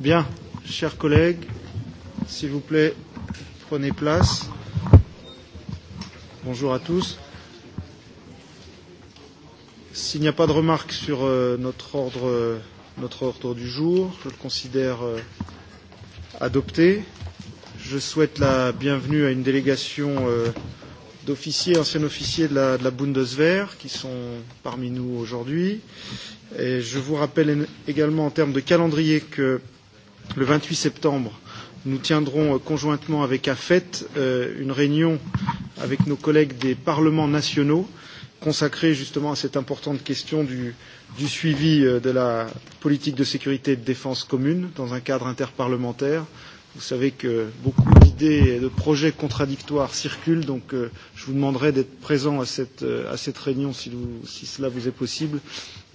Bien, chers collègues, s'il vous plaît, prenez place. Bonjour à tous. S'il n'y a pas de remarques sur euh, notre, ordre, euh, notre ordre du jour, je le considère euh, adopté. Je souhaite la bienvenue à une délégation euh, d'officiers, anciens officiers de la, de la Bundeswehr qui sont parmi nous aujourd'hui. Et je vous rappelle également en termes de calendrier que le 28 septembre, nous tiendrons euh, conjointement avec AFET euh, une réunion avec nos collègues des parlements nationaux consacrée justement à cette importante question du, du suivi euh, de la politique de sécurité et de défense commune dans un cadre interparlementaire. Vous savez que beaucoup d'idées et de projets contradictoires circulent, donc je vous demanderai d'être présent à cette, à cette réunion si, vous, si cela vous est possible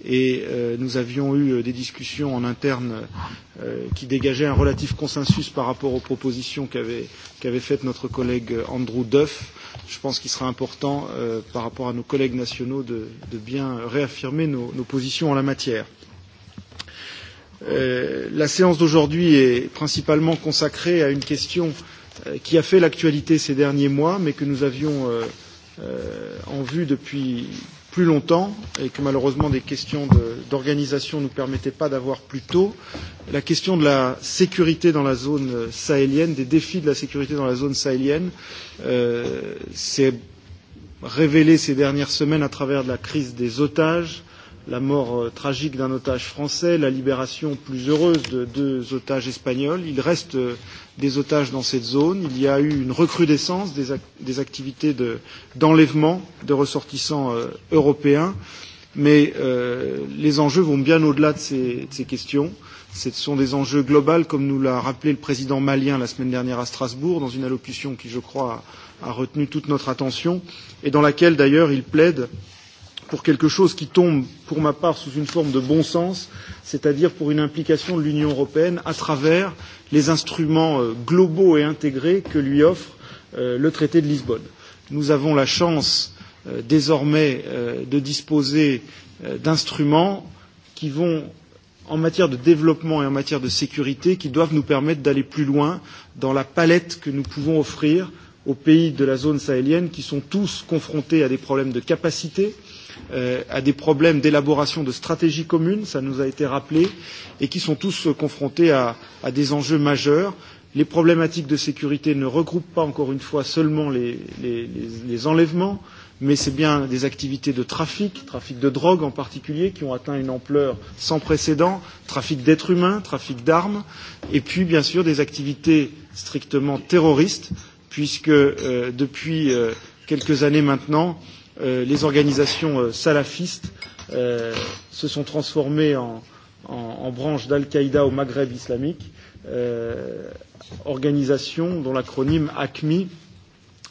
et euh, nous avions eu euh, des discussions en interne euh, qui dégageaient un relatif consensus par rapport aux propositions qu'avait qu faites notre collègue Andrew Duff. Je pense qu'il sera important, euh, par rapport à nos collègues nationaux, de, de bien réaffirmer nos, nos positions en la matière. Euh, la séance d'aujourd'hui est principalement consacrée à une question euh, qui a fait l'actualité ces derniers mois, mais que nous avions euh, euh, en vue depuis, plus longtemps et que malheureusement des questions d'organisation de, ne nous permettaient pas d'avoir plus tôt. La question de la sécurité dans la zone sahélienne, des défis de la sécurité dans la zone sahélienne, euh, s'est révélée ces dernières semaines à travers de la crise des otages, la mort euh, tragique d'un otage français, la libération plus heureuse de deux otages espagnols. Il reste euh, des otages dans cette zone. Il y a eu une recrudescence des, ac des activités d'enlèvement de, de ressortissants euh, européens. Mais euh, les enjeux vont bien au-delà de de ces questions. Ce sont des enjeux globaux, comme nous l'a rappelé le président malien la semaine dernière à Strasbourg, dans une allocution qui, je crois, a, a retenu toute notre attention, et dans laquelle, d'ailleurs, il plaide pour quelque chose qui tombe, pour ma part, sous une forme de bon sens, c'est-à-dire pour une implication de l'Union européenne à travers les instruments euh, globaux et intégrés que lui offre euh, le traité de Lisbonne. Nous avons la chance euh, désormais de disposer d'instruments qui vont en matière de développement et en matière de sécurité qui doivent nous permettre d'aller plus loin dans la palette que nous pouvons offrir aux pays de la zone sahélienne qui sont tous confrontés à des problèmes de capacité, euh, à des problèmes d'élaboration de stratégies communes, ça nous a été rappelé, et qui sont tous euh, confrontés à, à des enjeux majeurs. Les problématiques de sécurité ne regroupent pas, encore une fois, seulement les, les, les, les enlèvements, mais c'est bien des activités de trafic, trafic de drogue en particulier, qui ont atteint une ampleur sans précédent, trafic d'êtres humains, trafic d'armes, et puis bien sûr des activités strictement terroristes, puisque euh, depuis euh, quelques années maintenant, Euh, les organisations euh, salafistes euh, se sont transformées en, en, en branches d'Al-Qaïda au Maghreb islamique, euh, organisation dont l'acronyme ACMI,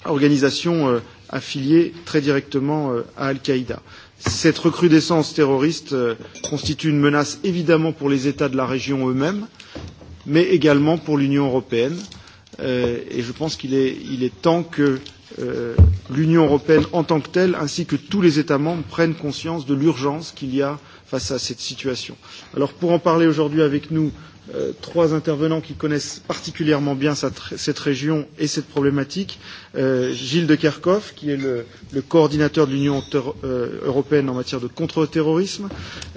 organisation euh, affiliée très directement euh, à Al-Qaïda. Cette recrudescence terroriste euh, constitue une menace évidemment pour les États de la région eux-mêmes, mais également pour l'Union européenne. Euh, et je pense qu'il est, il est temps que Euh, l'Union européenne en tant que telle, ainsi que tous les États membres, prennent conscience de l'urgence qu'il y a face à cette situation. Alors pour en parler aujourd'hui avec nous, Euh, trois intervenants qui connaissent particulièrement bien cette, région et cette problématique. Euh, Gilles de Kerkhoff, qui est le, le coordinateur de l'Union euh, européenne en matière de contre-terrorisme,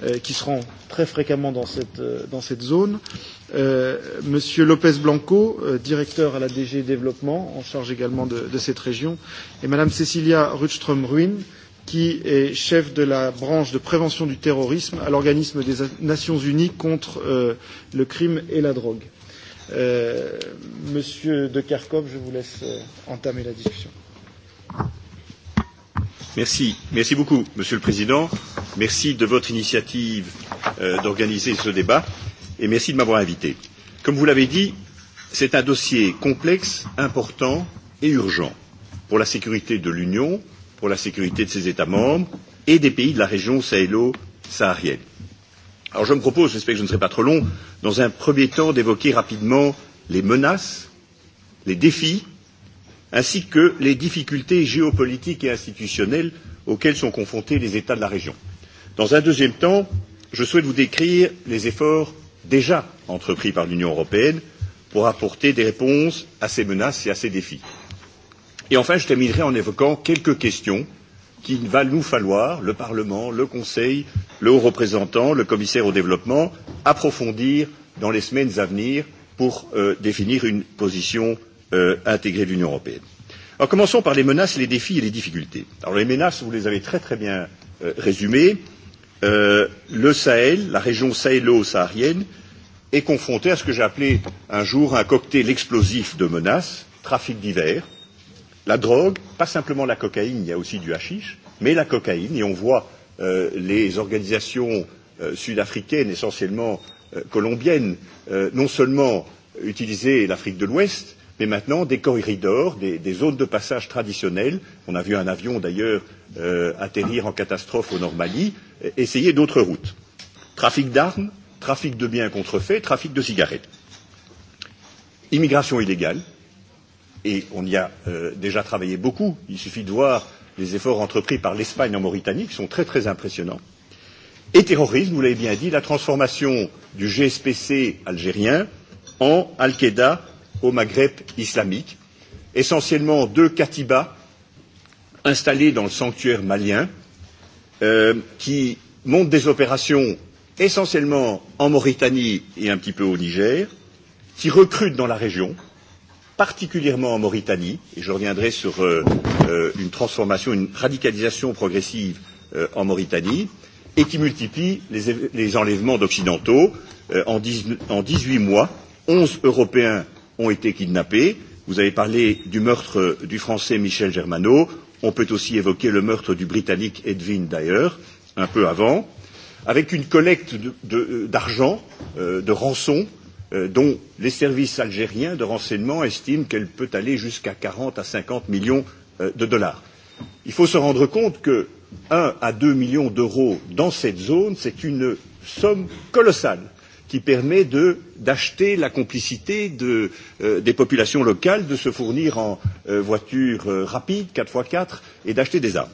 euh, qui se rend très fréquemment dans cette, euh, dans cette zone. Euh, Monsieur Lopez Blanco, euh, directeur à la DG Développement, en charge également de, de cette région, et Madame Cecilia Rutström-Ruin, euh, qui est chef de la branche de prévention du terrorisme à l'organisme des Nations Unies contre euh, le crime et la drogue. Euh, monsieur De Kerkhoff, je vous laisse euh, entamer la discussion. Merci. Merci beaucoup, Monsieur le Président. Merci de votre initiative euh, d'organiser ce débat et merci de m'avoir invité. Comme vous l'avez dit, c'est un dossier complexe, important et urgent pour la sécurité de l'Union, euh, pour la sécurité de ses États membres et des pays de la région sahélo-saharienne. Alors je me propose, j'espère que je ne serai pas trop long, dans un premier temps d'évoquer rapidement les menaces, les défis, ainsi que les difficultés géopolitiques et institutionnelles auxquelles sont confrontés les États de la région. Dans un deuxième temps, je souhaite vous décrire les efforts déjà entrepris par l'Union européenne pour apporter des réponses à ces menaces et à ces défis. Et enfin, je terminerai en évoquant quelques questions qu'il va nous falloir, le Parlement, le Conseil, le haut représentant, le commissaire au développement, approfondir dans les semaines à venir pour euh, définir une position euh, intégrée de l'Union européenne. Alors commençons par les menaces, les défis et les difficultés. Alors les menaces, vous les avez très très bien euh, résumées. Euh, le Sahel, la région sahélo-saharienne, est confrontée à ce que j'ai appelé un jour un cocktail explosif de menaces, trafic divers, la drogue, pas simplement la cocaïne, il y a aussi du hashish, mais la cocaïne, et on voit euh, les organisations euh, sud-africaines, essentiellement euh, colombiennes, euh, non seulement utiliser l'Afrique de l'Ouest, mais maintenant des corridors, des, des zones de passage traditionnelles. On a vu un avion d'ailleurs euh, atterrir en catastrophe au Normandie, essayer d'autres routes. Trafic d'armes, trafic de biens contrefaits, trafic de cigarettes. Immigration illégale, et on y a euh, déjà travaillé beaucoup. Il suffit de voir les efforts entrepris par l'Espagne en Mauritanie, qui sont très très impressionnants. Et terrorisme, vous l'avez bien dit, la transformation du GSPC algérien en Al-Qaïda au Maghreb islamique, essentiellement deux katibas installés dans le sanctuaire malien, euh, qui montent des opérations essentiellement en Mauritanie et un petit peu au Niger, qui recrutent dans la région, particulièrement en Mauritanie, et je reviendrai sur euh, euh, une transformation, une radicalisation progressive euh, en Mauritanie, et qui multiplie les, les enlèvements d'Occidentaux. Euh, en, 10, en 18 mois, 11 Européens ont été kidnappés. Vous avez parlé du meurtre euh, du Français Michel Germano. On peut aussi évoquer le meurtre du Britannique Edwin Dyer, un peu avant, avec une collecte d'argent, de, de, euh, euh de rançons, Euh, dont les services algériens de renseignement estiment qu'elle peut aller jusqu'à 40 à 50 millions euh, de dollars. Il faut se rendre compte que 1 à 2 millions d'euros dans cette zone, c'est une somme colossale qui permet d'acheter la complicité de, euh, des populations locales, de se fournir en euh, voitures euh, rapides, 4x4, et d'acheter des armes.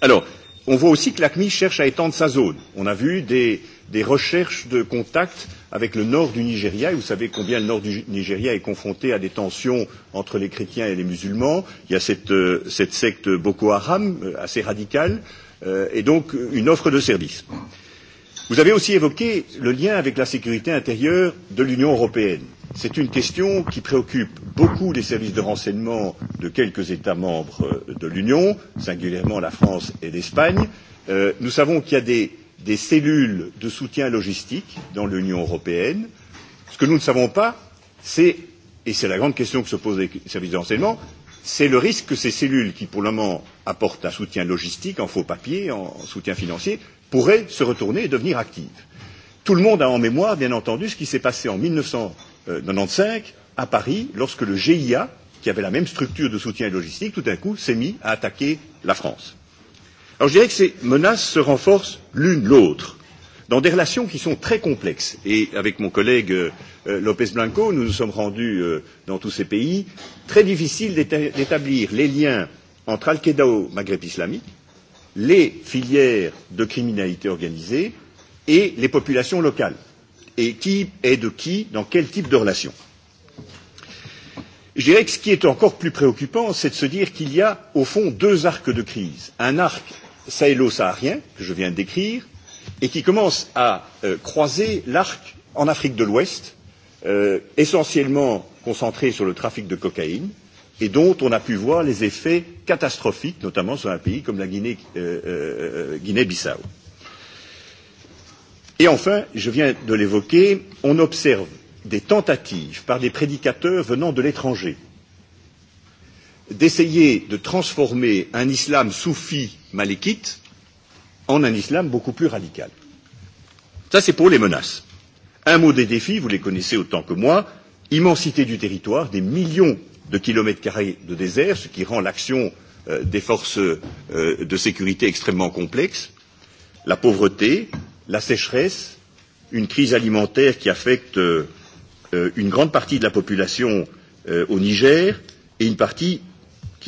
Alors, on voit aussi que l'ACMI cherche à étendre sa zone. On a vu des, des recherches de contact avec le nord du Nigeria. Et vous savez combien le nord du Nigeria est confronté à des tensions entre les chrétiens et les musulmans. Il y a cette, euh, cette secte Boko Haram euh, assez radicale euh, et donc une offre de service. Vous avez aussi évoqué le lien avec la sécurité intérieure de l'Union européenne. C'est une question qui préoccupe beaucoup les services de renseignement de quelques États membres euh, de l'Union, singulièrement la France et l'Espagne. Euh, nous savons qu'il y a des des cellules de soutien logistique dans l'Union européenne. Ce que nous ne savons pas, c'est, et c'est la grande question que se posent les services de renseignement, c'est le risque que ces cellules, qui pour le moment apportent un soutien logistique en faux papiers, en soutien financier, pourraient se retourner et devenir actives. Tout le monde a en mémoire, bien entendu, ce qui s'est passé en 1995 euh, à Paris, lorsque le GIA, qui avait la même structure de soutien logistique, tout d'un coup s'est mis à attaquer la France. Alors je dirais que ces menaces se renforcent l'une l'autre dans des relations qui sont très complexes. Et avec mon collègue euh, euh Lopez Blanco, nous nous sommes rendus euh, dans tous ces pays. Très difficile d'établir les liens entre Al-Qaïda au Maghreb islamique, les filières de criminalité organisée et les populations locales. Et qui est de qui, dans quel type de relation Je dirais que ce qui est encore plus préoccupant, c'est de se dire qu'il y a au fond deux arcs de crise. Un arc sahélo-saharien que je viens de décrire et qui commence à euh, croiser l'arc en Afrique de l'Ouest, euh, essentiellement concentré sur le trafic de cocaïne et dont on a pu voir les effets catastrophiques, notamment sur un pays comme la guinée Euh, euh, euh Guinée -Bissau. et enfin, je viens de l'évoquer, on observe des tentatives par des prédicateurs venant de l'étranger d'essayer de transformer un islam soufi malékite en un islam beaucoup plus radical. Ça, c'est pour les menaces. Un mot des défis, vous les connaissez autant que moi, immensité du territoire, des millions de kilomètres carrés de désert, ce qui rend l'action euh, des forces euh, de sécurité extrêmement complexe, la pauvreté, la sécheresse, une crise alimentaire qui affecte euh, euh une grande partie de la population euh, au Niger et une partie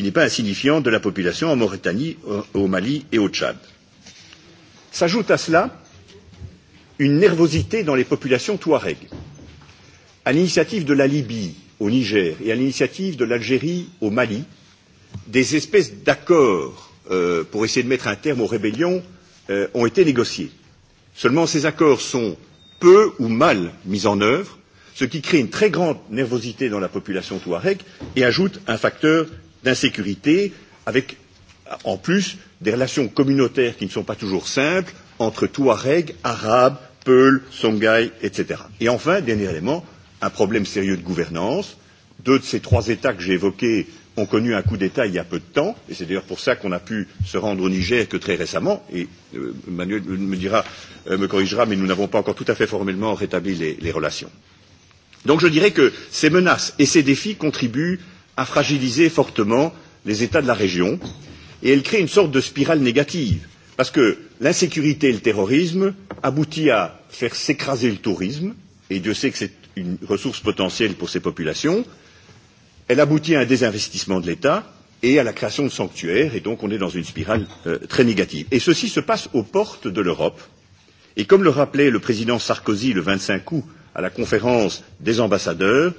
qui n'est pas insignifiant de la population en Mauritanie, au Mali et au Tchad. S'ajoute à cela une nervosité dans les populations touareg. À l'initiative de la Libye au Niger et à l'initiative de l'Algérie au Mali, des espèces d'accords euh, pour essayer de mettre un terme aux rébellions euh, ont été négociés. Seulement, ces accords sont peu ou mal mis en œuvre, ce qui crée une très grande nervosité dans la population touareg et ajoute un facteur d'insécurité, avec en plus des relations communautaires qui ne sont pas toujours simples entre Touareg, Arabes, Peuls, Songhai, etc. Et enfin, dernier élément, un problème sérieux de gouvernance. Deux de ces trois États que j'ai évoqués ont connu un coup d'État il y a peu de temps, et c'est d'ailleurs pour ça qu'on a pu se rendre au Niger que très récemment, et euh, Manuel me, dira, euh, me corrigera, mais nous n'avons pas encore tout à fait formellement rétabli les, les relations. Donc je dirais que ces menaces et ces défis contribuent à fragiliser fortement les États de la région et elle crée une sorte de spirale négative parce que l'insécurité et le terrorisme aboutissent à faire s'écraser le tourisme et Dieu sait que c'est une ressource potentielle pour ces populations elle aboutit à un désinvestissement de l'État et à la création de sanctuaires et donc on est dans une spirale euh, très négative. Et ceci se passe aux portes de l'Europe et comme le rappelait le président Sarkozy le 25 août à la conférence des ambassadeurs,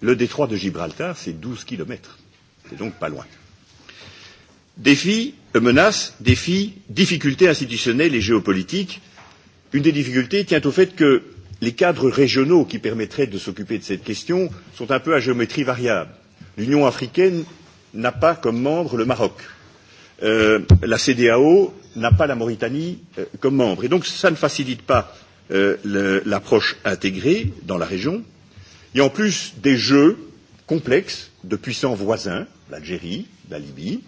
le détroit de Gibraltar, c'est 12 kilomètres. C'est donc pas loin. Défi, euh, menace, défi, difficultés institutionnelles et géopolitiques. Une des difficultés tient au fait que les cadres régionaux qui permettraient de s'occuper de cette question sont un peu à géométrie variable. L'Union africaine n'a pas comme membre le Maroc. Euh, la CDAO n'a pas la Mauritanie euh, comme membre. Et donc, ça ne facilite pas euh, l'approche intégrée dans la région. Euh, Et en plus des jeux complexes de puissants voisins, l'Algérie, la Libye.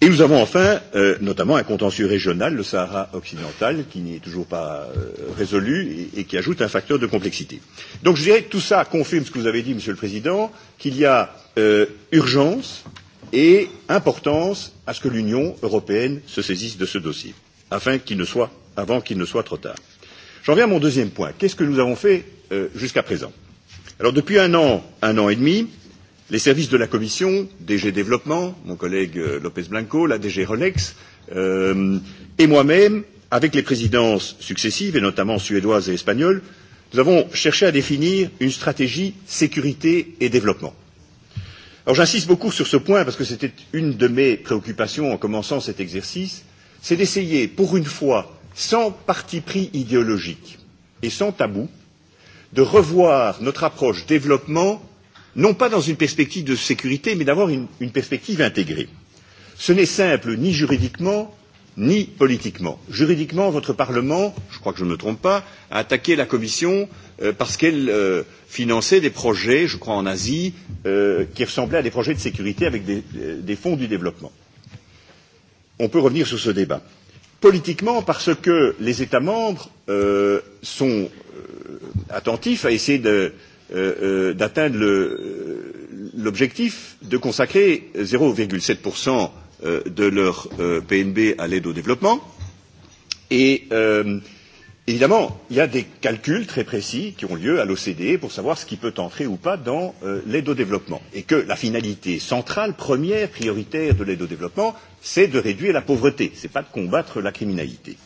Et nous avons enfin euh, notamment un contentieux régional, le Sahara occidental, qui n'est toujours pas euh, résolu et, et qui ajoute un facteur de complexité. Donc je dirais que tout ça confirme ce que vous avez dit, Monsieur le Président, qu'il y a euh, urgence et importance à ce que l'Union européenne se saisisse de ce dossier, afin qu'il ne soit avant qu'il ne soit trop tard. J'en viens à mon deuxième point. Qu'est-ce que nous avons fait euh, jusqu'à présent Alors depuis un an, un an et demi, les services de la Commission, DG Développement, mon collègue euh, Lopez Blanco, la DG Rolex euh, et moi-même, avec les présidences successives, et notamment suédoise et espagnole, nous avons cherché à définir une stratégie sécurité et développement. Alors j'insiste beaucoup sur ce point parce que c'était une de mes préoccupations en commençant cet exercice, c'est d'essayer pour une fois sans parti pris idéologique et sans tabou, de revoir notre approche développement, non pas dans une perspective de sécurité, mais d'avoir une, une perspective intégrée. Ce n'est simple ni juridiquement, ni politiquement. Juridiquement, votre Parlement, je crois que je ne me trompe pas, a attaqué la Commission euh, parce qu'elle euh, finançait des projets, je crois en Asie, euh, qui ressemblaient à des projets de sécurité avec des, euh, des fonds du développement. On peut revenir sur ce débat politiquement parce que les États membres euh, sont euh, attentifs à essayer de, euh, euh d'atteindre euh, l'objectif de consacrer 0,7% de leur PNB à l'aide au développement. Et euh, Évidemment, il y a des calculs très précis qui ont lieu à l'OCDE pour savoir ce qui peut entrer ou pas dans euh, l'aide au développement. Et que la finalité centrale, première, prioritaire de l'aide au développement, c'est de réduire la pauvreté, ce n'est pas de combattre la criminalité.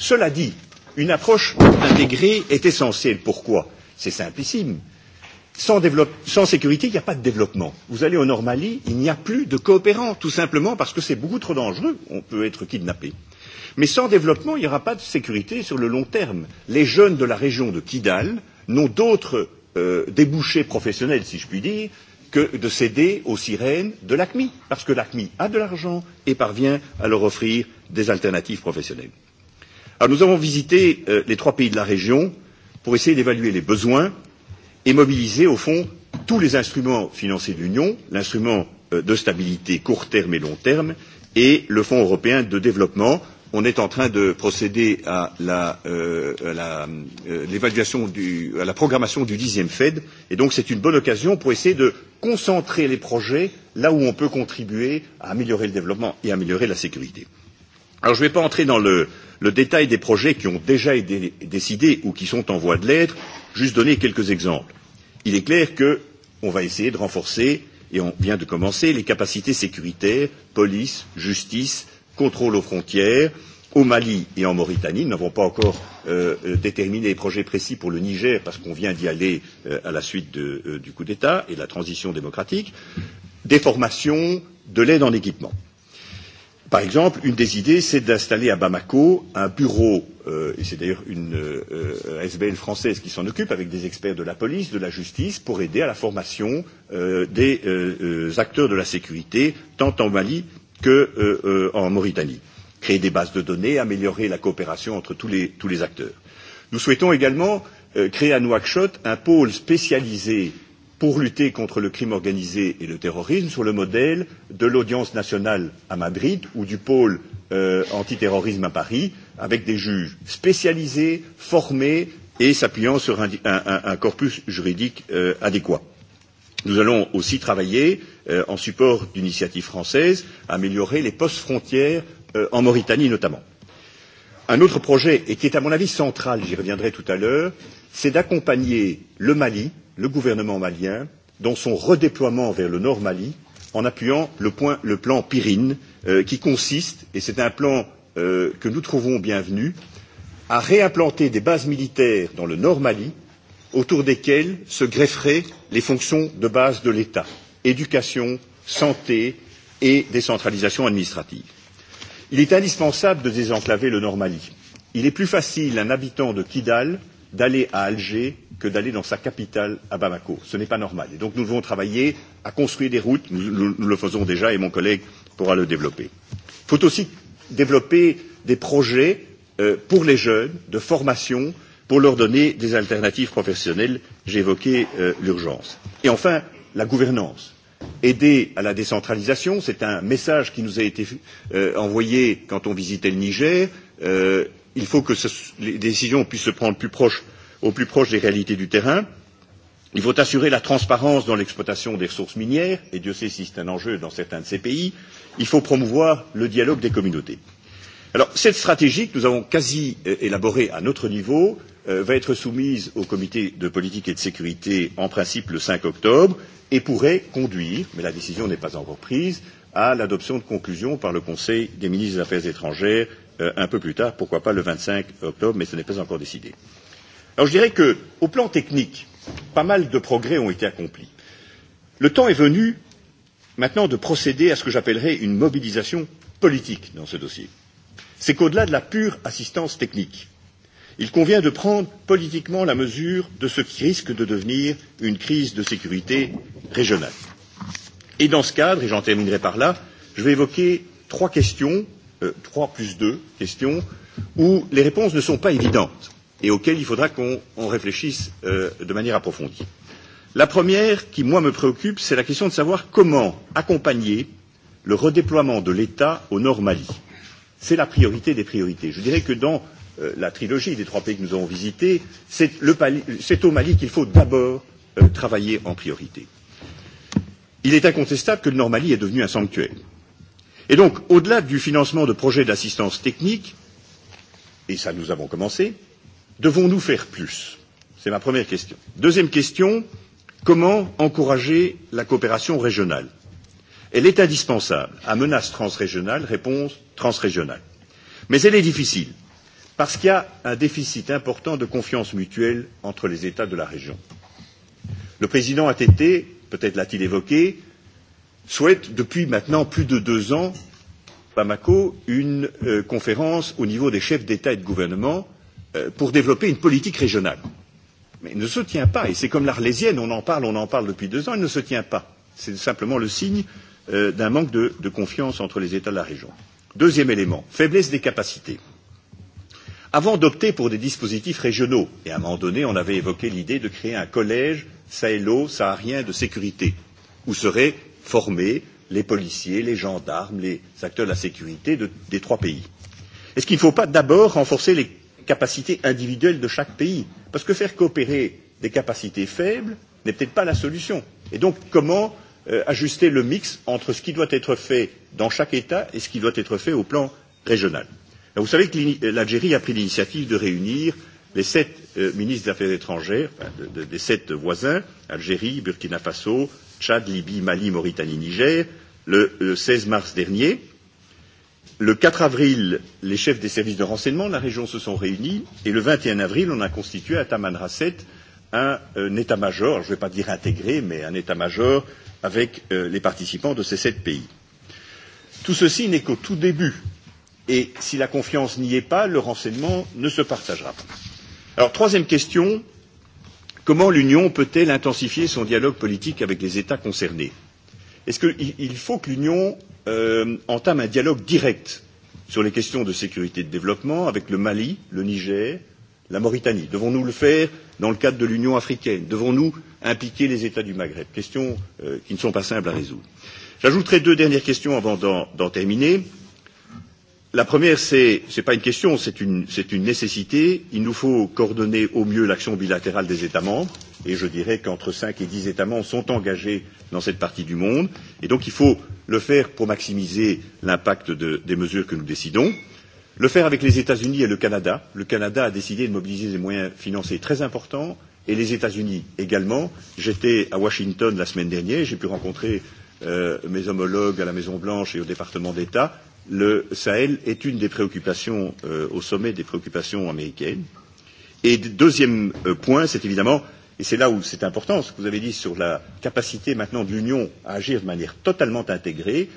Cela dit, une approche intégrée est essentielle. Pourquoi C'est simplissime. Sans, sans sécurité, il n'y a pas de développement. Vous allez au Normalie, il n'y a plus de coopérants, tout simplement parce que c'est beaucoup trop dangereux. On peut être kidnappé. Euh, Mais sans développement, il n'y aura pas de sécurité sur le long terme. Les jeunes de la région de Kidal n'ont d'autres euh, débouchés professionnels, si je puis dire, que de céder aux sirènes de l'ACMI, parce que l'ACMI a de l'argent et parvient à leur offrir des alternatives professionnelles. Alors nous avons visité euh, les trois pays de la région pour essayer d'évaluer les besoins et mobiliser au fond tous les instruments financiers de l'Union, l'instrument euh, de stabilité court terme et long terme et le Fonds européen de développement on est en train de procéder à la, euh, à la, euh, l'évaluation à la programmation du dixième Fed, et donc c'est une bonne occasion pour essayer de concentrer les projets là où on peut contribuer à améliorer le développement et à améliorer la sécurité. Alors je ne vais pas entrer dans le, le détail des projets qui ont déjà été décidés ou qui sont en voie de l'être, juste donner quelques exemples. Il est clair qu'on va essayer de renforcer, et on vient de commencer, les capacités sécuritaires, police, justice, contrôle aux frontières. Au Mali et en Mauritanie, nous n'avons pas encore euh, euh, déterminé les projets précis pour le Niger parce qu'on vient d'y aller euh, à la suite de, euh, du coup d'État et de la transition démocratique, des formations, de l'aide en équipement. Par exemple, une des idées, c'est d'installer à Bamako un bureau, euh, et c'est d'ailleurs une euh, euh SBL française qui s'en occupe, avec des experts de la police, de la justice, pour aider à la formation euh, des euh, euh acteurs de la sécurité, tant en Mali qu'en euh, euh, Mauritanie. Créer des bases de données, améliorer la coopération entre tous les, tous les acteurs. Nous souhaitons également euh, créer à Nouakchott un pôle spécialisé pour lutter contre le crime organisé et le terrorisme sur le modèle de l'audience nationale à Madrid ou du pôle euh, antiterrorisme à Paris, avec des juges spécialisés, formés et s'appuyant sur un, un, un corpus juridique euh, adéquat. Nous allons aussi travailler euh, euh, en support d'initiatives françaises, améliorer les postes frontières euh, en Mauritanie notamment. Un autre projet, et qui est à mon avis central, j'y reviendrai tout à l'heure, c'est d'accompagner le Mali, le gouvernement malien, dans son redéploiement vers le nord Mali, en appuyant le, point, le plan Pirine, euh, qui consiste, et c'est un plan euh, que nous trouvons bienvenu, à réimplanter des bases militaires dans le nord Mali, autour desquelles se grefferaient les fonctions de base de l'État éducation, santé et décentralisation administrative. Il est indispensable de désenclaver le Nord Mali. Il est plus facile à un habitant de Kidal d'aller à Alger que d'aller dans sa capitale à Bamako. Ce n'est pas normal. Et donc nous devons travailler à construire des routes, nous, nous, nous le faisons déjà et mon collègue pourra le développer. Il faut aussi développer des projets euh, pour les jeunes de formation pour leur donner des alternatives professionnelles. J'ai évoqué euh, l'urgence. Et enfin, la gouvernance aider à la décentralisation. C'est un message qui nous a été euh, envoyé quand on visitait le Niger. Euh, il faut que ce, les décisions puissent se prendre plus proche, au plus proche des réalités du terrain. Il faut assurer la transparence dans l'exploitation des ressources minières, et Dieu sait si c'est un enjeu dans certains de ces pays. Il faut promouvoir le dialogue des communautés. Alors, cette stratégie que nous avons quasi euh, élaborée à notre niveau euh, va être soumise au comité de politique et de sécurité en principe le 5 octobre et pourrait conduire, mais la décision n'est pas encore prise, à l'adoption de conclusions par le Conseil des ministres des Affaires étrangères euh, un peu plus tard, pourquoi pas le 25 octobre, mais ce n'est pas encore décidé. Alors je dirais que, au plan technique, pas mal de progrès ont été accomplis. Le temps est venu maintenant de procéder à ce que j'appellerais une mobilisation politique dans ce dossier c'est qu'au-delà de la pure assistance technique, il convient de prendre politiquement la mesure de ce qui risque de devenir une crise de sécurité régionale. Et dans ce cadre, et j'en terminerai par là, je vais évoquer trois questions, euh, trois plus deux questions, où les réponses ne sont pas évidentes et auxquelles il faudra qu'on réfléchisse euh, de manière approfondie. La première qui, moi, me préoccupe, c'est la question de savoir comment accompagner le redéploiement de l'État au Nord Mali c'est la priorité des priorités. Je dirais que dans euh, la trilogie des trois pays que nous avons visités, c'est au Mali qu'il faut d'abord euh, travailler en priorité. Il est incontestable que le Nord Mali est devenu un sanctuaire. Et donc, au-delà du financement de projets d'assistance technique, et ça nous avons commencé, devons-nous faire plus C'est ma première question. Deuxième question, comment encourager la coopération régionale Elle est indispensable à menace transrégionale, réponse transrégionale. Mais elle est difficile parce qu'il y a un déficit important de confiance mutuelle entre les États de la région. Le président ATT, peut-être l'a-t-il évoqué, souhaite depuis maintenant plus de deux ans, Bamako, une euh, conférence au niveau des chefs d'État et de gouvernement euh, pour développer une politique régionale. Mais il ne se tient pas, et c'est comme l'Arlésienne, on en parle, on en parle depuis deux ans, il ne se tient pas. C'est simplement le signe Euh, d'un manque de, de confiance entre les États de la région. Deuxième élément, faiblesse des capacités. Avant d'opter pour des dispositifs régionaux, et à un moment donné, on avait évoqué l'idée de créer un collège sahélo-saharien de sécurité, où seraient formés les policiers, les gendarmes, les acteurs de la sécurité de, des trois pays. Est-ce qu'il ne faut pas d'abord renforcer les capacités individuelles de chaque pays Parce que faire coopérer des capacités faibles n'est peut-être pas la solution. Et donc, comment euh, ajuster le mix entre ce qui doit être fait dans chaque État et ce qui doit être fait au plan régional. Alors, vous savez que euh, l'Algérie a pris l'initiative de réunir les sept euh, ministres des Affaires étrangères enfin, de, de, des sept voisins Algérie, Burkina Faso, Tchad, Libye, Mali, Mauritanie, Niger le, le 16 mars dernier. Le 4 avril, les chefs des services de renseignement de la région se sont réunis et le 21 avril, on a constitué à Tamanrasset un, un état-major, je ne vais pas dire intégré, mais un état-major avec euh, les participants de ces sept pays. Tout ceci n'est qu'au tout début et si la confiance n'y est pas, le renseignement ne se partagera pas. Alors, troisième question comment l'Union peut elle intensifier son dialogue politique avec les États concernés? Est ce qu'il faut que l'Union euh, entame un dialogue direct sur les questions de sécurité et de développement avec le Mali, le Niger, la Mauritanie Devons nous le faire dans le cadre de l'Union africaine Devons nous impliquer les États du Maghreb. Questions euh, qui ne sont pas simples à résoudre. J'ajouterai deux dernières questions avant d'en terminer. La première, ce n'est pas une question, c'est une, une nécessité. Il nous faut coordonner au mieux l'action bilatérale des États membres, et je dirais qu'entre cinq et dix États membres sont engagés dans cette partie du monde, et donc il faut le faire pour maximiser l'impact de, des mesures que nous décidons. Le faire avec les États-Unis et le Canada. Le Canada a décidé de mobiliser des moyens financiers très importants et les États-Unis également. J'étais à Washington la semaine dernière, j'ai pu rencontrer euh, mes homologues à la Maison-Blanche et au département d'État. Le Sahel est une des préoccupations euh, au sommet des préoccupations américaines. Et deuxième euh, point, c'est évidemment Et c'est là où c'est important, ce que vous avez dit sur la capacité maintenant de l'Union à agir de manière totalement intégrée.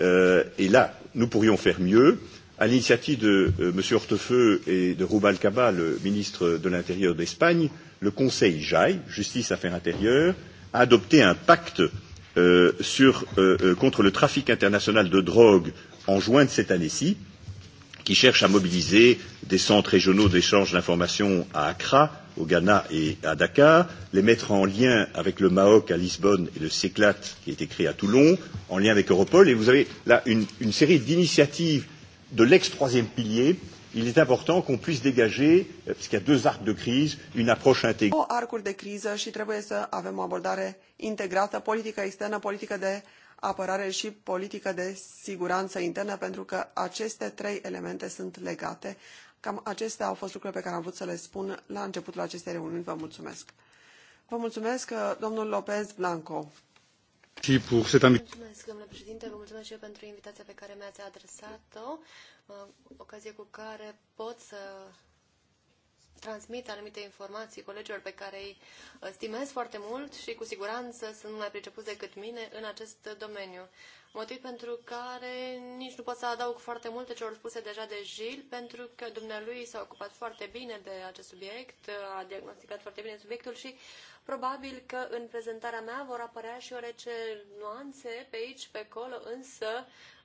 Euh, et là, nous pourrions faire mieux. À l'initiative de euh, M. Hortefeux et de Rubalcaba, le ministre de l'Intérieur d'Espagne, euh, le Conseil JAI, Justice Affaires Intérieures, a adopté un pacte euh, sur, euh, euh, contre le trafic international de drogue en juin de cette année-ci, qui cherche à mobiliser des centres régionaux d'échange d'informations à Accra, au Ghana et à Dakar, les mettre en lien avec le MAOC à Lisbonne et le CECLAT qui a été créé à Toulon, en lien avec Europol. Et vous avez là une, une série d'initiatives de l'ex-troisième pilier il est important qu'on puisse dégager, euh, qu'il y a deux arcs de crise, une approche intégrée. Două arcuri de criză et trebuie să avem o abordare integrată, politique externe, politique de apărare și politică de siguranță internă, pentru că aceste trei elemente sunt legate. Cam acestea au fost lucrurile pe care am vrut să le spun la începutul acestei reuniuni. Vă mulțumesc. Vă mulțumesc, uh, domnul Lopez Blanco. Vă Mulțumesc, domnule președinte, vă mulțumesc și eu pentru invitația pe care mi-ați adresat-o ocazie cu care pot să transmit anumite informații colegilor pe care îi uh, stimez foarte mult și cu siguranță sunt mai pricepuți decât mine în acest domeniu. Motiv pentru care nici nu pot să adaug foarte multe ce au spuse deja de Gil, pentru că dumnealui s-a ocupat foarte bine de acest subiect, a diagnosticat foarte bine subiectul și probabil că în prezentarea mea vor apărea și orece nuanțe pe aici, pe acolo, însă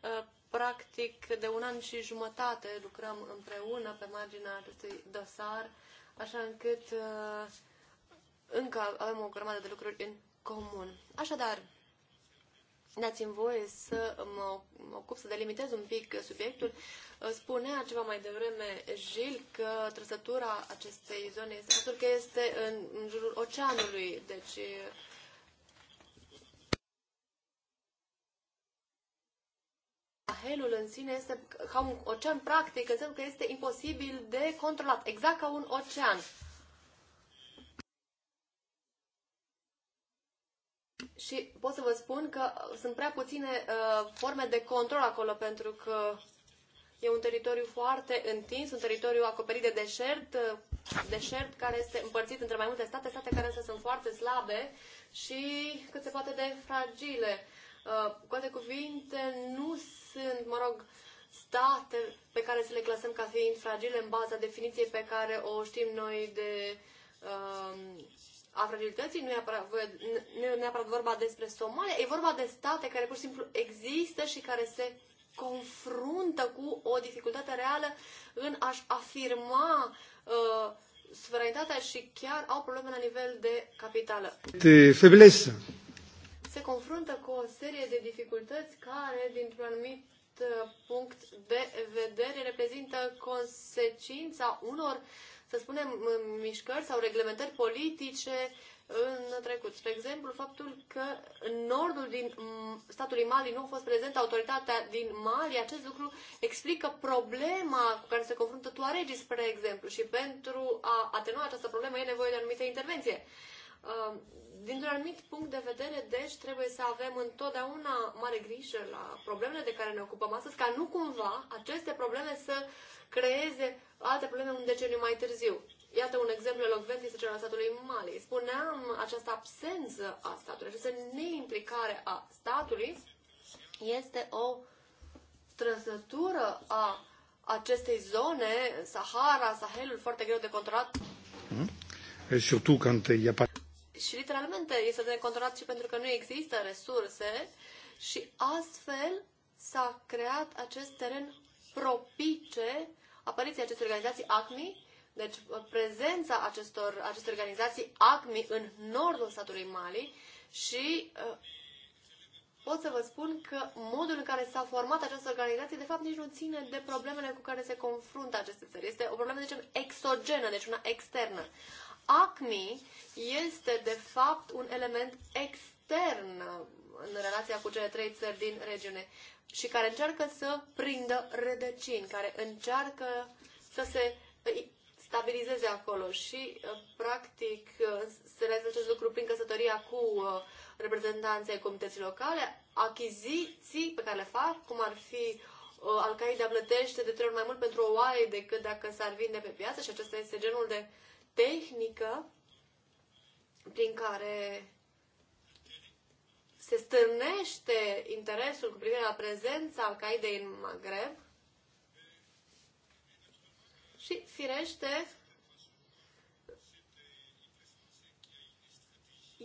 uh, Practic, de un an și jumătate lucrăm împreună pe marginea acestui dosar, așa încât uh, încă avem o grămadă de lucruri în comun. Așadar, dați-mi voie să mă ocup să delimitez un pic subiectul. Uh, spunea ceva mai devreme Gil că trăsătura acestei zone este că este în, în jurul oceanului, deci Sahelul în sine este ca un ocean practic, înseamnă că este imposibil de controlat, exact ca un ocean. Și pot să vă spun că sunt prea puține uh, forme de control acolo, pentru că e un teritoriu foarte întins, un teritoriu acoperit de deșert, uh, deșert care este împărțit între mai multe state, state care însă sunt foarte slabe și cât se poate de fragile. Uh, cu alte cuvinte, nu sunt, mă rog, state pe care să le clasăm ca fiind fragile în baza definiției pe care o știm noi de uh, a fragilității, nu e, neapărat, nu e neapărat vorba despre Somalia, e vorba de state care pur și simplu există și care se confruntă cu o dificultate reală în a-și afirma uh, suveranitatea și chiar au probleme la nivel de capitală. De feblesă se confruntă cu o serie de dificultăți care, dintr-un anumit uh, punct de vedere, reprezintă consecința unor, să spunem, mișcări sau reglementări politice în trecut. Spre exemplu, faptul că în nordul din statului Mali nu a fost prezentă autoritatea din Mali, acest lucru explică problema cu care se confruntă Tuaregii, spre exemplu, și pentru a atenua această problemă e nevoie de anumite intervenție. Um, dintr-un anumit punct de vedere, deci, trebuie să avem întotdeauna mare grijă la problemele de care ne ocupăm astăzi, ca nu cumva aceste probleme să creeze alte probleme un deceniu mai târziu. Iată un exemplu elocvent este cel al statului Mali. Spuneam, această absență a statului, această neimplicare a statului este o trăsătură a acestei zone, Sahara, Sahelul, foarte greu de controlat. Mm -hmm. Et surtout quand il n'y a pas și literalmente este de necontrolat și pentru că nu există resurse și astfel s-a creat acest teren propice apariției acestei organizații ACMI, deci uh, prezența acestor, acestor organizații ACMI în nordul statului Mali și uh, pot să vă spun că modul în care s-a format această organizație, de fapt, nici nu ține de problemele cu care se confruntă aceste țări. Este o problemă, zicem, exogenă, deci una externă acne este, de fapt, un element extern uh, în relația cu cele trei țări din regiune și care încearcă să prindă rădăcini, care încearcă să se uh, stabilizeze acolo și, uh, practic, se realizează acest lucru prin căsătoria cu reprezentanții comunității locale, achiziții pe care le fac, cum ar fi Al-Qaeda plătește de trei ori mai mult pentru o oaie decât dacă s-ar vinde pe piață și acesta este genul de tehnică prin care se stârnește interesul cu privire la prezența al caidei în Maghreb și, firește,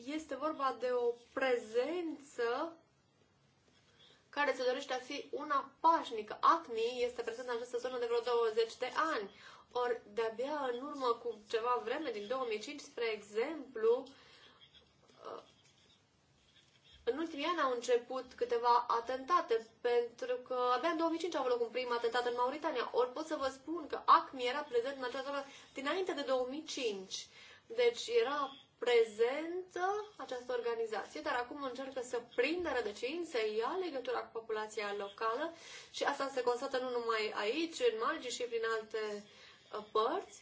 este vorba de o prezență care se dorește a fi una pașnică. ACMI este prezent în această zonă de vreo 20 de ani. Ori de-abia în urmă cu ceva vreme, din 2005, spre exemplu, uh, în ultimii ani au început câteva atentate, pentru că abia în 2005 a avut loc un prim atentat în Mauritania. Ori pot să vă spun că ACMI era prezent în această oră dinainte de 2005. Deci era prezentă această organizație, dar acum încearcă să prindă rădăcini, să ia legătura cu populația locală și asta se constată nu numai aici, în Malgi și prin alte Uh, părți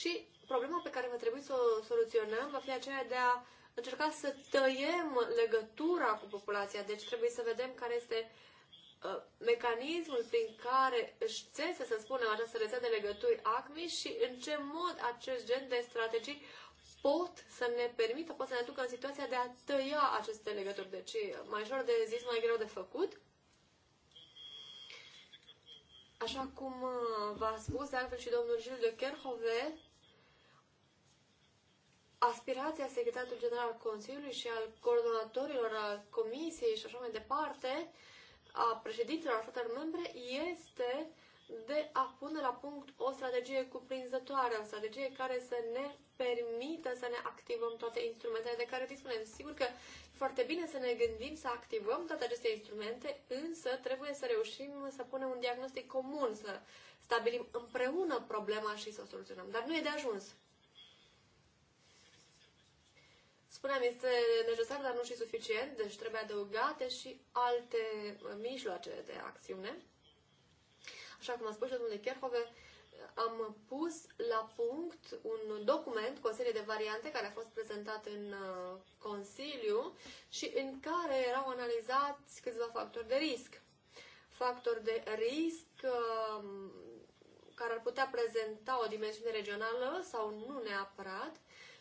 și problema pe care va trebui să o soluționăm va fi aceea de a încerca să tăiem legătura cu populația. Deci trebuie să vedem care este uh, mecanismul prin care își țese, să spunem, această rețea de legături ACMI și în ce mod acest gen de strategii pot să ne permită, pot să ne aducă în situația de a tăia aceste legături. Deci uh, mai ușor de zis, mai greu de făcut. Așa cum uh, v-a spus de altfel și domnul Gilles de Kerhove, aspirația secretarului general al Consiliului și al coordonatorilor al Comisiei și așa mai departe, a președintelor statelor membre, este de a pune la punct o strategie cuprinzătoare, o strategie care să ne permită să ne activăm toate instrumentele de care dispunem. Sigur că foarte bine să ne gândim să activăm toate aceste instrumente, însă trebuie să reușim să punem un diagnostic comun, să stabilim împreună problema și să o soluționăm. Dar nu e de ajuns. Spuneam, este necesar, dar nu și suficient, deci trebuie adăugate și alte mijloace de acțiune. Așa cum a spus și domnul Kerhove, am pus la punct un document cu o serie de variante care a fost prezentat în uh, Consiliu și în care erau analizați câțiva factori de risc. Factori de risc um, care ar putea prezenta o dimensiune regională sau nu neapărat.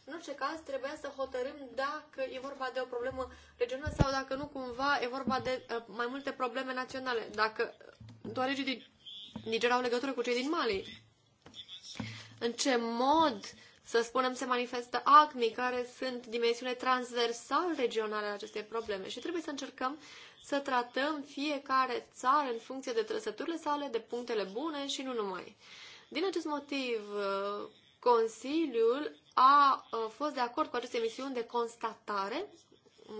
În orice caz, trebuia să hotărâm dacă e vorba de o problemă regională sau dacă nu cumva e vorba de uh, mai multe probleme naționale. Dacă doar regii Niger au legătură cu cei din Mali. În ce mod, să spunem, se manifestă ACMI, care sunt dimensiune transversal regionale a acestei probleme și trebuie să încercăm să tratăm fiecare țară în funcție de trăsăturile sale, de punctele bune și nu numai. Din acest motiv, Consiliul a fost de acord cu aceste misiuni de constatare,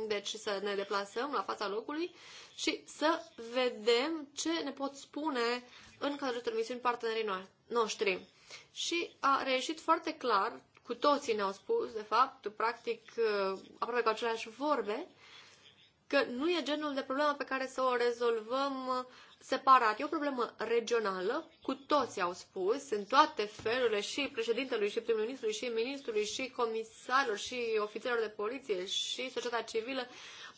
deci să ne deplasăm la fața locului și să vedem ce ne pot spune în cadrul acestor partenerii noștri. Și a reieșit foarte clar, cu toții ne-au spus, de fapt, practic uh, aproape cu aceleași vorbe, că nu e genul de problemă pe care să o rezolvăm uh, separat. E o problemă regională, cu toți au spus, în toate felurile, și președintelui, și prim-ministrului, și ministrului, și comisarilor, și ofițerilor de poliție, și societatea civilă,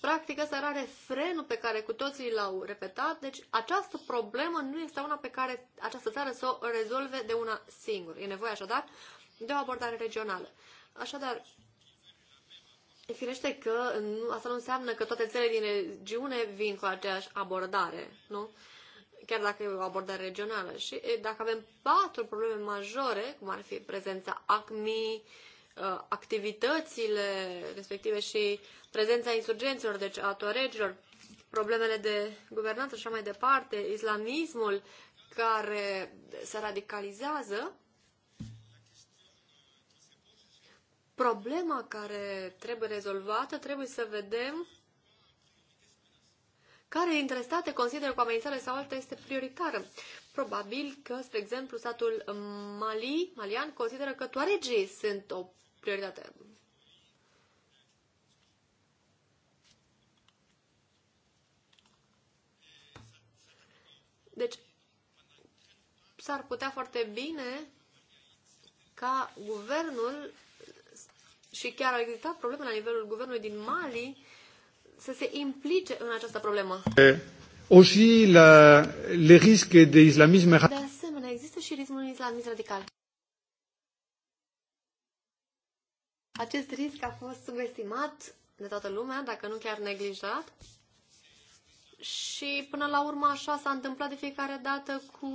Practic, ăsta era refrenul pe care cu toții l-au repetat. Deci, această problemă nu este una pe care această țară să o rezolve de una singură. E nevoie, așadar, de o abordare regională. Așadar, firește că nu, asta nu înseamnă că toate țările din regiune vin cu aceeași abordare, nu? Chiar dacă e o abordare regională. Și dacă avem patru probleme majore, cum ar fi prezența ACMI, Uh, activitățile respective și prezența insurgenților, deci a toaregilor, problemele de guvernanță și așa mai departe, islamismul care se radicalizează, problema care trebuie rezolvată, trebuie să vedem care dintre state consideră că amenințare sau alta este prioritară. Probabil că, spre exemplu, statul Mali, malian, consideră că toaregii sunt o prioritate. Deci, s-ar putea foarte bine ca guvernul și chiar a existat probleme la nivelul guvernului din Mali să se implice în această problemă. Eh, aussi, la, les risques de islamisme... De asemenea, există și riscul islamist radical. Acest risc a fost subestimat de toată lumea, dacă nu chiar neglijat. Și până la urmă așa s-a întâmplat de fiecare dată cu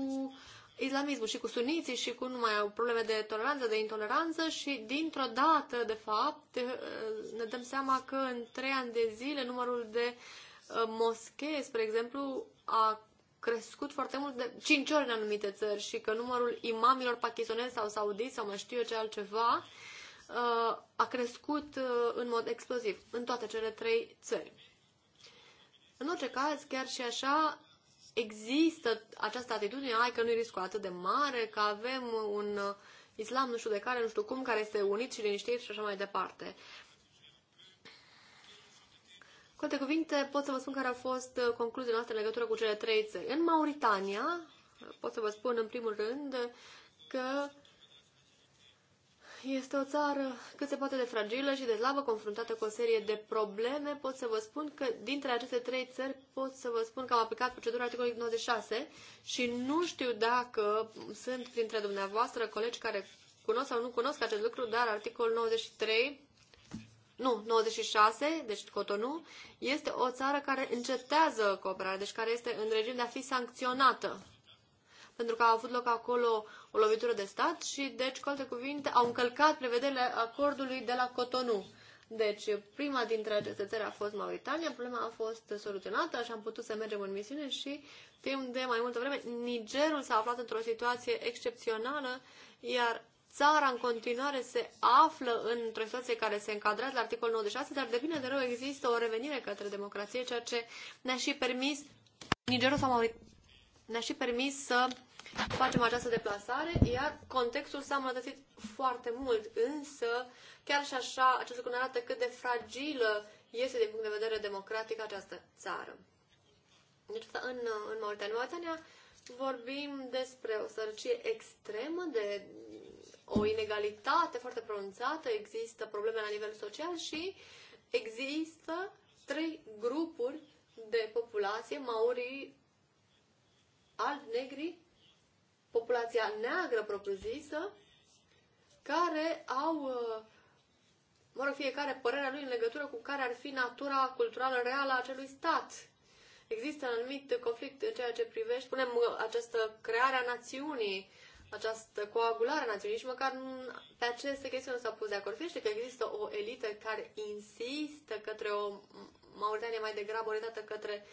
islamismul și cu suniții și cu numai probleme de toleranță, de intoleranță și dintr-o dată, de fapt, eh, ne dăm seama că în trei ani de zile numărul de eh, moschee, spre exemplu, a crescut foarte mult de 5 ori în anumite țări și că numărul imamilor pakistonezi sau saudiți sau mai știu eu ce altceva Uh, a crescut uh, în mod exploziv în toate cele trei țări. În orice caz, chiar și așa, există această atitudine, ai că nu e riscul atât de mare, că avem un uh, islam nu știu de care, nu știu cum, care este unit și liniștit și așa mai departe. Cu alte cuvinte, pot să vă spun care au fost concluziile noastre în legătură cu cele trei țări. În Mauritania, pot să vă spun în primul rând că este o țară cât se poate de fragilă și de slabă, confruntată cu o serie de probleme. Pot să vă spun că dintre aceste trei țări pot să vă spun că am aplicat procedura articolului 96 și nu știu dacă sunt printre dumneavoastră colegi care cunosc sau nu cunosc acest lucru, dar articolul 93 nu, 96, deci Cotonou, este o țară care încetează cooperarea, deci care este în regim de a fi sancționată pentru că a avut loc acolo o lovitură de stat și, deci, cu alte cuvinte, au încălcat prevederile acordului de la Cotonou. Deci, prima dintre aceste țări a fost Mauritania, problema a fost soluționată, așa am putut să mergem în misiune și timp de mai multă vreme Nigerul s-a aflat într-o situație excepțională, iar țara în continuare se află într-o situație care se încadrează la articolul 96, dar de bine de rău există o revenire către democrație, ceea ce ne-a și permis Nigerul sau Mauritania ne-a și permis să facem această deplasare, iar contextul s-a îmbunătățit foarte mult, însă chiar și așa acest lucru ne arată cât de fragilă este din punct de vedere democratic această țară. Deci în, în Mauritania. Mauritania vorbim despre o sărăcie extremă, de o inegalitate foarte pronunțată, există probleme la nivel social și există trei grupuri de populație, maurii alb-negri populația neagră propriu-zisă, care au, uh, mă rog, fiecare părerea lui în legătură cu care ar fi natura culturală reală a acelui stat. Există un anumit conflict în ceea ce privește, punem uh, această creare a națiunii, această coagulare a națiunii și măcar pe aceste chestiuni nu s-a pus de acord. Fiește că există o elită care insistă către o mauritanie mai degrabă orientată către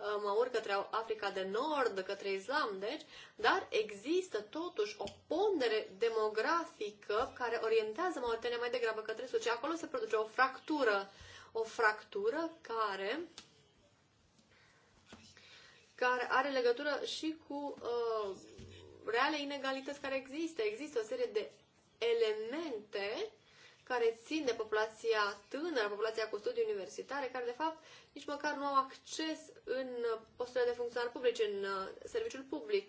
Uh, mă urc către Africa de Nord, către Islam, deci, dar există totuși o pondere demografică care orientează Mauritania mai degrabă către sud și acolo se produce o fractură, o fractură care care are legătură și cu uh, reale inegalități care există. Există o serie de elemente care țin de populația tânără, populația cu studii universitare, care de fapt nici măcar nu au acces în posturile de funcționari publici, în uh, serviciul public,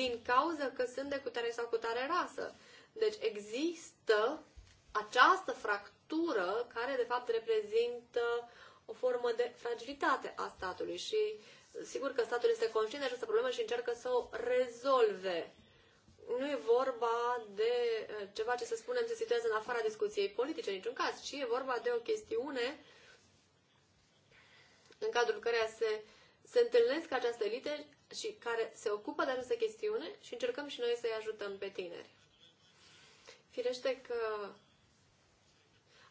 din cauza că sunt de cutare sau cutare rasă. Deci există această fractură care de fapt reprezintă o formă de fragilitate a statului și sigur că statul este conștient de această problemă și încearcă să o rezolve nu e vorba de eh, ceva ce să spunem se situează în afara discuției politice în niciun caz, ci e vorba de o chestiune în cadrul căreia se, se întâlnesc această elite și care se ocupă de această chestiune și încercăm și noi să-i ajutăm pe tineri. Firește că,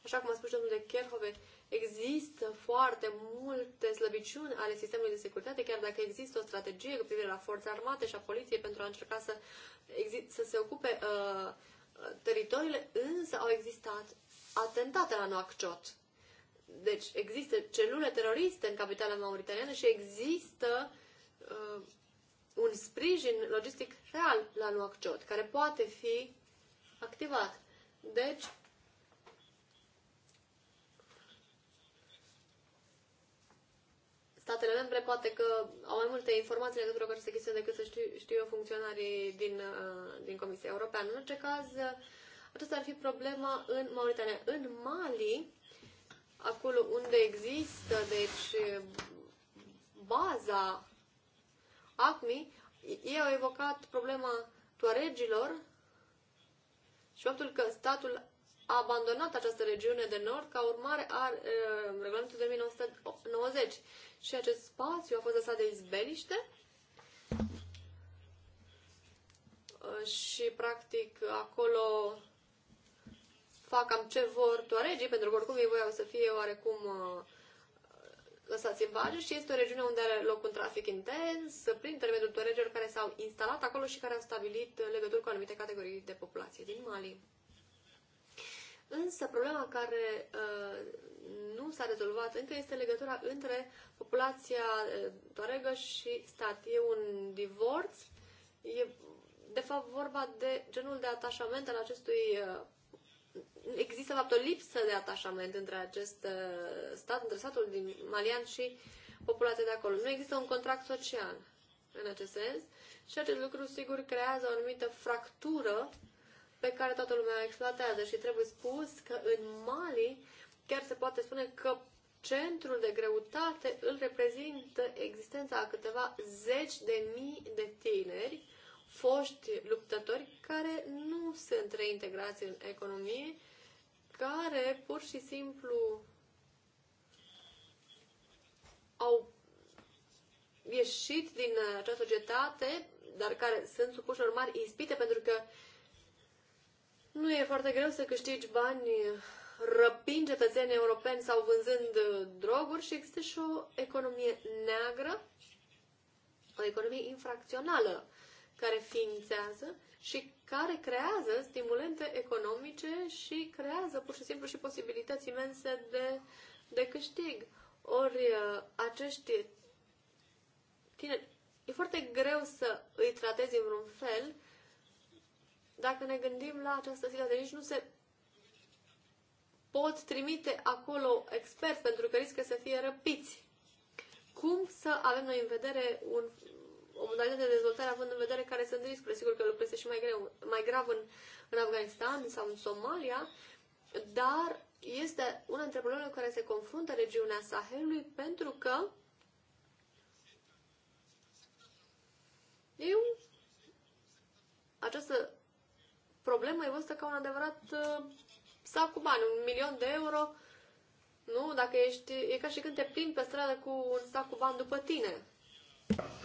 așa cum a spus domnul de Kerhove, Există foarte multe slăbiciuni ale sistemului de securitate, chiar dacă există o strategie cu privire la forțe armate și a poliției pentru a încerca să, să se ocupe uh, teritoriile, însă au existat atentate la Nouakchott. Deci există celule teroriste în capitala mauritaniană și există uh, un sprijin logistic real la Nouakchott, care poate fi activat. Deci, statele membre, poate că au mai multe informații în legătură cu aceste chestiuni decât să știu, știu eu funcționarii din, uh, din Comisia Europeană. În orice caz, uh, aceasta ar fi problema în Mauritania. În Mali, acolo unde există, deci, baza ACMI, ei au evocat problema tuaregilor și faptul că statul a abandonat această regiune de nord ca urmare a e, uh, regulamentului 1990 și acest spațiu a fost lăsat de izbeliște uh, și practic acolo fac cam ce vor toaregii, pentru că oricum ei voiau să fie oarecum uh, lăsați în vage și este o regiune unde are loc un trafic intens prin intermediul toaregilor care s-au instalat acolo și care au stabilit uh, legături cu anumite categorii de populație din Mali. Însă problema care uh, nu s-a rezolvat încă este legătura între populația toaregă și stat. E un divorț, e de fapt vorba de genul de atașament al acestui există, de fapt, o lipsă de atașament între acest stat, între statul din Malian și populația de acolo. Nu există un contract social în acest sens și acest lucru, sigur, creează o anumită fractură pe care toată lumea o exploatează și trebuie spus că în Mali chiar se poate spune că centrul de greutate îl reprezintă existența a câteva zeci de mii de tineri, foști luptători, care nu sunt reintegrați în economie, care pur și simplu au ieșit din această societate, dar care sunt supuși unor mari ispite, pentru că nu e foarte greu să câștigi bani răpind cetățenii europeni sau vânzând uh, droguri și există și o economie neagră, o economie infracțională care ființează și care creează stimulente economice și creează pur și simplu și posibilități imense de, de câștig. Ori uh, acești tineri, e foarte greu să îi tratezi în vreun fel dacă ne gândim la această situație. Nici nu se pot trimite acolo experți pentru că riscă să fie răpiți. Cum să avem noi în vedere un, o modalitate de dezvoltare având în vedere care sunt riscurile? Sigur că lucrurile sunt și mai, greu, mai grav în, în Afganistan sau în Somalia, dar este una dintre problemele cu care se confruntă regiunea Sahelului pentru că eu această problemă e văzută ca un adevărat uh, sau cu bani, un milion de euro, nu? Dacă ești, e ca și când te plimbi pe stradă cu un sac cu bani după tine.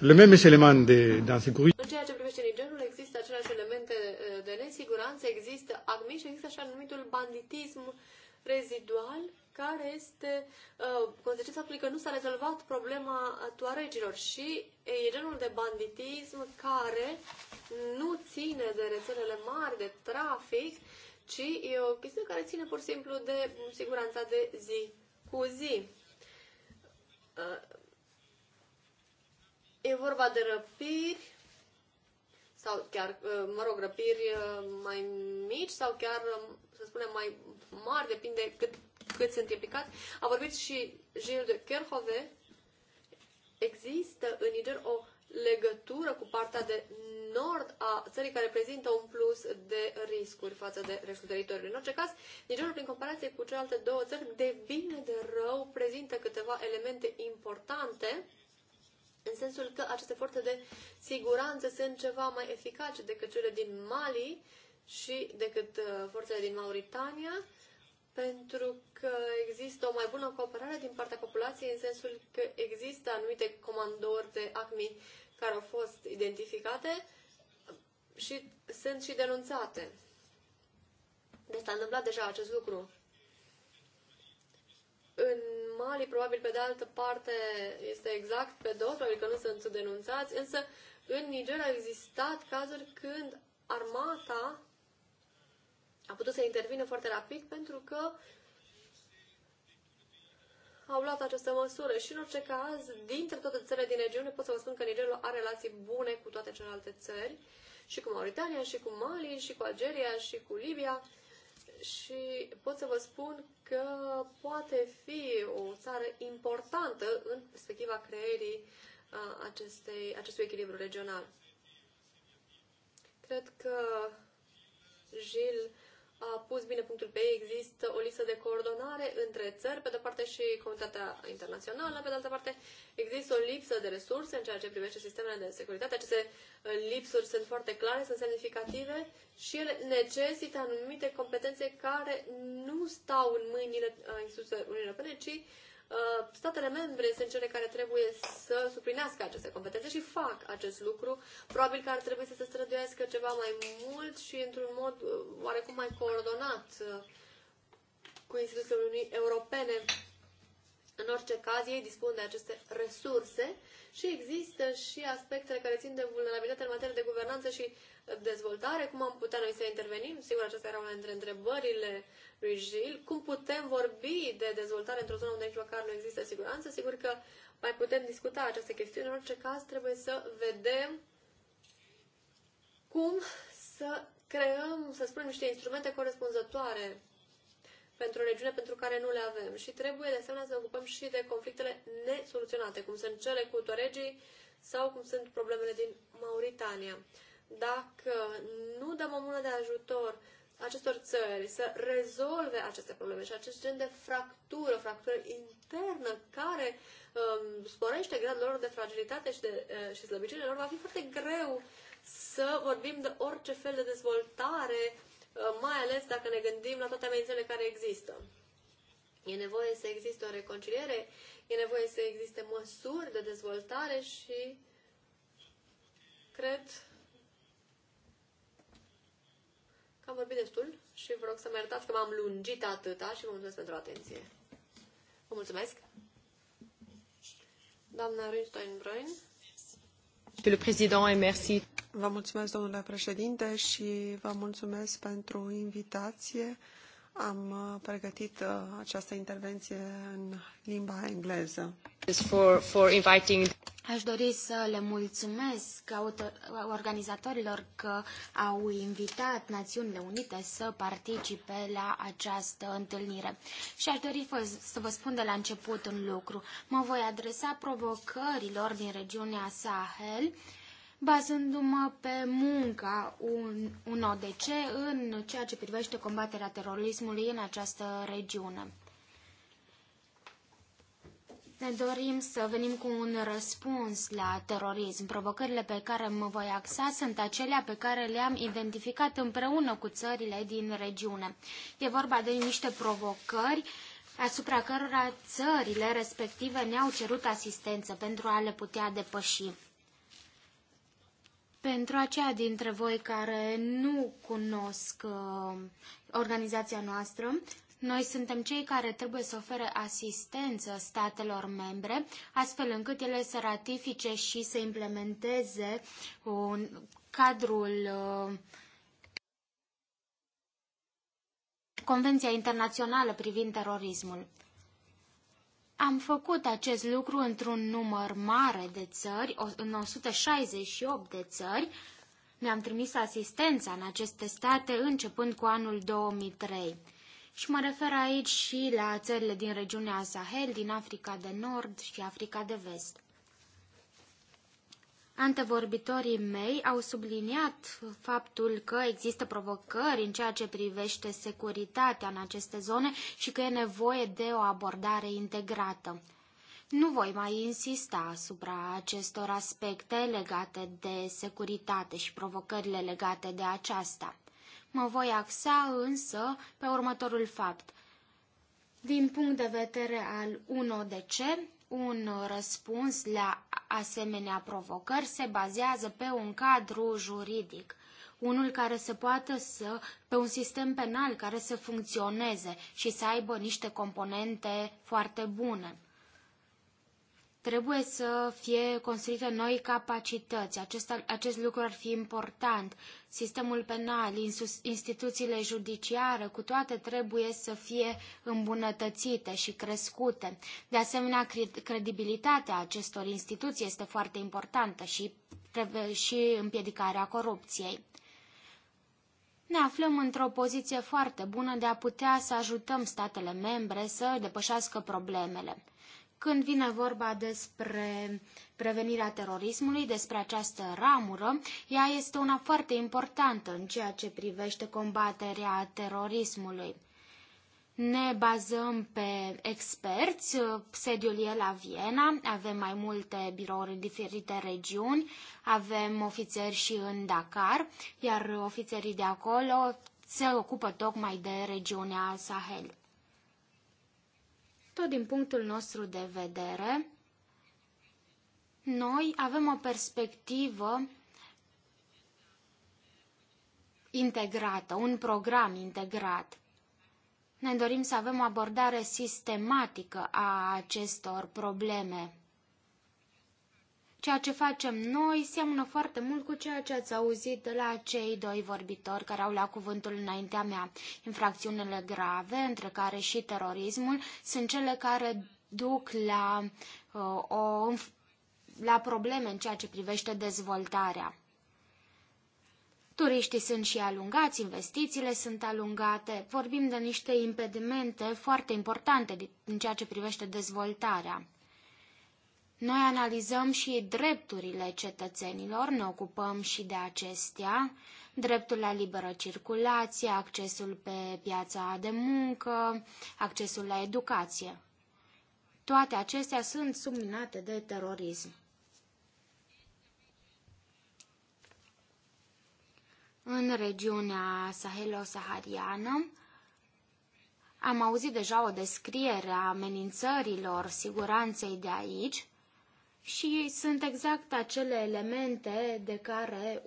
Le même element de, d'insécurité. În ceea ce privește Nigerul, există aceleași elemente de nesiguranță, există ACMI și există așa numitul banditism rezidual, care este uh, consecința faptului că nu s-a rezolvat problema tuaregilor și e genul de banditism care nu ține de rețelele mari de trafic, ci e o chestie care ține pur și simplu de siguranța de zi cu zi. Uh, e vorba de răpiri sau chiar, uh, mă rog, răpiri uh, mai mici sau chiar, um, să spunem, mai mari, depinde cât, cât sunt implicați. A vorbit și Gilles de Kerhove. Există în Niger o legătură cu partea de nord a țării care prezintă un plus de riscuri față de restul teritoriului. În orice caz, Nigerul, prin comparație cu celelalte două țări, de bine de rău prezintă câteva elemente importante în sensul că aceste forțe de siguranță sunt ceva mai eficace decât cele din Mali și decât uh, forțele din Mauritania, pentru că există o mai bună cooperare din partea populației în sensul că există anumite comandori de ACMI care au fost identificate și sunt și denunțate. Deci s-a întâmplat deja acest lucru. În Mali, probabil pe de altă parte, este exact pe dos, probabil că nu sunt denunțați, însă în Niger au existat cazuri când armata a putut să intervină foarte rapid pentru că uh, au luat această măsură și, în orice caz, dintre toate țările din regiune, pot să vă spun că Nigerul are relații bune cu toate celelalte țări, și cu Mauritania, și cu Mali, și cu Algeria, și cu Libia. Și pot să vă spun că poate fi o țară importantă în perspectiva creierii acestei, acestui echilibru regional. Cred că Gilles a pus bine punctul pe ei, există o lipsă de coordonare între țări, pe de-o parte și comunitatea internațională, pe de altă parte există o lipsă de resurse în ceea ce privește sistemele de securitate. Aceste uh, lipsuri sunt foarte clare, sunt semnificative și ele necesită anumite competențe care nu stau în mâinile uh, instituțiilor Uniunii Europene, ci Uh, statele membre sunt cele care trebuie să suplinească aceste competențe și fac acest lucru. Probabil că ar trebui să se străduiască ceva mai mult și într-un mod uh, oarecum mai coordonat uh, cu instituțiile Unii Europene. În orice caz, ei dispun de aceste resurse și există și aspectele care țin de vulnerabilitate în materie de guvernanță și dezvoltare, cum am putea noi să intervenim. Sigur, acestea erau una dintre întrebările uh, lui Gil, cum putem vorbi de dezvoltare într-o zonă unde nici măcar nu există siguranță. Sigur că mai putem discuta această chestiune. În orice caz, trebuie să vedem cum să creăm, să spunem, niște instrumente corespunzătoare pentru o regiune pentru care nu le avem. Și trebuie de asemenea să ne ocupăm și de conflictele nesoluționate, cum sunt cele cu Toregii sau cum sunt problemele din Mauritania. Dacă nu dăm o mână de ajutor acestor țări să rezolve aceste probleme și acest gen de fractură, fractură internă care um, sporește gradul lor de fragilitate și, de, uh, și slăbiciune lor, va fi foarte greu să vorbim de orice fel de dezvoltare, uh, mai ales dacă ne gândim la toate amenințele care există. E nevoie să existe o reconciliere, e nevoie să existe măsuri de dezvoltare și cred că am vorbit destul și vă rog să mă iertați că m-am lungit atâta și vă mulțumesc pentru atenție. Vă mulțumesc! Doamna Rüsteinbrunn. Le président et merci. Vă mulțumesc, domnule președinte, și vă mulțumesc pentru invitație. Am uh, pregătit uh, această intervenție în limba engleză. For, for inviting... Aș dori să le mulțumesc organizatorilor că au invitat Națiunile Unite să participe la această întâlnire. Și aș dori să vă spun de la început un lucru. Mă voi adresa provocărilor din regiunea Sahel, bazându-mă pe munca un, un ODC în ceea ce privește combaterea terorismului în această regiune. Ne dorim să venim cu un răspuns la terorism. Provocările pe care mă voi axa sunt acelea pe care le-am identificat împreună cu țările din regiune. E vorba de niște provocări asupra cărora țările respective ne-au cerut asistență pentru a le putea depăși. Pentru aceia dintre voi care nu cunosc uh, organizația noastră, noi suntem cei care trebuie să ofere asistență statelor membre, astfel încât ele să ratifice și să implementeze un cadrul uh, Convenția Internațională privind terorismul. Am făcut acest lucru într-un număr mare de țări, în 168 de țări. Mi-am trimis asistența în aceste state începând cu anul 2003. Și mă refer aici și la țările din regiunea Sahel, din Africa de Nord și Africa de Vest. Antevorbitorii mei au subliniat faptul că există provocări în ceea ce privește securitatea în aceste zone și că e nevoie de o abordare integrată. Nu voi mai insista asupra acestor aspecte legate de securitate și provocările legate de aceasta. Mă voi axa însă pe următorul fapt. Din punct de vedere al 1DC, un răspuns la asemenea provocări se bazează pe un cadru juridic unul care să poată să, pe un sistem penal care să funcționeze și să aibă niște componente foarte bune. Trebuie să fie construite noi capacități. Acest, acest lucru ar fi important. Sistemul penal, instituțiile judiciare, cu toate trebuie să fie îmbunătățite și crescute. De asemenea, credibilitatea acestor instituții este foarte importantă și, și împiedicarea corupției. Ne aflăm într-o poziție foarte bună de a putea să ajutăm statele membre să depășească problemele când vine vorba despre prevenirea terorismului, despre această ramură, ea este una foarte importantă în ceea ce privește combaterea terorismului. Ne bazăm pe experți, sediul e la Viena, avem mai multe birouri în diferite regiuni, avem ofițeri și în Dakar, iar ofițerii de acolo se ocupă tocmai de regiunea Sahel. Tot din punctul nostru de vedere, noi avem o perspectivă integrată, un program integrat. Ne dorim să avem o abordare sistematică a acestor probleme. Ceea ce facem noi seamănă foarte mult cu ceea ce ați auzit de la cei doi vorbitori care au luat cuvântul înaintea mea. Infracțiunile grave, între care și terorismul, sunt cele care duc la, uh, o, la probleme în ceea ce privește dezvoltarea. Turiștii sunt și alungați, investițiile sunt alungate, vorbim de niște impedimente foarte importante în ceea ce privește dezvoltarea. Noi analizăm și drepturile cetățenilor, ne ocupăm și de acestea, dreptul la liberă circulație, accesul pe piața de muncă, accesul la educație. Toate acestea sunt subminate de terorism. În regiunea sahelo-sahariană, am auzit deja o descriere a amenințărilor siguranței de aici, și sunt exact acele elemente de care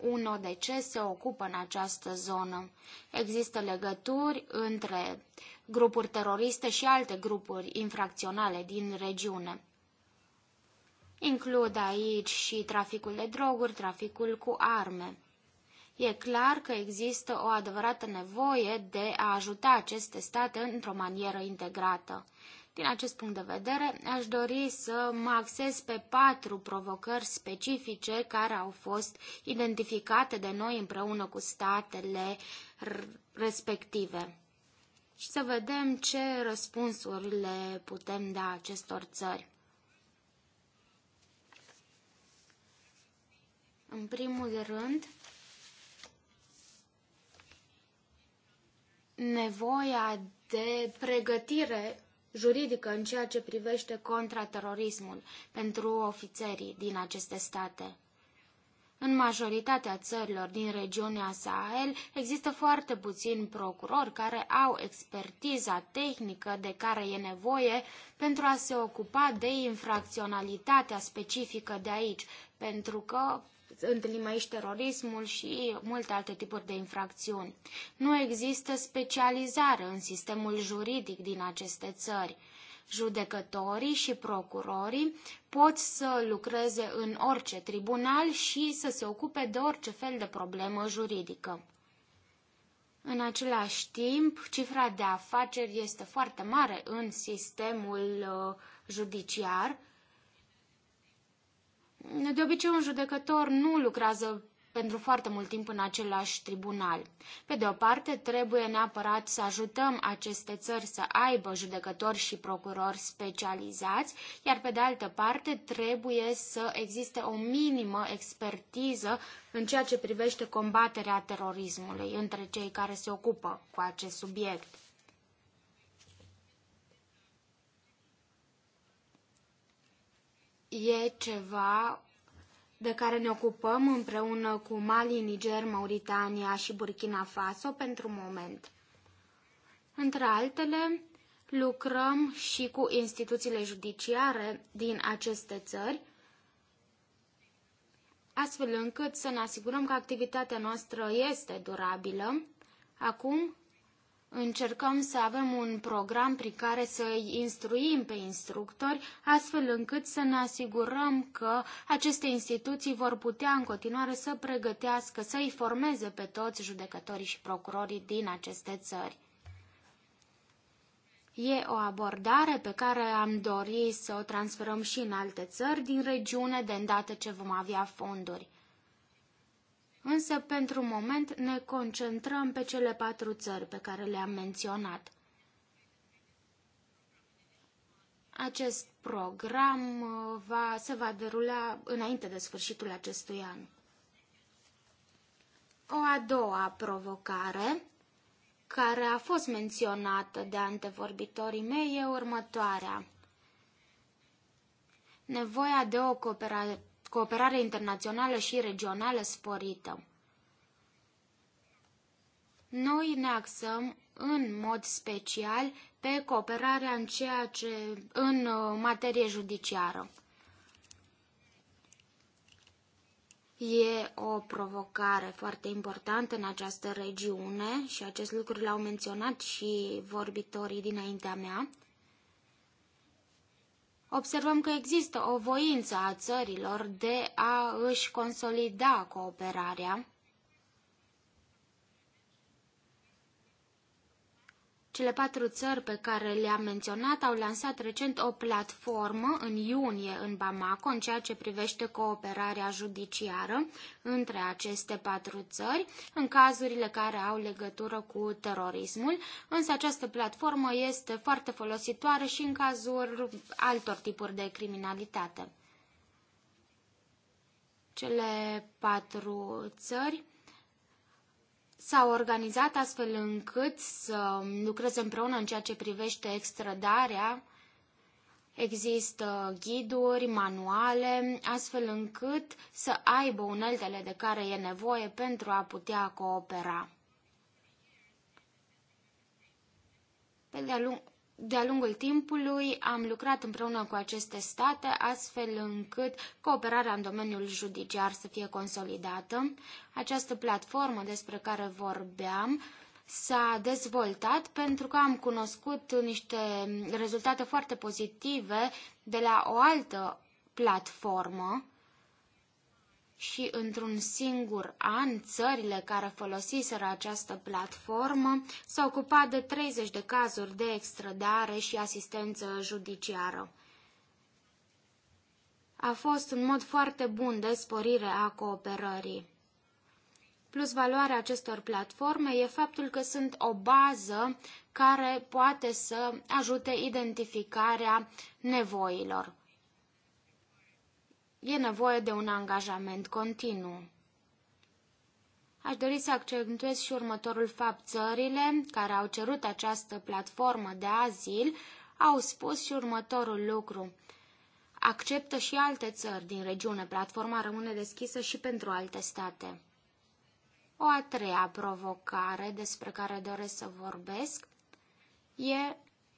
un ODC se ocupă în această zonă. Există legături între grupuri teroriste și alte grupuri infracționale din regiune. Includ aici și traficul de droguri, traficul cu arme. E clar că există o adevărată nevoie de a ajuta aceste state într-o manieră integrată. Din acest punct de vedere, aș dori să mă axez pe patru provocări specifice care au fost identificate de noi împreună cu statele respective și să vedem ce răspunsuri le putem da acestor țări. În primul rând, nevoia de pregătire juridică în ceea ce privește contraterorismul pentru ofițerii din aceste state. În majoritatea țărilor din regiunea Sahel există foarte puțini procurori care au expertiza tehnică de care e nevoie pentru a se ocupa de infracționalitatea specifică de aici, pentru că întâlnim aici terorismul și multe alte tipuri de infracțiuni. Nu există specializare în sistemul juridic din aceste țări. Judecătorii și procurorii pot să lucreze în orice tribunal și să se ocupe de orice fel de problemă juridică. În același timp, cifra de afaceri este foarte mare în sistemul uh, judiciar, de obicei, un judecător nu lucrează pentru foarte mult timp în același tribunal. Pe de o parte, trebuie neapărat să ajutăm aceste țări să aibă judecători și procurori specializați, iar pe de altă parte, trebuie să existe o minimă expertiză în ceea ce privește combaterea terorismului între cei care se ocupă cu acest subiect. e ceva de care ne ocupăm împreună cu Mali, Niger, Mauritania și Burkina Faso pentru moment. Între altele, lucrăm și cu instituțiile judiciare din aceste țări, astfel încât să ne asigurăm că activitatea noastră este durabilă. Acum Încercăm să avem un program prin care să îi instruim pe instructori, astfel încât să ne asigurăm că aceste instituții vor putea în continuare să pregătească, să îi formeze pe toți judecătorii și procurorii din aceste țări. E o abordare pe care am dori să o transferăm și în alte țări din regiune de îndată ce vom avea fonduri însă pentru moment ne concentrăm pe cele patru țări pe care le-am menționat. Acest program uh, va, se va derula înainte de sfârșitul acestui an. O a doua provocare, care a fost menționată de antevorbitorii mei, e următoarea. Nevoia de o cooperare cooperare internațională și regională sporită. Noi ne axăm în mod special pe cooperarea în ceea ce în uh, materie judiciară. E o provocare foarte importantă în această regiune și acest lucru l-au menționat și vorbitorii dinaintea mea observăm că există o voință a țărilor de a își consolida cooperarea Cele patru țări pe care le-am menționat au lansat recent o platformă în iunie în Bamako în ceea ce privește cooperarea judiciară între aceste patru țări în cazurile care au legătură cu terorismul, însă această platformă este foarte folositoare și în cazul altor tipuri de criminalitate. Cele patru țări s-au organizat astfel încât să lucreze împreună în ceea ce privește extradarea. Există ghiduri, manuale, astfel încât să aibă uneltele de care e nevoie pentru a putea coopera. Pe de-a lungul de-a lungul timpului am lucrat împreună cu aceste state, astfel încât cooperarea în domeniul judiciar să fie consolidată. Această platformă despre care vorbeam s-a dezvoltat pentru că am cunoscut niște rezultate foarte pozitive de la o altă platformă și într-un singur an, țările care folosiseră această platformă s-au ocupat de 30 de cazuri de extradare și asistență judiciară. A fost un mod foarte bun de sporire a cooperării. Plus valoarea acestor platforme e faptul că sunt o bază care poate să ajute identificarea nevoilor. E nevoie de un angajament continuu. Aș dori să accentuez și următorul fapt. Țările care au cerut această platformă de azil au spus și următorul lucru. Acceptă și alte țări din regiune. Platforma rămâne deschisă și pentru alte state. O a treia provocare despre care doresc să vorbesc e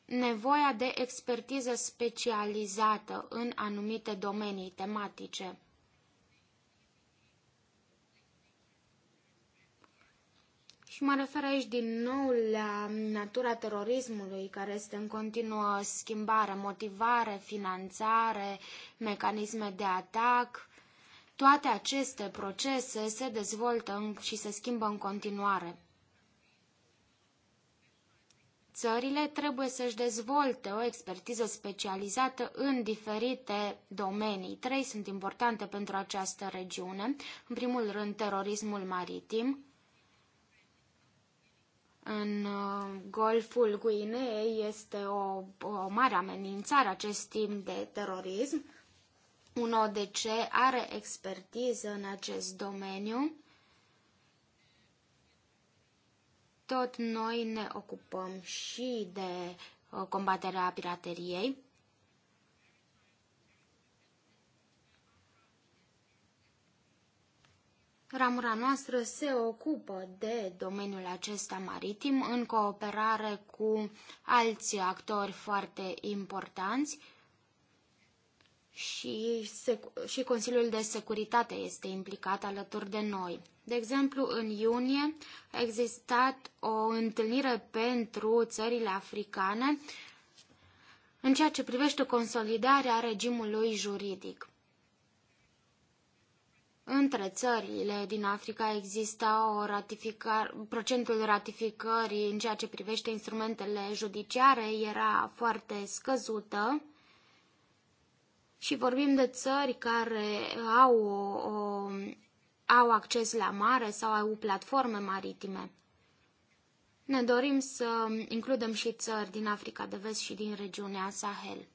nevoia de expertiză specializată în anumite domenii tematice. Și mă refer aici din nou la natura terorismului, care este în continuă schimbare, motivare, finanțare, mecanisme de atac. Toate aceste procese se dezvoltă și se schimbă în continuare. Țările trebuie să-și dezvolte o expertiză specializată în diferite domenii. Trei sunt importante pentru această regiune. În primul rând, terorismul maritim. În uh, Golful Guineei este o, o mare amenințare acest tip de terorism. UNODC are expertiză în acest domeniu tot noi ne ocupăm și de uh, combaterea pirateriei. Ramura noastră se ocupă de domeniul acesta maritim în cooperare cu alți actori foarte importanți și, și Consiliul de Securitate este implicat alături de noi. De exemplu, în iunie a existat o întâlnire pentru țările africane în ceea ce privește consolidarea regimului juridic. Între țările din Africa exista o ratificare, procentul ratificării în ceea ce privește instrumentele judiciare era foarte scăzută și vorbim de țări care au o, o au acces la mare sau au platforme maritime. Ne dorim să includem și țări din Africa de Vest și din regiunea Sahel.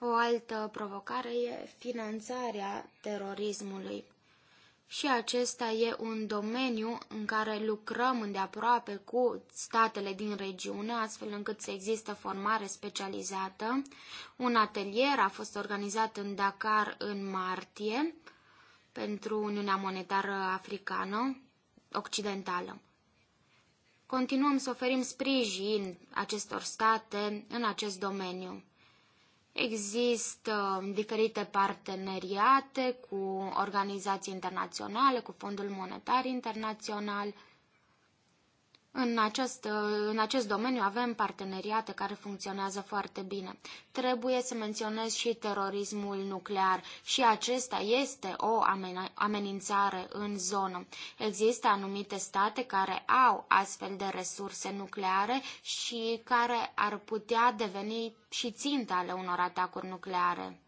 O altă provocare e finanțarea terorismului și acesta e un domeniu în care lucrăm îndeaproape cu statele din regiune, astfel încât să există formare specializată. Un atelier a fost organizat în Dakar în martie pentru Uniunea Monetară Africană Occidentală. Continuăm să oferim sprijin acestor state în acest domeniu. Există um, diferite parteneriate cu organizații internaționale, cu Fondul Monetar Internațional, în acest, în acest domeniu avem parteneriate care funcționează foarte bine. Trebuie să menționez și terorismul nuclear și acesta este o amenințare în zonă. Există anumite state care au astfel de resurse nucleare și care ar putea deveni și ținta ale unor atacuri nucleare.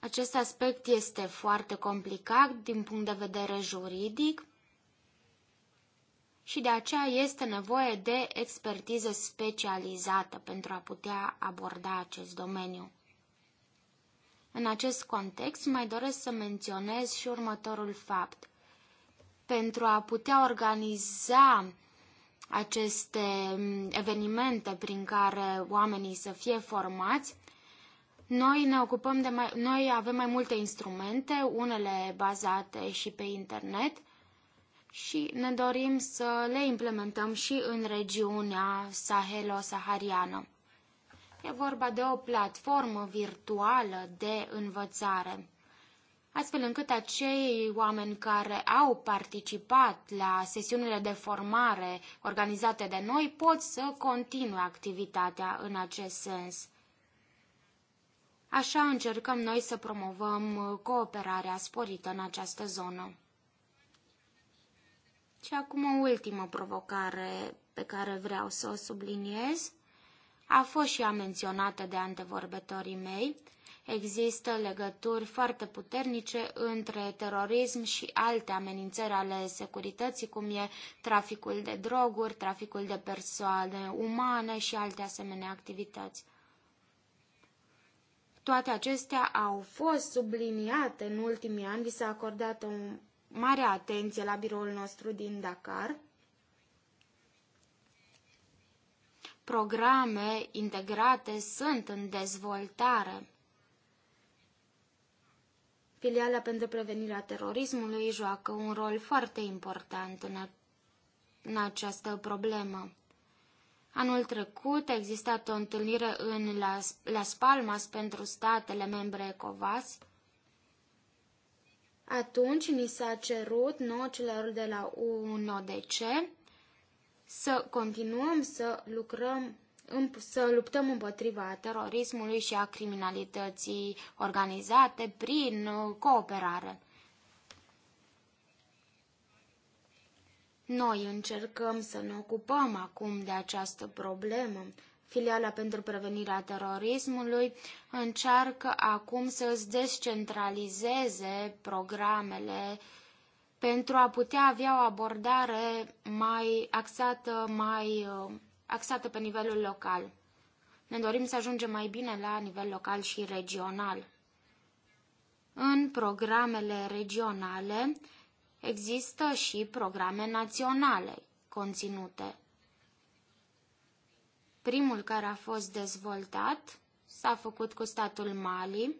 Acest aspect este foarte complicat din punct de vedere juridic și de aceea este nevoie de expertiză specializată pentru a putea aborda acest domeniu. În acest context, mai doresc să menționez și următorul fapt. Pentru a putea organiza aceste mm, evenimente prin care oamenii să fie formați, noi ne ocupăm de mai, noi avem mai multe instrumente, unele bazate și pe internet, și ne dorim să le implementăm și în regiunea sahelo-sahariană. E vorba de o platformă virtuală de învățare, astfel încât acei oameni care au participat la sesiunile de formare organizate de noi pot să continue activitatea în acest sens. Așa încercăm noi să promovăm cooperarea sporită în această zonă. Și acum o ultimă provocare pe care vreau să o subliniez. A fost și ea menționată de antevorbitorii mei. Există legături foarte puternice între terorism și alte amenințări ale securității, cum e traficul de droguri, traficul de persoane umane și alte asemenea activități. Toate acestea au fost subliniate în ultimii ani, vi s-a acordat un mare atenție la biroul nostru din Dakar. Programe integrate sunt în dezvoltare. Filiala pentru prevenirea terorismului joacă un rol foarte important în, a, în această problemă. Anul trecut a existat o întâlnire în Las, Las Palmas pentru statele membre ECOVAS, atunci ni s-a cerut nouă celor de la UNODC să continuăm să lucrăm să luptăm împotriva terorismului și a criminalității organizate prin uh, cooperare. Noi încercăm să ne ocupăm acum de această problemă filiala pentru prevenirea terorismului, încearcă acum să îți descentralizeze programele pentru a putea avea o abordare mai axată, mai uh, axată pe nivelul local. Ne dorim să ajungem mai bine la nivel local și regional. În programele regionale există și programe naționale conținute. Primul care a fost dezvoltat s-a făcut cu statul Mali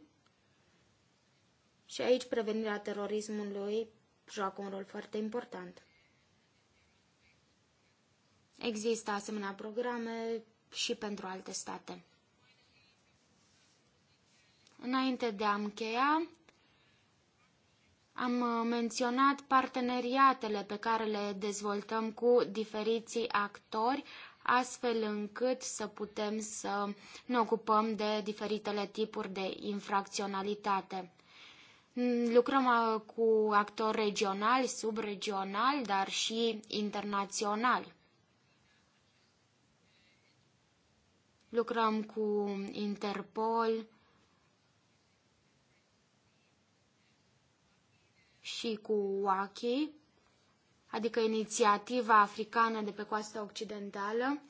și aici prevenirea terorismului joacă un rol foarte important. Există asemenea programe și pentru alte state. Înainte de a încheia, am menționat parteneriatele pe care le dezvoltăm cu diferiții actori astfel încât să putem să ne ocupăm de diferitele tipuri de infracționalitate. Lucrăm uh, cu actori regionali, subregionali, dar și internaționali. Lucrăm cu Interpol și cu WACI adică inițiativa africană de pe coasta occidentală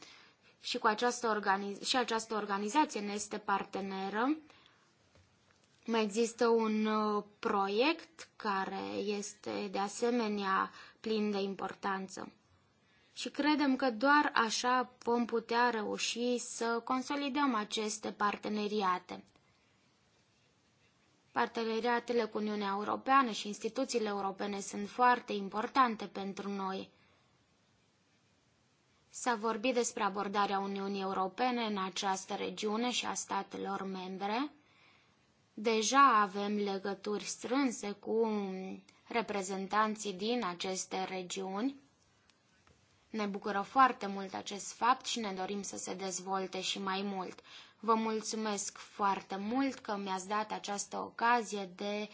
și, cu această organiz- și această organizație ne este parteneră. Mai există un uh, proiect care este de asemenea plin de importanță. Și credem că doar așa vom putea reuși să consolidăm aceste parteneriate. Parteneriatele cu Uniunea Europeană și instituțiile europene sunt foarte importante pentru noi. S-a vorbit despre abordarea Uniunii Europene în această regiune și a statelor membre. Deja avem legături strânse cu reprezentanții din aceste regiuni. Ne bucură foarte mult acest fapt și ne dorim să se dezvolte și mai mult. Vă mulțumesc foarte mult că mi-ați dat această ocazie de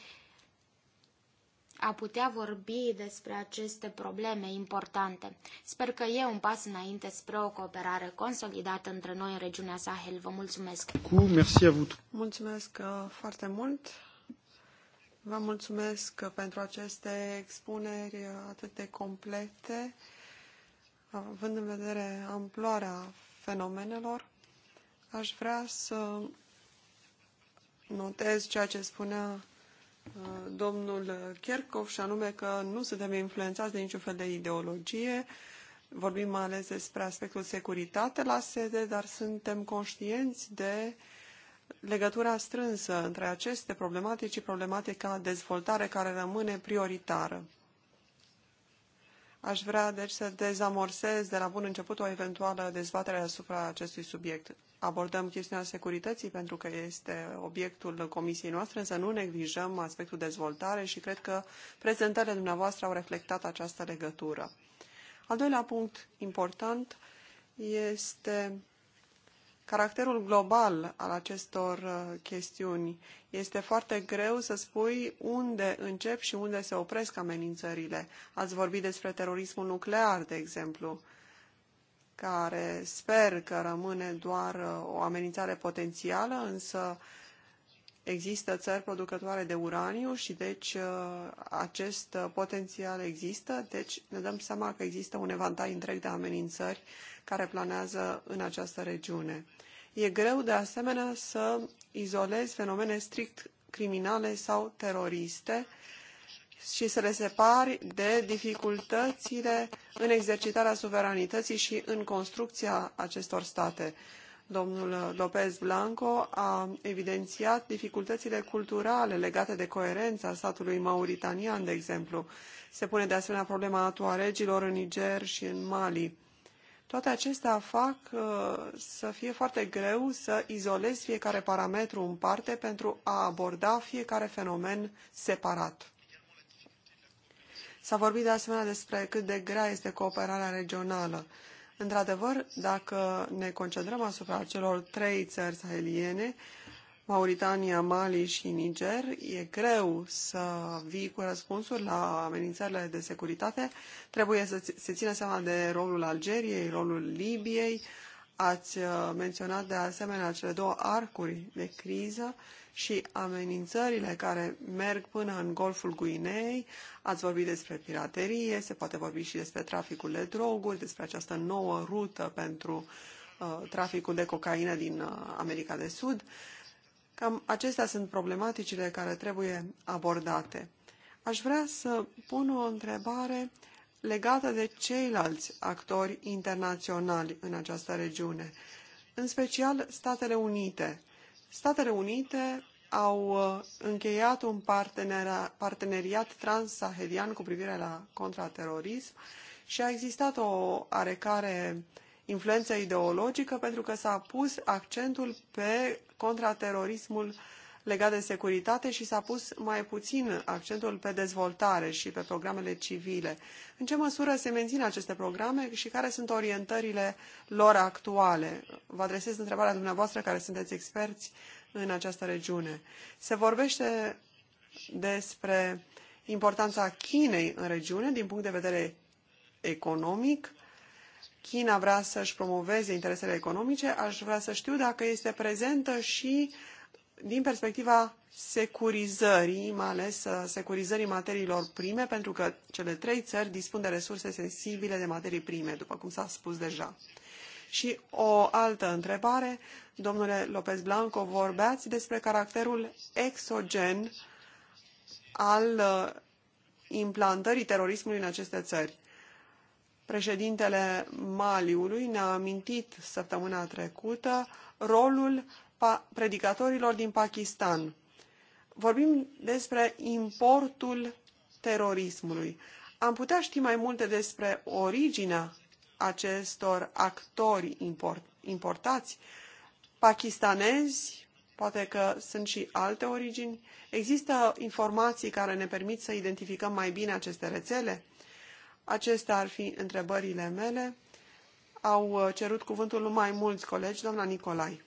a putea vorbi despre aceste probleme importante. Sper că e un pas înainte spre o cooperare consolidată între noi în regiunea Sahel. Vă mulțumesc! Cu, merci a vous. Mulțumesc uh, foarte mult! Vă mulțumesc pentru aceste expuneri atât de complete, având în vedere amploarea fenomenelor. Aș vrea să notez ceea ce spunea uh, domnul Kerkov și anume că nu suntem influențați de niciun fel de ideologie. Vorbim mai ales despre aspectul securitate la sede, dar suntem conștienți de legătura strânsă între aceste problematici și problematica dezvoltare care rămâne prioritară. Aș vrea, deci, să dezamorsez de la bun început o eventuală dezbatere asupra acestui subiect abordăm chestiunea securității pentru că este obiectul comisiei noastre, însă nu neglijăm aspectul dezvoltare și cred că prezentările dumneavoastră au reflectat această legătură. Al doilea punct important este caracterul global al acestor uh, chestiuni. Este foarte greu să spui unde încep și unde se opresc amenințările. Ați vorbit despre terorismul nuclear, de exemplu care sper că rămâne doar uh, o amenințare potențială, însă există țări producătoare de uraniu și deci uh, acest uh, potențial există, deci ne dăm seama că există un evantai întreg de amenințări care planează în această regiune. E greu de asemenea să izolezi fenomene strict criminale sau teroriste și să le separi de dificultățile în exercitarea suveranității și în construcția acestor state. Domnul Lopez Blanco a evidențiat dificultățile culturale legate de coerența statului mauritanian, de exemplu. Se pune de asemenea problema tuaregilor în Niger și în Mali. Toate acestea fac uh, să fie foarte greu să izolezi fiecare parametru în parte pentru a aborda fiecare fenomen separat. S-a vorbit de asemenea despre cât de grea este cooperarea regională. Într-adevăr, dacă ne concentrăm asupra celor trei țări saheliene, Mauritania, Mali și Niger, e greu să vii cu răspunsuri la amenințările de securitate. Trebuie să se țină seama de rolul Algeriei, rolul Libiei. Ați uh, menționat de asemenea cele două arcuri de criză și amenințările care merg până în Golful Guinei. Ați vorbit despre piraterie, se poate vorbi și despre traficul de droguri, despre această nouă rută pentru uh, traficul de cocaină din uh, America de Sud. Cam acestea sunt problematicile care trebuie abordate. Aș vrea să pun o întrebare legată de ceilalți actori internaționali în această regiune, în special Statele Unite. Statele Unite au uh, încheiat un parteneriat transsahelian cu privire la contraterorism și a existat o arecare influență ideologică pentru că s-a pus accentul pe contraterorismul legat de securitate și s-a pus mai puțin accentul pe dezvoltare și pe programele civile. În ce măsură se mențin aceste programe și care sunt orientările lor actuale? Vă adresez întrebarea dumneavoastră care sunteți experți în această regiune. Se vorbește despre importanța Chinei în regiune din punct de vedere economic. China vrea să-și promoveze interesele economice. Aș vrea să știu dacă este prezentă și din perspectiva securizării, mai ales uh, securizării materiilor prime, pentru că cele trei țări dispun de resurse sensibile de materii prime, după cum s-a spus deja. Și o altă întrebare, domnule López Blanco, vorbeați despre caracterul exogen al uh, implantării terorismului în aceste țări. Președintele Maliului ne-a amintit săptămâna trecută rolul predicatorilor din Pakistan. Vorbim despre importul terorismului. Am putea ști mai multe despre originea acestor actori import, importați, pakistanezi, poate că sunt și alte origini. Există informații care ne permit să identificăm mai bine aceste rețele? Acestea ar fi întrebările mele. Au uh, cerut cuvântul mai mulți colegi, doamna Nicolai.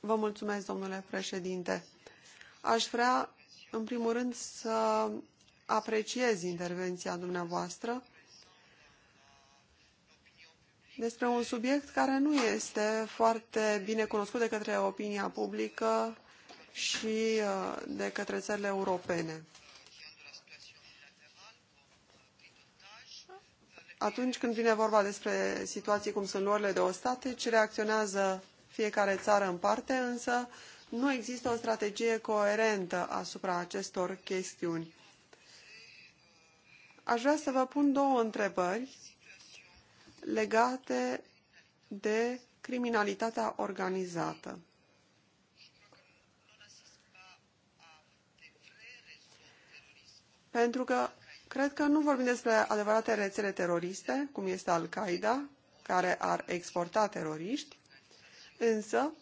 Vă mulțumesc, domnule președinte. Aș vrea, în primul rând, să apreciez intervenția dumneavoastră despre un subiect care nu este foarte bine cunoscut de către opinia publică și uh, de către țările europene. Atunci când vine vorba despre situații cum sunt luările de ce reacționează fiecare țară în parte, însă nu există o strategie coerentă asupra acestor chestiuni. Aș vrea să vă pun două întrebări legate de criminalitatea organizată. Pentru că cred că nu vorbim despre adevărate rețele teroriste, cum este Al-Qaeda, care ar exporta teroriști, însă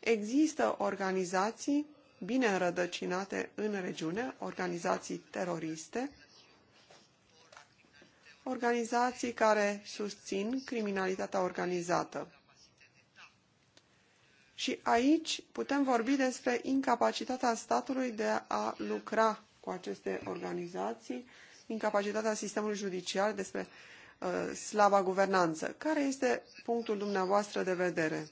există organizații bine înrădăcinate în regiune, organizații teroriste, organizații care susțin criminalitatea organizată. Și aici putem vorbi despre incapacitatea statului de a lucra cu aceste organizații, incapacitatea sistemului judiciar, despre uh, slaba guvernanță. Care este punctul dumneavoastră de vedere?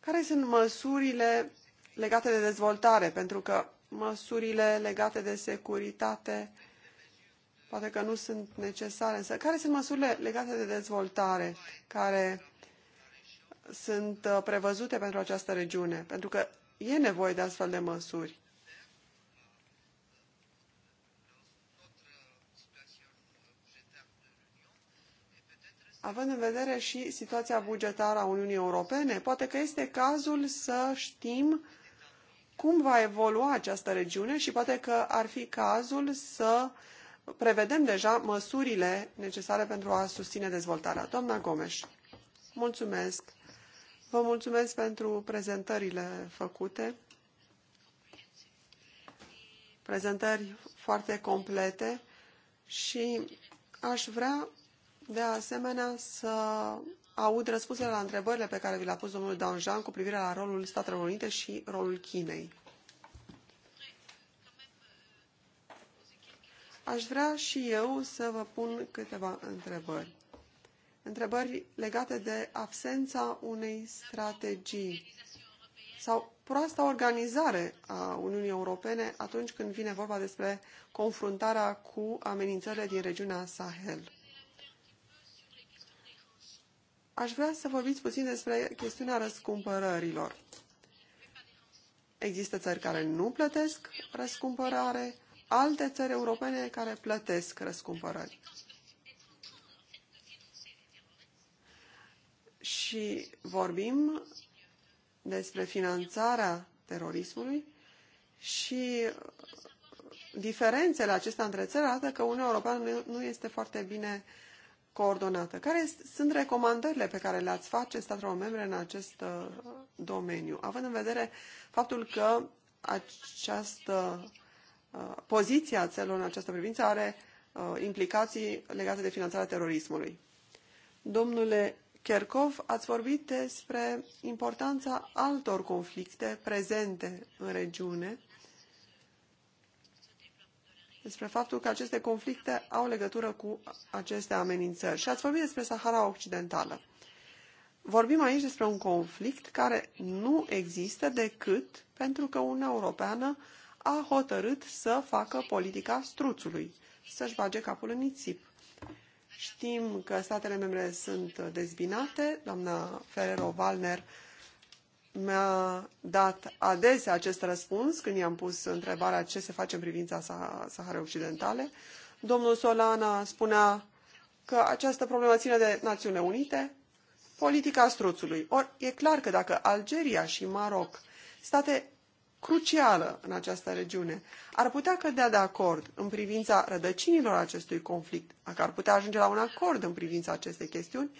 Care sunt măsurile legate de dezvoltare? Pentru că măsurile legate de securitate poate că nu sunt necesare, însă care sunt măsurile legate de dezvoltare care sunt uh, prevăzute pentru această regiune? Pentru că e nevoie de astfel de măsuri. Având în vedere și situația bugetară a Uniunii Europene, poate că este cazul să știm uh, cum va evolua această regiune și poate că ar fi cazul să prevedem deja măsurile necesare pentru a susține dezvoltarea. Doamna Gomes, mulțumesc. Vă mulțumesc pentru prezentările făcute. Prezentări foarte complete și aș vrea de asemenea să aud răspunsurile la întrebările pe care vi le-a pus domnul Danjean cu privire la rolul Statelor Unite și rolul Chinei. Aș vrea și eu să vă pun câteva întrebări. Întrebări legate de absența unei strategii sau proasta organizare a Uniunii Europene atunci când vine vorba despre confruntarea cu amenințările din regiunea Sahel. Aș vrea să vorbiți puțin despre chestiunea răscumpărărilor. Există țări care nu plătesc răscumpărare, alte țări europene care plătesc răscumpărări. Și vorbim despre finanțarea terorismului și diferențele acestea între țări arată că Uniunea Europeană nu este foarte bine uh, coordonată. Care sunt recomandările pe care le-ați face statelor membre în acest uh, domeniu, având în vedere faptul că această uh, poziția a țelor în această privință are uh, implicații legate de finanțarea terorismului. Domnule Kerkov, ați vorbit despre importanța altor conflicte prezente în regiune despre faptul că aceste conflicte au legătură cu aceste amenințări. Și ați vorbit despre Sahara Occidentală. Vorbim aici despre un conflict care nu există decât pentru că Uniunea Europeană a hotărât să facă politica struțului, să-și bage capul în nițip. Știm că statele membre sunt dezbinate, doamna Ferrero-Valner mi-a dat adesea acest răspuns când i-am pus întrebarea ce se face în privința Saharei Occidentale. Domnul Solana spunea că această problemă ține de Națiunile Unite, politica struțului. Ori e clar că dacă Algeria și Maroc, state crucială în această regiune, ar putea cădea de acord în privința rădăcinilor acestui conflict, dacă ar putea ajunge la un acord în privința acestei chestiuni,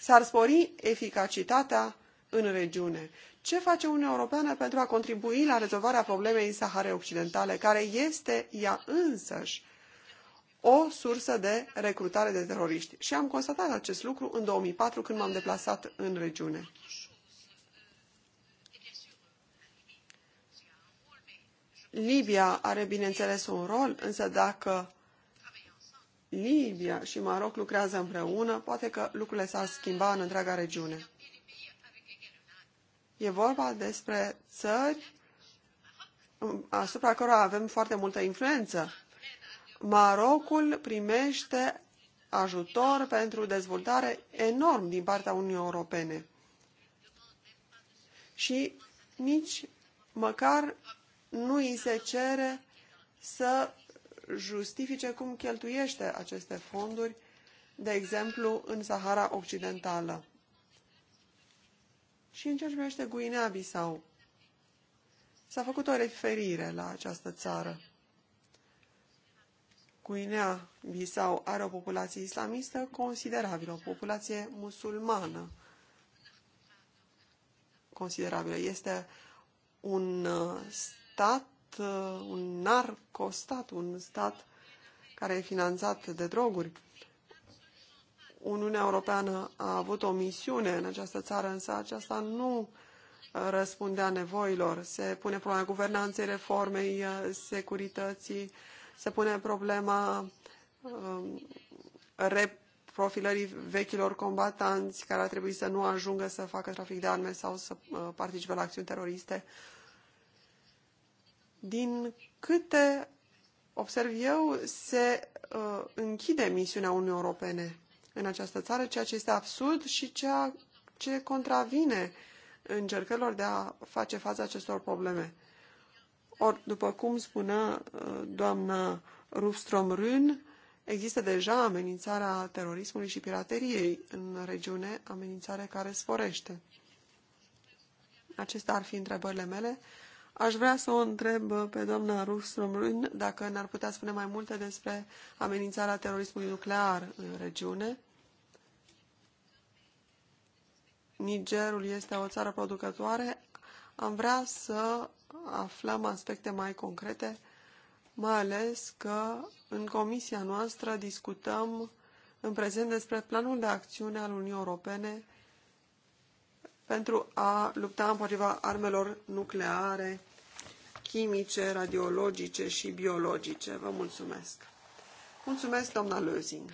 s-ar spori eficacitatea în regiune. Ce face Uniunea Europeană pentru a contribui la rezolvarea problemei Saharei Occidentale, care este ea însăși o sursă de recrutare de teroriști? Și am constatat acest lucru în 2004 când m-am deplasat în regiune. Libia are, bineînțeles, un rol, însă dacă Libia și Maroc lucrează împreună, poate că lucrurile s-ar schimba în întreaga regiune. E vorba despre țări asupra cărora avem foarte multă influență. Marocul primește ajutor pentru dezvoltare enorm din partea Uniunii Europene. Și nici măcar nu îi se cere să justifice cum cheltuiește aceste fonduri, de exemplu, în Sahara Occidentală. Și în ceea ce privește Guinea-Bissau, s-a făcut o referire la această țară. Guinea-Bissau are o populație islamistă considerabilă, o populație musulmană considerabilă. Este un uh, stat, uh, un narcostat, un stat care e finanțat de droguri. Uniunea Europeană a avut o misiune în această țară, însă aceasta nu uh, răspundea nevoilor. Se pune problema guvernanței, reformei, uh, securității, se pune problema um, reprofilării vechilor combatanți care ar trebui să nu ajungă să facă trafic de arme sau să uh, participe la acțiuni teroriste. Din câte observ eu, se uh, închide misiunea Uniunii Europene în această țară, ceea ce este absurd și ceea ce contravine încercărilor de a face față acestor probleme. Or, după cum spunea uh, doamna Rufstrom Rün, există deja amenințarea terorismului și pirateriei în regiune, amenințare care sporește. Acestea ar fi întrebările mele. Aș vrea să o întreb pe doamna Rufstrom Rün dacă ne-ar putea spune mai multe despre amenințarea terorismului nuclear în regiune. Nigerul este o țară producătoare, am vrea să aflăm aspecte mai concrete, mai ales că în comisia noastră discutăm în prezent despre planul de acțiune al Uniunii Europene pentru a lupta împotriva armelor nucleare, chimice, radiologice și biologice. Vă mulțumesc! Mulțumesc, doamna Lözing!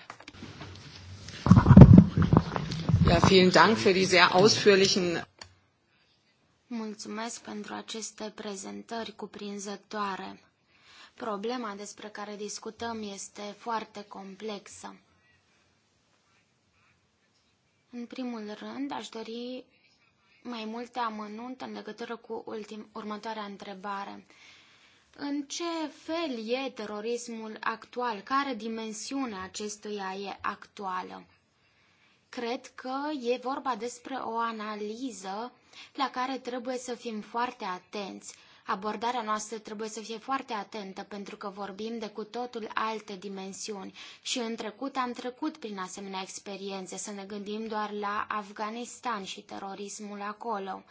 Ja, vielen Dank für die sehr ausführlichen. Mulțumesc pentru aceste prezentări cuprinzătoare. Problema despre care discutăm este foarte complexă. În primul rând, aș dori mai multe amănunte în legătură cu ultim, următoarea întrebare. În ce fel e terorismul actual? Care dimensiunea acestuia e actuală? Cred că e vorba despre o analiză la care trebuie să fim foarte atenți. Abordarea noastră trebuie să fie foarte atentă pentru că vorbim de cu totul alte dimensiuni și în trecut am trecut prin asemenea experiențe, să ne gândim doar la Afganistan și terorismul acolo.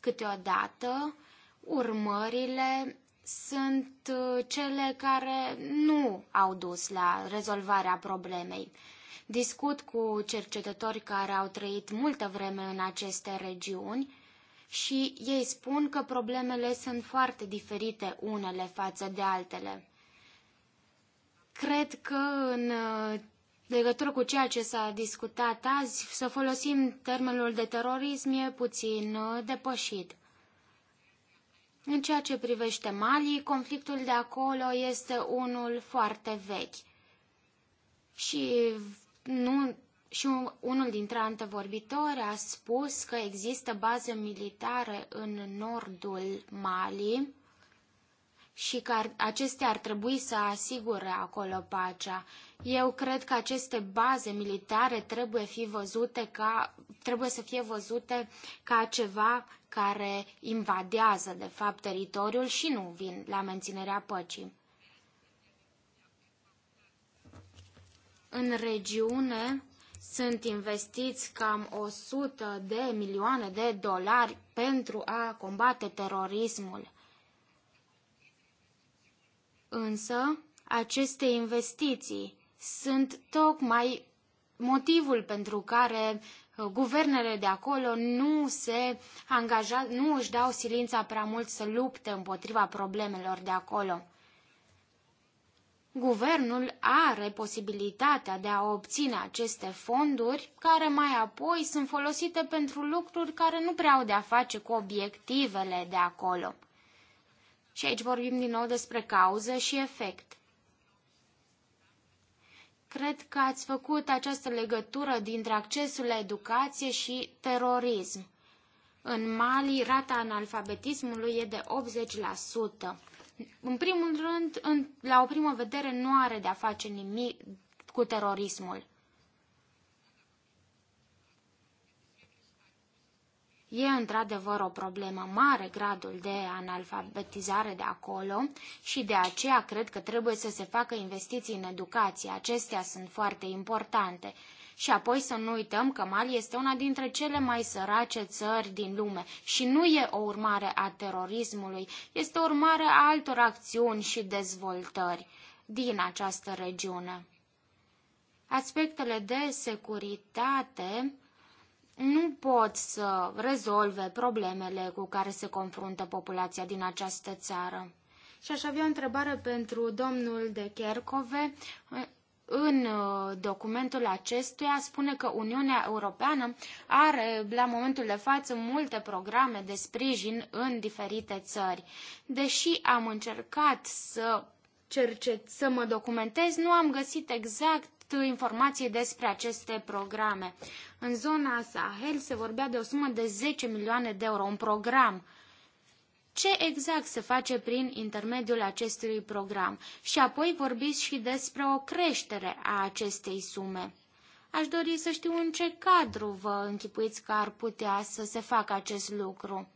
Câteodată urmările sunt uh, cele care nu au dus la rezolvarea problemei. Discut cu cercetători care au trăit multă vreme în aceste regiuni și ei spun că problemele sunt foarte diferite unele față de altele. Cred că în uh, legătură cu ceea ce s-a discutat azi, să folosim termenul de terorism e puțin uh, depășit. În ceea ce privește Mali, conflictul de acolo este unul foarte vechi. Și nu, și unul dintre antevorbitori a spus că există baze militare în nordul Mali și că ar, acestea ar trebui să asigure acolo pacea. Eu cred că aceste baze militare trebuie, fi văzute ca, trebuie să fie văzute ca ceva care invadează, de fapt, teritoriul și nu vin la menținerea păcii. În regiune sunt investiți cam 100 de milioane de dolari pentru a combate terorismul. Însă, aceste investiții sunt tocmai motivul pentru care uh, guvernele de acolo nu se angaja, nu își dau silința prea mult să lupte împotriva problemelor de acolo. Guvernul are posibilitatea de a obține aceste fonduri, care mai apoi sunt folosite pentru lucruri care nu prea au de-a face cu obiectivele de acolo. Și aici vorbim din nou despre cauză și efect. Cred că ați făcut această legătură dintre accesul la educație și terorism. În Mali, rata analfabetismului e de 80%. În primul rând, în, la o primă vedere, nu are de-a face nimic cu terorismul. E într-adevăr o problemă mare gradul de analfabetizare de acolo și de aceea cred că trebuie să se facă investiții în educație. Acestea sunt foarte importante. Și apoi să nu uităm că Mali este una dintre cele mai sărace țări din lume și nu e o urmare a terorismului, este o urmare a altor acțiuni și dezvoltări din această regiune. Aspectele de securitate nu pot să rezolve problemele cu care se confruntă populația din această țară. Și aș avea o întrebare pentru domnul de Kerkove. În uh, documentul acestuia spune că Uniunea Europeană are la momentul de față multe programe de sprijin în diferite țări. Deși am încercat să cercet, să mă documentez, nu am găsit exact informații despre aceste programe. În zona Sahel se vorbea de o sumă de 10 milioane de euro, un program uh, ce exact se face prin intermediul acestui program și apoi vorbiți și despre o creștere a acestei sume. Aș dori să știu în ce cadru vă închipuiți că ar putea să se facă acest lucru.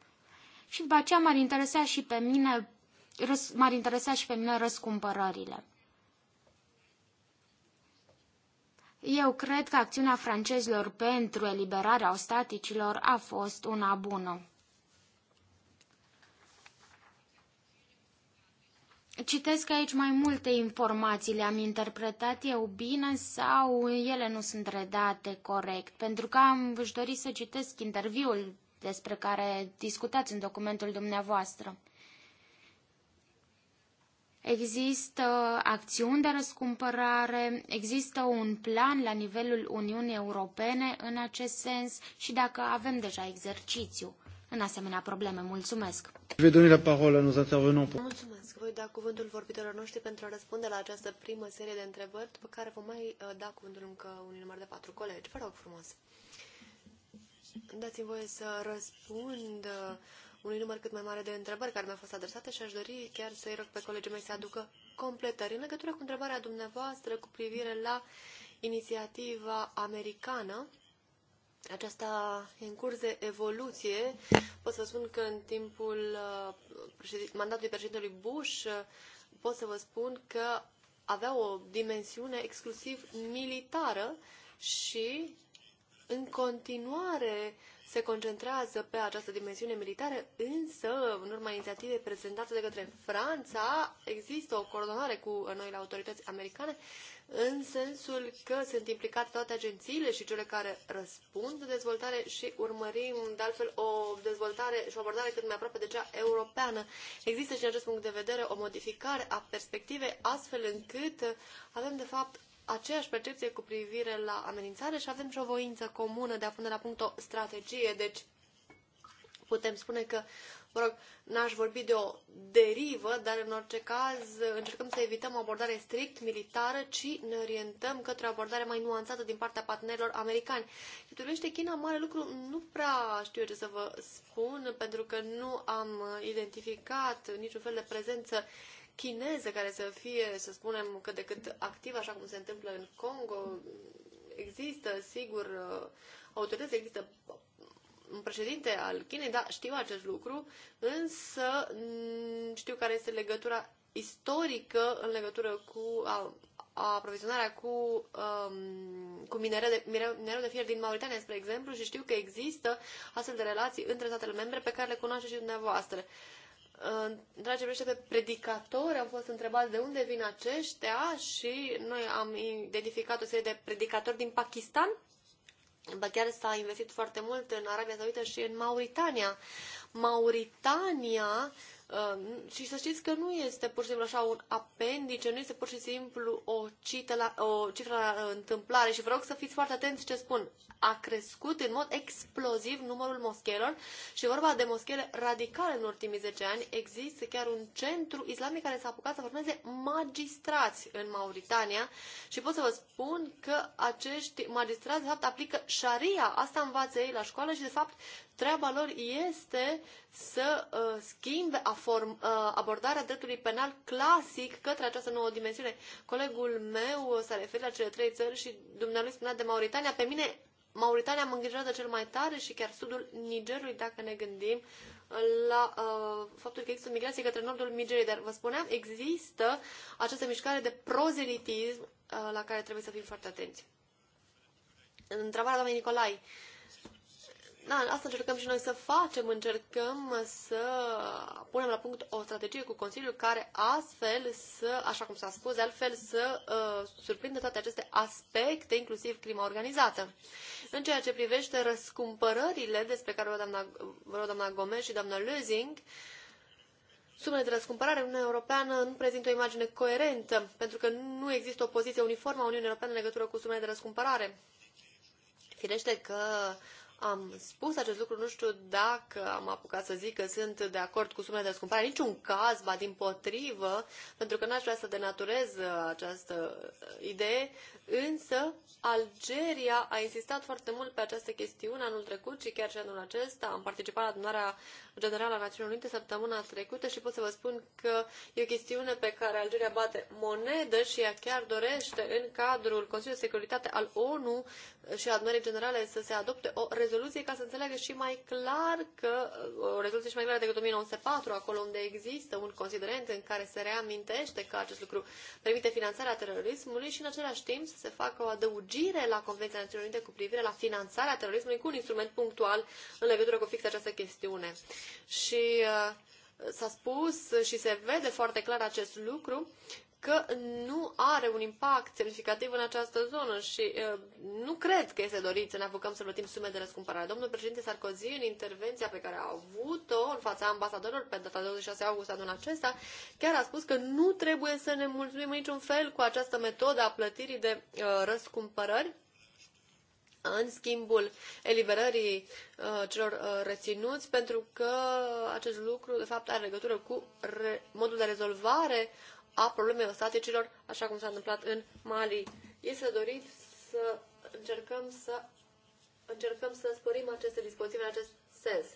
Și după aceea m-ar interesa și pe mine, m-ar interesa și pe mine răscumpărările. Eu cred că acțiunea francezilor pentru eliberarea ostaticilor a fost una bună. Citesc aici mai multe informații, le-am interpretat eu bine sau ele nu sunt redate corect, pentru că am își dori să citesc interviul despre care discutați în documentul dumneavoastră. Există acțiuni de răscumpărare, există un plan la nivelul Uniunii Europene în acest sens și dacă avem deja exercițiu în asemenea probleme. Mulțumesc! Mulțumesc! Voi da cuvântul vorbitorilor noștri pentru a răspunde la această primă serie de întrebări, după care vom mai uh, da cuvântul încă unui număr de patru colegi. Vă rog frumos! Dați-mi voie să răspund uh, unui număr cât mai mare de întrebări care mi-au fost adresate și aș dori chiar să-i rog pe colegii mei să aducă completări în legătură cu întrebarea dumneavoastră cu privire la inițiativa americană aceasta e în curs de evoluție. Pot să vă spun că în timpul uh, mandatului președintelui Bush uh, pot să vă spun că avea o dimensiune exclusiv militară și în continuare se concentrează pe această dimensiune militară, însă, în urma inițiativei prezentate de către Franța, există o coordonare cu noile autorități americane, în sensul că sunt implicate toate agențiile și cele care răspund de dezvoltare și urmărim, de altfel, o dezvoltare și o abordare cât mai aproape de cea europeană. Există și, în acest punct de vedere, o modificare a perspectivei, astfel încât avem, de fapt, aceeași percepție cu privire la amenințare și avem și o voință comună de a pune la punct o strategie. Deci putem spune că, mă rog, n-aș vorbi de o derivă, dar în orice caz încercăm să evităm o abordare strict militară, ci ne orientăm către o abordare mai nuanțată din partea partenerilor americani. Și privește China, mare lucru, nu prea știu eu ce să vă spun, pentru că nu am identificat niciun fel de prezență chineze care să fie, să spunem, cât de cât activă, așa cum se întâmplă în Congo. Există, sigur, uh, autorități, există un președinte al Chinei, da, știu acest lucru, însă mm, știu care este legătura istorică în legătură cu a, aprovizionarea cu, um, cu minere de, minere de fier din Mauritania, spre exemplu, și știu că există astfel de relații între statele membre pe care le cunoaște și dumneavoastră. Uh, Dragi privește pe predicatori, am fost întrebați de unde vin aceștia și noi am identificat o serie de predicatori din Pakistan. Ba chiar s-a investit foarte mult în Arabia Saudită și în Mauritania. Mauritania uh, Um, și să știți că nu este pur și simplu așa un apendice, nu este pur și simplu o, cită la, o cifră la uh, întâmplare și vă rog să fiți foarte atenți ce spun. A crescut în mod exploziv numărul moschelor și vorba de moschele radicale în ultimii 10 ani. Există chiar un centru islamic care s-a apucat să formeze magistrați în Mauritania și pot să vă spun că acești magistrați de fapt aplică șaria. Asta învață ei la școală și de fapt treaba lor este să uh, schimbe aform, uh, abordarea dreptului penal clasic către această nouă dimensiune. Colegul meu s-a referit la cele trei țări și dumnealui spunea de Mauritania. Pe mine Mauritania mă îngrijorează cel mai tare și chiar sudul Nigerului, dacă ne gândim uh, la uh, faptul că există migrație către nordul Nigeriei. Dar vă spuneam, există această mișcare de prozelitism uh, la care trebuie să fim foarte atenți. Întrebarea doamnei Nicolai. Uh, Na, da, asta încercăm și noi să facem, încercăm să punem la punct o strategie cu Consiliul care astfel să, așa cum s-a spus, altfel să uh, surprindă toate aceste aspecte, inclusiv crima organizată. În ceea ce privește răscumpărările despre care vă doamna, vreau doamna Gomes și doamna Lusing, Sumele de răscumpărare în Uniunea Europeană nu prezintă o imagine coerentă, pentru că nu există o poziție uniformă a Uniunii Europene în legătură cu sumele de răscumpărare. Firește că am spus acest lucru, nu știu dacă am apucat să zic că sunt de acord cu sumele de scumpare, niciun caz, ba din potrivă, pentru că n-aș vrea să denaturez această idee, însă Algeria a insistat foarte mult pe această chestiune anul trecut și chiar și anul acesta. Am participat la adunarea General al Națiunilor Unite săptămâna trecută și pot să vă spun că e o chestiune pe care Algeria bate monedă și ea chiar dorește în cadrul Consiliului de Securitate al ONU și adunării generale să se adopte o rezoluție ca să înțeleagă și mai clar că o rezoluție și mai clară decât 1904, acolo unde există un considerent în care se reamintește că acest lucru permite finanțarea terorismului și în același timp să se facă o adăugire la Convenția Națiunilor Unite cu privire la finanțarea terorismului cu un instrument punctual în legătură cu fix această chestiune. Și uh, s-a spus și se vede foarte clar acest lucru că nu are un impact semnificativ în această zonă și uh, nu cred că este dorit să ne apucăm să plătim sume de răscumpărare. Domnul președinte Sarkozy, în intervenția pe care a avut-o în fața ambasadorilor pe data 26 august anul acesta, chiar a spus că nu trebuie să ne mulțumim în niciun fel cu această metodă a plătirii de uh, răscumpărări în schimbul eliberării uh, celor uh, reținuți, pentru că acest lucru, de fapt, are legătură cu re- modul de rezolvare a problemei ostaticilor, așa cum s-a întâmplat în Mali. Este dorit să încercăm să încercăm să sporim aceste dispozitive în acest sens.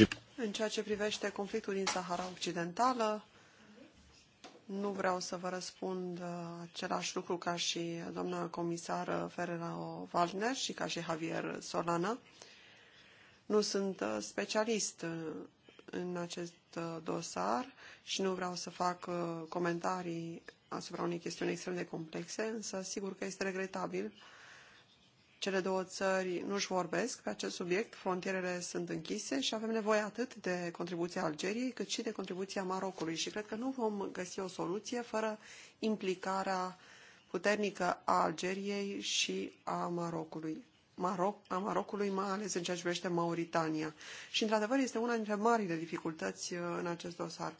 Uh, în ceea ce privește conflictul din Sahara Occidentală, nu vreau să vă răspund uh, același lucru ca și doamna comisară Ferreira Waldner și ca și Javier Solana. Nu sunt uh, specialist uh, în acest dosar și nu vreau să fac comentarii asupra unei chestiuni extrem de complexe, însă sigur că este regretabil cele două țări nu-și vorbesc pe acest subiect, frontierele sunt închise și avem nevoie atât de contribuția Algeriei cât și de contribuția Marocului și cred că nu vom găsi o soluție fără implicarea puternică a Algeriei și a Marocului. Maroc, a Marocului, mai ales în ceea ce privește Mauritania. Și, într-adevăr, este una dintre marile dificultăți uh, în acest dosar.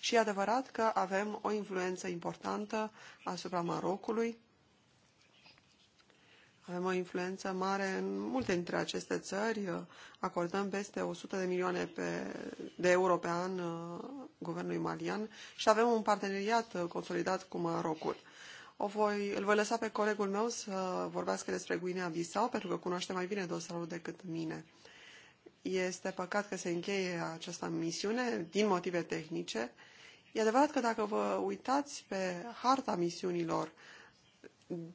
Și e adevărat că avem o influență importantă asupra Marocului, avem o influență mare în multe dintre aceste țări. Acordăm peste 100 de milioane pe, de euro pe an uh, guvernului malian și avem un parteneriat uh, consolidat cu Marocul. O voi, îl voi lăsa pe colegul meu să vorbească despre Guinea-Bissau, pentru că cunoaște mai bine dosarul decât mine. Este păcat că se încheie această misiune din motive tehnice. E adevărat că dacă vă uitați pe harta misiunilor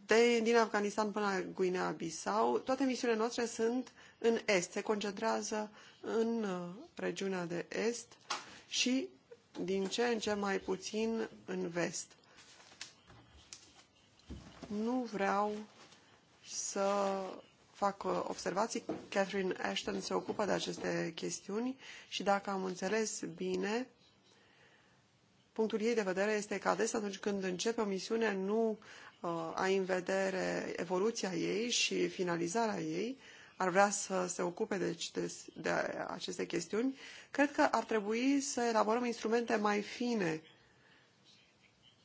de, din Afganistan până la Guinea-Bissau, toate misiunile noastre sunt în est, se concentrează în uh, regiunea de est și din ce în ce mai puțin în vest. Nu vreau să fac uh, observații. Catherine Ashton se ocupă de aceste chestiuni și dacă am înțeles bine, punctul ei de vedere este că adesea atunci când începe o misiune nu uh, Uh, ai în vedere evoluția ei și finalizarea ei, ar vrea să se ocupe de, de, de aceste chestiuni, cred că ar trebui să elaborăm instrumente mai fine,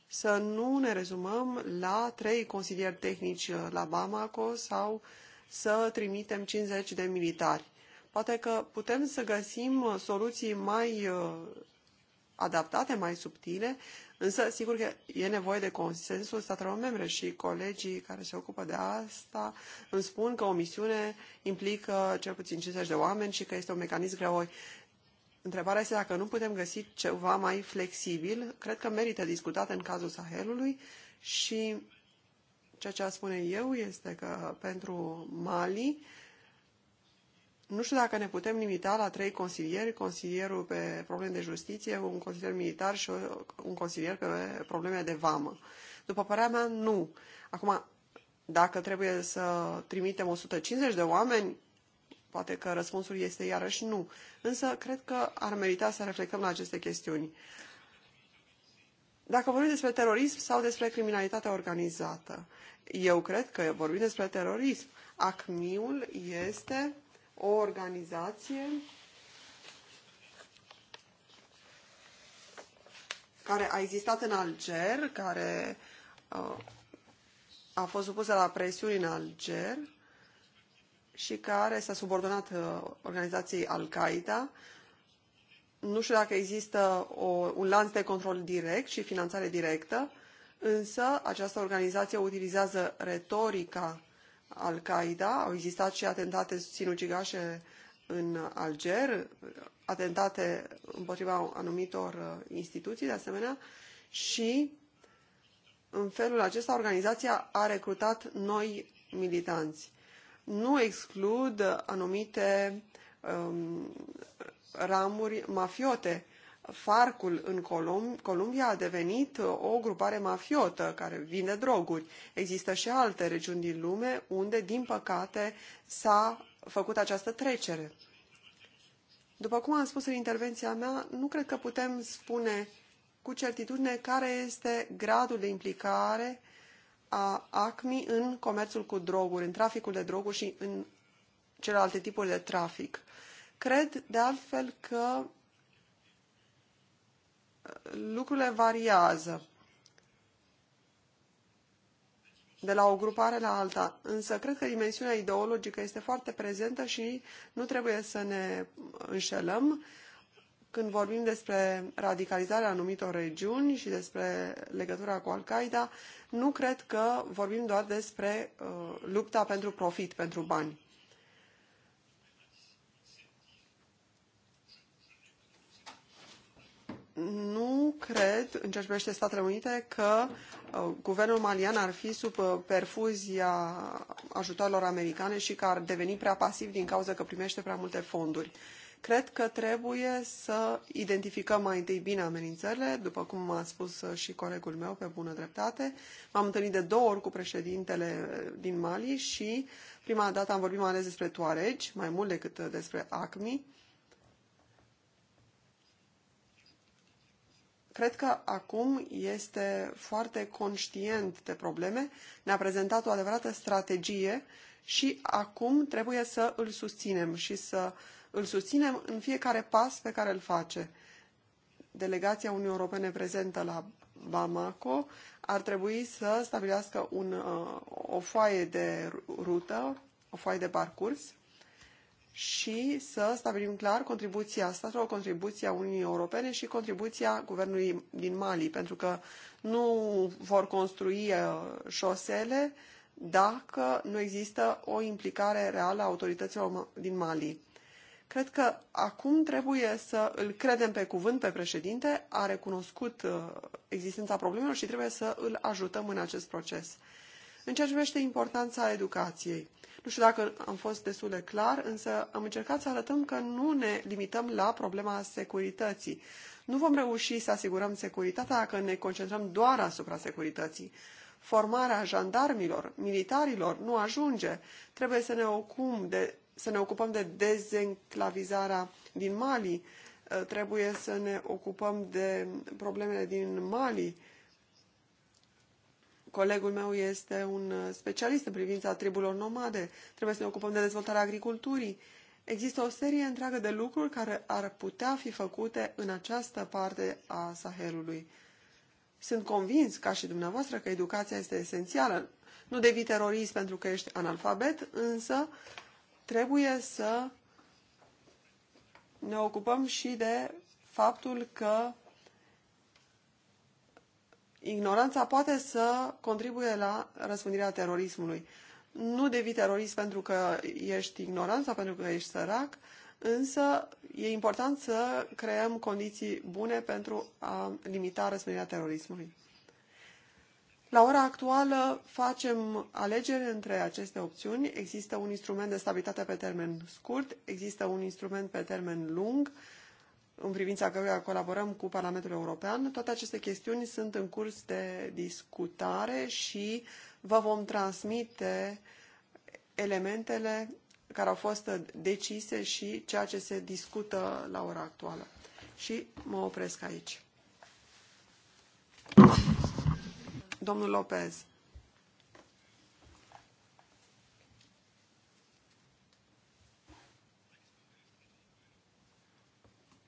să nu ne rezumăm la trei consilieri tehnici uh, la Bamako sau să trimitem 50 de militari. Poate că putem să găsim uh, soluții mai adaptate, mai subtile, însă sigur că e nevoie de consensul statelor membre și colegii care se ocupă de asta îmi spun că o misiune implică cel puțin 50 de oameni și că este un mecanism greoi. Întrebarea este dacă nu putem găsi ceva mai flexibil. Cred că merită discutat în cazul Sahelului și ceea ce a spune eu este că pentru Mali nu știu dacă ne putem limita la trei consilieri, consilierul pe probleme de justiție, un consilier militar și un consilier pe probleme de vamă. După părerea mea, nu. Acum, dacă trebuie să trimitem 150 de oameni, poate că răspunsul este iarăși nu. Însă, cred că ar merita să reflectăm la aceste chestiuni. Dacă vorbim despre terorism sau despre criminalitatea organizată, eu cred că vorbim despre terorism. Acmiul este o organizație care a existat în Alger, care uh, a fost supusă la presiuni în Alger și care s-a subordonat uh, organizației Al-Qaeda. Nu știu dacă există o, un lanț de control direct și finanțare directă, însă această organizație utilizează retorica al-Qaeda. Au existat și atentate sinucigașe în Alger, atentate împotriva anumitor uh, instituții, de asemenea, și în felul acesta organizația a recrutat noi militanți. Nu exclud anumite um, ramuri mafiote Farcul în Columbia a devenit uh, o grupare mafiotă care vinde droguri. Există și alte regiuni din lume unde, din păcate, s-a făcut această trecere. După cum am spus în intervenția mea, nu cred că putem spune cu certitudine care este gradul de implicare a ACMI în comerțul cu droguri, în traficul de droguri și în celelalte tipuri de trafic. Cred, de altfel, că lucrurile variază de la o grupare la alta, însă cred că dimensiunea ideologică este foarte prezentă și nu trebuie să ne înșelăm când vorbim despre radicalizarea anumitor regiuni și despre legătura cu Al-Qaeda, nu cred că vorbim doar despre uh, lupta pentru profit, pentru bani. nu cred, în ceea ce privește Statele Unite, că uh, guvernul malian ar fi sub uh, perfuzia ajutoarelor americane și că ar deveni prea pasiv din cauza că primește prea multe fonduri. Cred că trebuie să identificăm mai întâi bine amenințările, după cum a spus uh, și colegul meu pe bună dreptate. M-am întâlnit de două ori cu președintele din Mali și prima dată am vorbit mai ales despre Tuareg, mai mult decât despre ACMI. Cred că acum este foarte conștient de probleme, ne-a prezentat o adevărată strategie și acum trebuie să îl susținem și să îl susținem în fiecare pas pe care îl face. Delegația Uniunii Europene prezentă la Bamako ar trebui să stabilească un, uh, o foaie de rută, o foaie de parcurs și să stabilim clar contribuția statului, contribuția Uniunii Europene și contribuția guvernului din Mali, pentru că nu vor construi uh, șosele dacă nu există o implicare reală a autorităților din Mali. Cred că acum trebuie să îl credem pe cuvânt pe președinte, a recunoscut uh, existența problemelor și trebuie să îl ajutăm în acest proces. În ceea ce privește importanța educației, nu știu dacă am fost destul de clar, însă am încercat să arătăm că nu ne limităm la problema securității. Nu vom reuși să asigurăm securitatea dacă ne concentrăm doar asupra securității. Formarea jandarmilor, militarilor nu ajunge. Trebuie să ne, ocupăm de, să ne ocupăm de dezenclavizarea din Mali, trebuie să ne ocupăm de problemele din Mali, Colegul meu este un uh, specialist în privința triburilor nomade. Trebuie să ne ocupăm de dezvoltarea agriculturii. Există o serie întreagă de lucruri care ar putea fi făcute în această parte a Sahelului. Sunt convins, ca și dumneavoastră, că educația este esențială. Nu devii terorist pentru că ești analfabet, însă trebuie să ne ocupăm și de faptul că Ignoranța poate să contribuie la răspândirea terorismului. Nu devii terorist pentru că ești ignorant sau pentru că ești sărac, însă e important să creăm condiții bune pentru a limita răspândirea terorismului. La ora actuală facem alegeri între aceste opțiuni. Există un instrument de stabilitate pe termen scurt, există un instrument pe termen lung, în privința căruia colaborăm cu Parlamentul European. Toate aceste chestiuni sunt în curs de discutare și vă vom transmite elementele care au fost decise și ceea ce se discută la ora actuală. Și mă opresc aici. Domnul Lopez.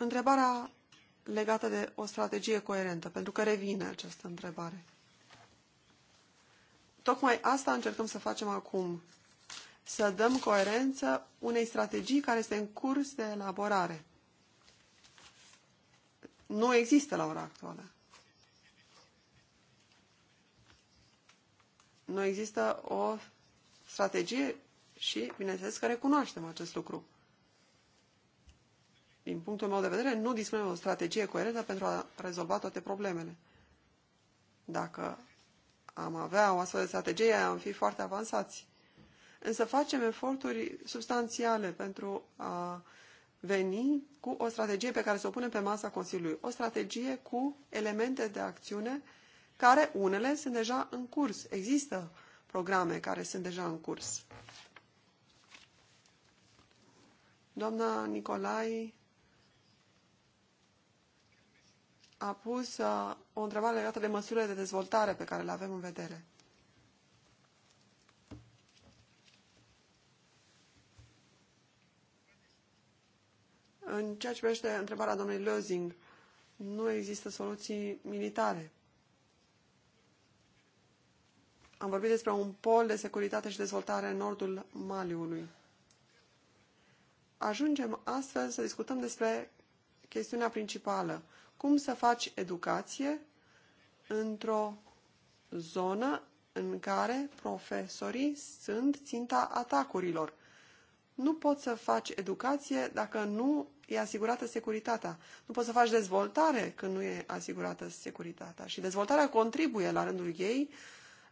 Întrebarea legată de o strategie coerentă, pentru că revine această întrebare. Tocmai asta încercăm să facem acum, să dăm coerență unei strategii care este în curs de elaborare. Nu există la ora actuală. Nu există o strategie și, bineînțeles, că recunoaștem acest lucru din punctul meu de vedere, nu dispunem o strategie coerentă pentru a rezolva toate problemele. Dacă am avea o astfel de strategie, am fi foarte avansați. Însă facem eforturi substanțiale pentru a veni cu o strategie pe care să o punem pe masa Consiliului. O strategie cu elemente de acțiune care unele sunt deja în curs. Există programe care sunt deja în curs. Doamna Nicolai a pus uh, o întrebare legată de măsurile de dezvoltare pe care le avem în vedere. În ceea ce privește întrebarea domnului Lozing, nu există soluții militare. Am vorbit despre un pol de securitate și dezvoltare în nordul Maliului. Ajungem astfel să discutăm despre chestiunea principală, cum să faci educație într-o zonă în care profesorii sunt ținta atacurilor. Nu poți să faci educație dacă nu e asigurată securitatea. Nu poți să faci dezvoltare când nu e asigurată securitatea. Și dezvoltarea contribuie la rândul ei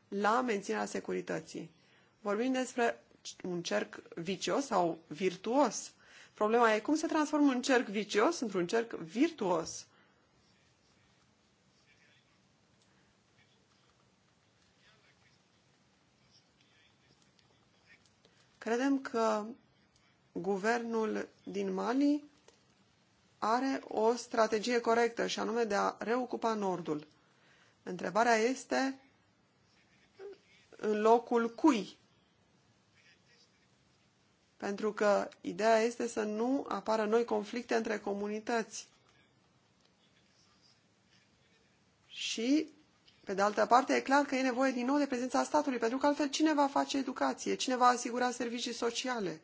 la menținerea securității. Vorbim despre un cerc vicios sau virtuos. Problema e cum se transformă un cerc vicios într-un cerc virtuos. Credem că guvernul din Mali are o strategie corectă și anume de a reocupa Nordul. Întrebarea este în locul cui? Pentru că ideea este să nu apară noi conflicte între comunități. Și pe de altă parte, e clar că e nevoie din nou de prezența statului, pentru că altfel cine va face educație, cine va asigura servicii sociale,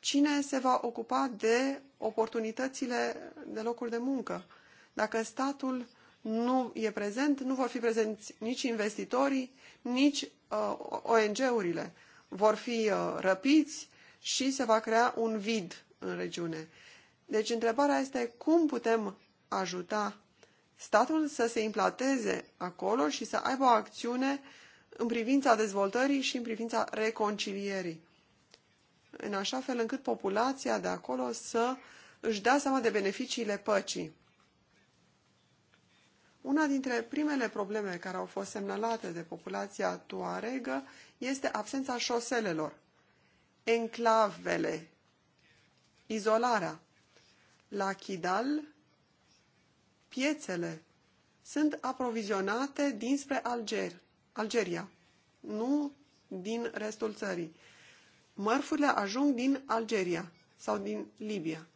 cine se va ocupa de oportunitățile de locuri de muncă. Dacă statul nu e prezent, nu vor fi prezenți nici investitorii, nici uh, ONG-urile. Vor fi uh, răpiți și se va crea un vid în regiune. Deci întrebarea este cum putem ajuta statul să se implanteze acolo și să aibă o acțiune în privința dezvoltării și în privința reconcilierii. În așa fel încât populația de acolo să își dea seama de beneficiile păcii. Una dintre primele probleme care au fost semnalate de populația tuaregă este absența șoselelor, enclavele, izolarea. La Kidal piețele sunt aprovizionate dinspre Alger, Algeria, nu din restul țării. Mărfurile ajung din Algeria sau din Libia,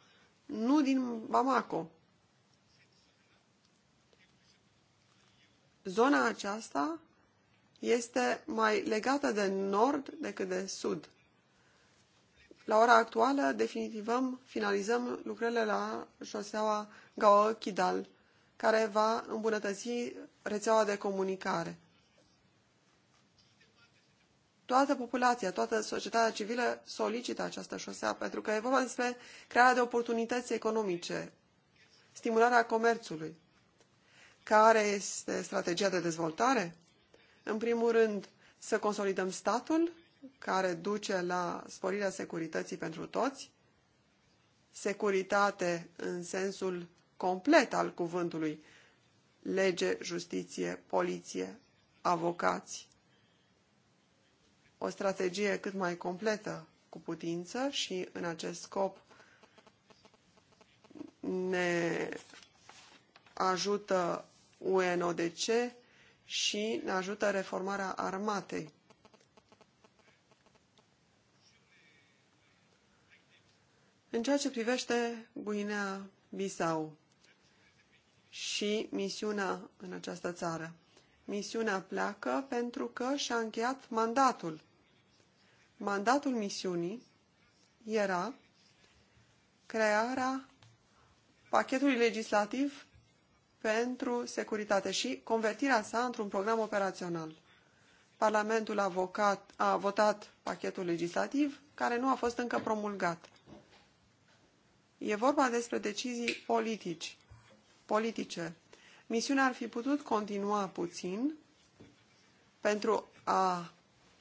nu din Bamako. Zona aceasta este mai legată de nord decât de sud. La ora actuală definitivăm, finalizăm lucrările la șoseaua Gaoa-Kidal care va îmbunătăți rețeaua de comunicare. Toată populația, toată societatea civilă solicită această șosea, pentru că e vorba despre crearea de oportunități economice, stimularea comerțului. Care este strategia de dezvoltare? În primul rând, să consolidăm statul, care duce la sporirea securității pentru toți, securitate în sensul complet al cuvântului. Lege, justiție, poliție, avocați. O strategie cât mai completă cu putință și în acest scop ne ajută UNODC și ne ajută reformarea armatei. În ceea ce privește Guinea Bissau, și misiunea în această țară. Misiunea pleacă pentru că și-a încheiat mandatul. Mandatul misiunii era crearea pachetului legislativ pentru securitate și convertirea sa într-un program operațional. Parlamentul a, vocat, a votat pachetul legislativ, care nu a fost încă promulgat. E vorba despre decizii politici politice. Misiunea ar fi putut continua puțin pentru a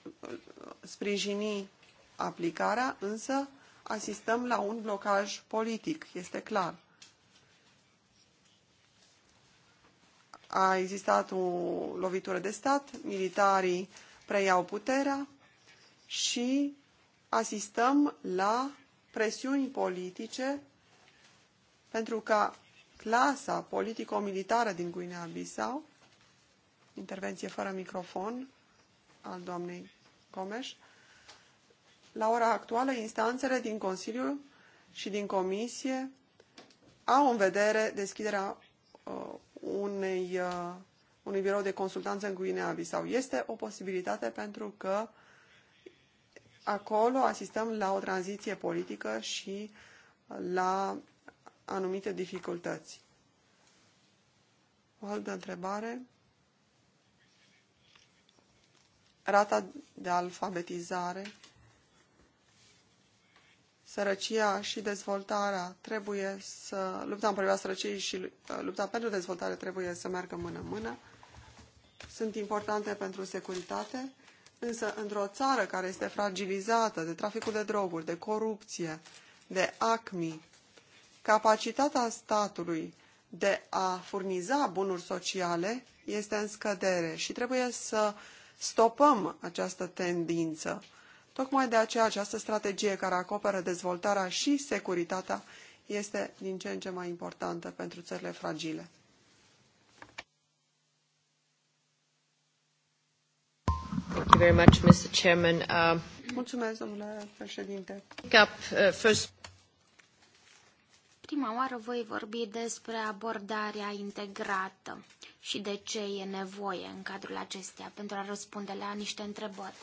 uh, sprijini aplicarea, însă asistăm la un blocaj politic, este clar. A existat o lovitură de stat, militarii preiau puterea și asistăm la presiuni politice pentru ca clasa politico-militară din Guinea-Bissau, intervenție fără microfon al doamnei Comeș, la ora actuală, instanțele din Consiliu și din Comisie au în vedere deschiderea uh, unei, uh, unui birou de consultanță în Guinea-Bissau. Este o posibilitate pentru că acolo asistăm la o tranziție politică și la anumite dificultăți. O altă întrebare. Rata de alfabetizare, sărăcia și dezvoltarea trebuie să... Lupta împotriva sărăciei și uh, lupta pentru dezvoltare trebuie să meargă mână-mână. Sunt importante pentru securitate, însă într-o țară care este fragilizată de traficul de droguri, de corupție, de acmi, Capacitatea statului de a furniza bunuri sociale este în scădere și trebuie să stopăm această tendință. Tocmai de aceea această strategie care acoperă dezvoltarea și securitatea este din ce în ce mai importantă pentru țările fragile. Thank you very much, Mr. Chairman. Uh, Mulțumesc, domnule președinte. Up, uh, first... Prima oară voi vorbi despre abordarea integrată și de ce e nevoie în cadrul acesteia pentru a răspunde la niște întrebări.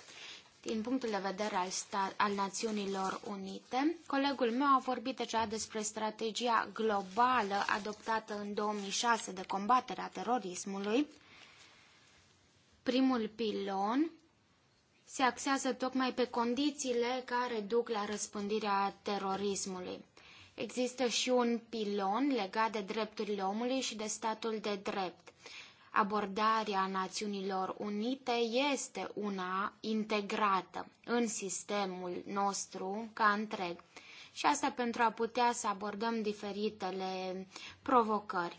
Din punctul de vedere al, sta- al Națiunilor Unite, colegul meu a vorbit deja despre strategia globală adoptată în 2006 de combatere a terorismului. Primul pilon se axează tocmai pe condițiile care duc la răspândirea terorismului. Există și un pilon legat de drepturile omului și de statul de drept. Abordarea Națiunilor Unite este una integrată în sistemul nostru ca întreg. Și asta pentru a putea să abordăm diferitele provocări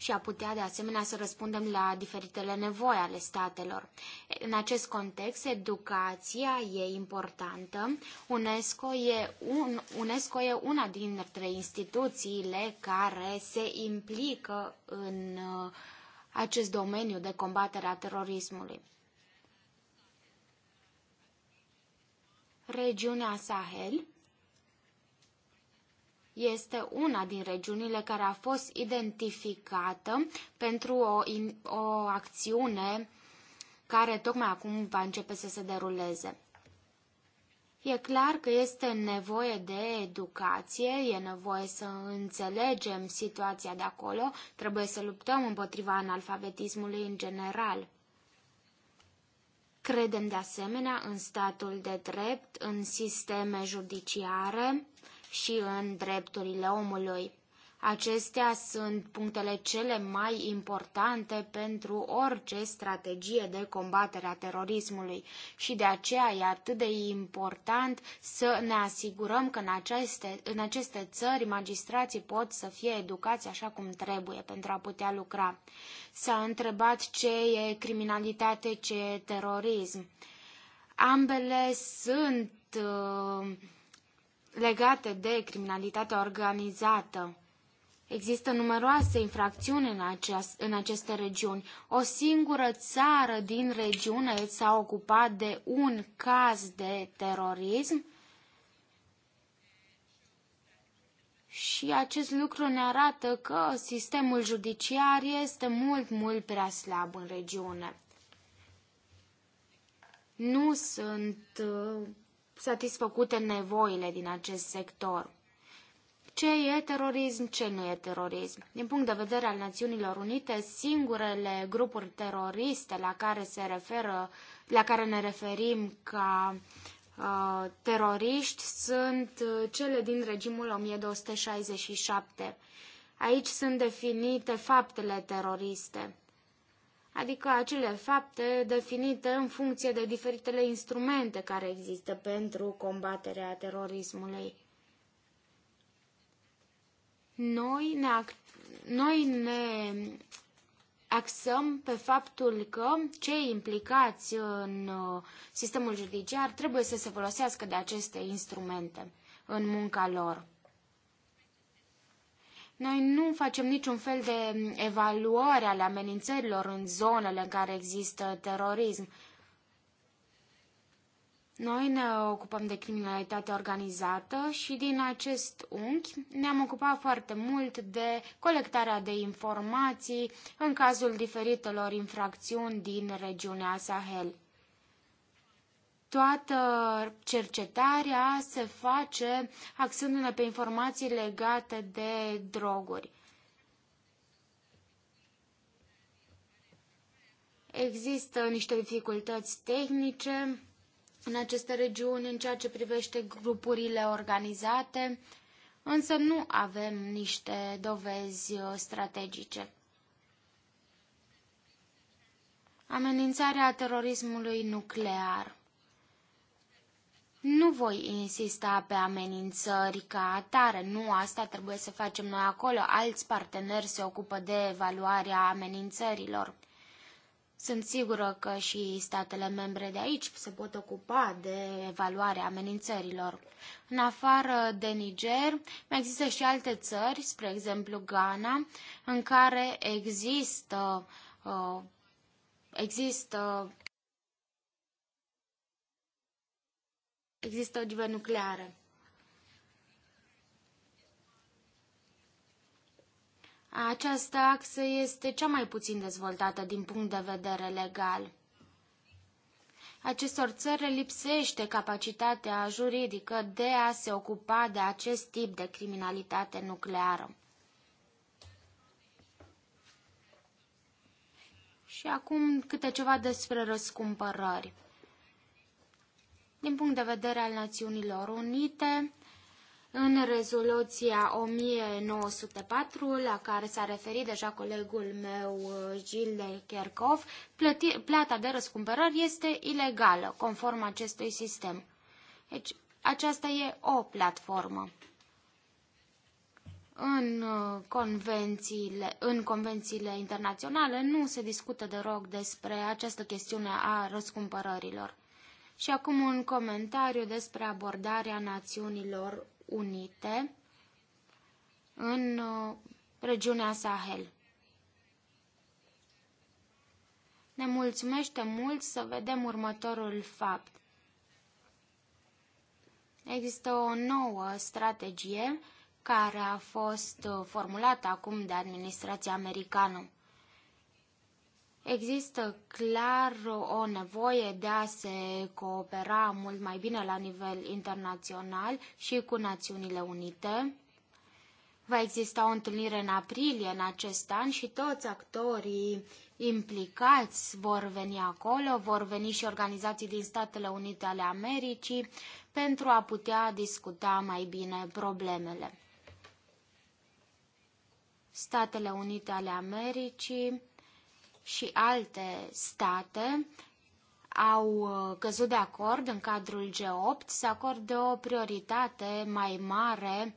și a putea de asemenea să răspundem la diferitele nevoi ale statelor. În acest context, educația e importantă. UNESCO e, un, UNESCO e una dintre instituțiile care se implică în uh, acest domeniu de combatere a terorismului. Regiunea Sahel este una din regiunile care a fost identificată pentru o, o acțiune care tocmai acum va începe să se deruleze. E clar că este nevoie de educație, e nevoie să înțelegem situația de acolo, trebuie să luptăm împotriva analfabetismului în general. Credem de asemenea în statul de drept, în sisteme judiciare, și în drepturile omului. Acestea sunt punctele cele mai importante pentru orice strategie de combatere a terorismului și de aceea e atât de important să ne asigurăm că în aceste, în aceste țări magistrații pot să fie educați așa cum trebuie pentru a putea lucra. S-a întrebat ce e criminalitate, ce e terorism. Ambele sunt uh, legate de criminalitatea organizată. Există numeroase infracțiuni în, aceast, în aceste regiuni. O singură țară din regiune s-a ocupat de un caz de terorism și acest lucru ne arată că sistemul judiciar este mult, mult prea slab în regiune. Nu sunt uh, satisfăcute nevoile din acest sector. Ce e terorism, ce nu e terorism? Din punct de vedere al Națiunilor Unite, singurele grupuri teroriste la care, se referă, la care ne referim ca uh, teroriști sunt uh, cele din regimul 1267. Aici sunt definite faptele teroriste adică acele fapte definite în funcție de diferitele instrumente care există pentru combaterea terorismului. Noi ne, noi ne axăm pe faptul că cei implicați în uh, sistemul judiciar trebuie să se folosească de aceste instrumente în munca lor. Noi nu facem niciun fel de evaluare ale amenințărilor în zonele în care există terorism. Noi ne ocupăm de criminalitate organizată și din acest unchi ne-am ocupat foarte mult de colectarea de informații în cazul diferitelor infracțiuni din regiunea Sahel. Toată cercetarea se face axându-ne pe informații legate de droguri. Există niște dificultăți tehnice în aceste regiuni în ceea ce privește grupurile organizate, însă nu avem niște dovezi uh, strategice. Amenințarea terorismului nuclear nu voi insista pe amenințări ca atare, nu asta trebuie să facem noi acolo, alți parteneri se ocupă de evaluarea amenințărilor. Sunt sigură că și statele membre de aici se pot ocupa de evaluarea amenințărilor. În afară de Niger, mai există și alte țări, spre exemplu Ghana, în care există, uh, există există ogive nucleare. Această axă este cea mai puțin dezvoltată din punct de vedere legal. Acestor țări lipsește capacitatea juridică de a se ocupa de acest tip de criminalitate nucleară. Și acum câte ceva despre răscumpărări. Din punct de vedere al Națiunilor Unite, în rezoluția 1904, la care s-a referit deja colegul meu, uh, Gilles Kerkov, plata de răscumpărări este ilegală, conform acestui sistem. Deci, aceasta e o platformă. În uh, convențiile, în convențiile internaționale nu se discută deloc despre această chestiune a răscumpărărilor. Și acum un comentariu despre abordarea Națiunilor Unite în uh, regiunea Sahel. Ne mulțumește mult să vedem următorul fapt. Există o nouă strategie care a fost uh, formulată acum de administrația americană. Există clar o nevoie de a se coopera mult mai bine la nivel internațional și cu Națiunile Unite. Va exista o întâlnire în aprilie în acest an și toți actorii implicați vor veni acolo, vor veni și organizații din Statele Unite ale Americii pentru a putea discuta mai bine problemele. Statele Unite ale Americii și alte state au uh, căzut de acord în cadrul G8 să acorde o prioritate mai mare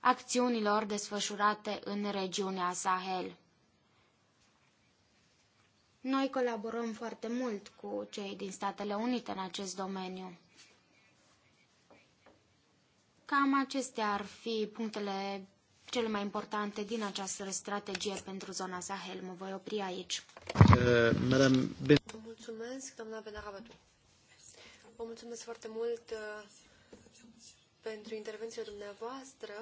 acțiunilor desfășurate în regiunea Sahel. Noi colaborăm foarte mult cu cei din Statele Unite în acest domeniu. Cam acestea ar fi punctele cele mai importante din această strategie pentru zona Sahel. Mă voi opri aici. Eh, Vă mulțumesc, doamna Benarabatu. Vă mulțumesc foarte mult eh, pentru intervențiile dumneavoastră,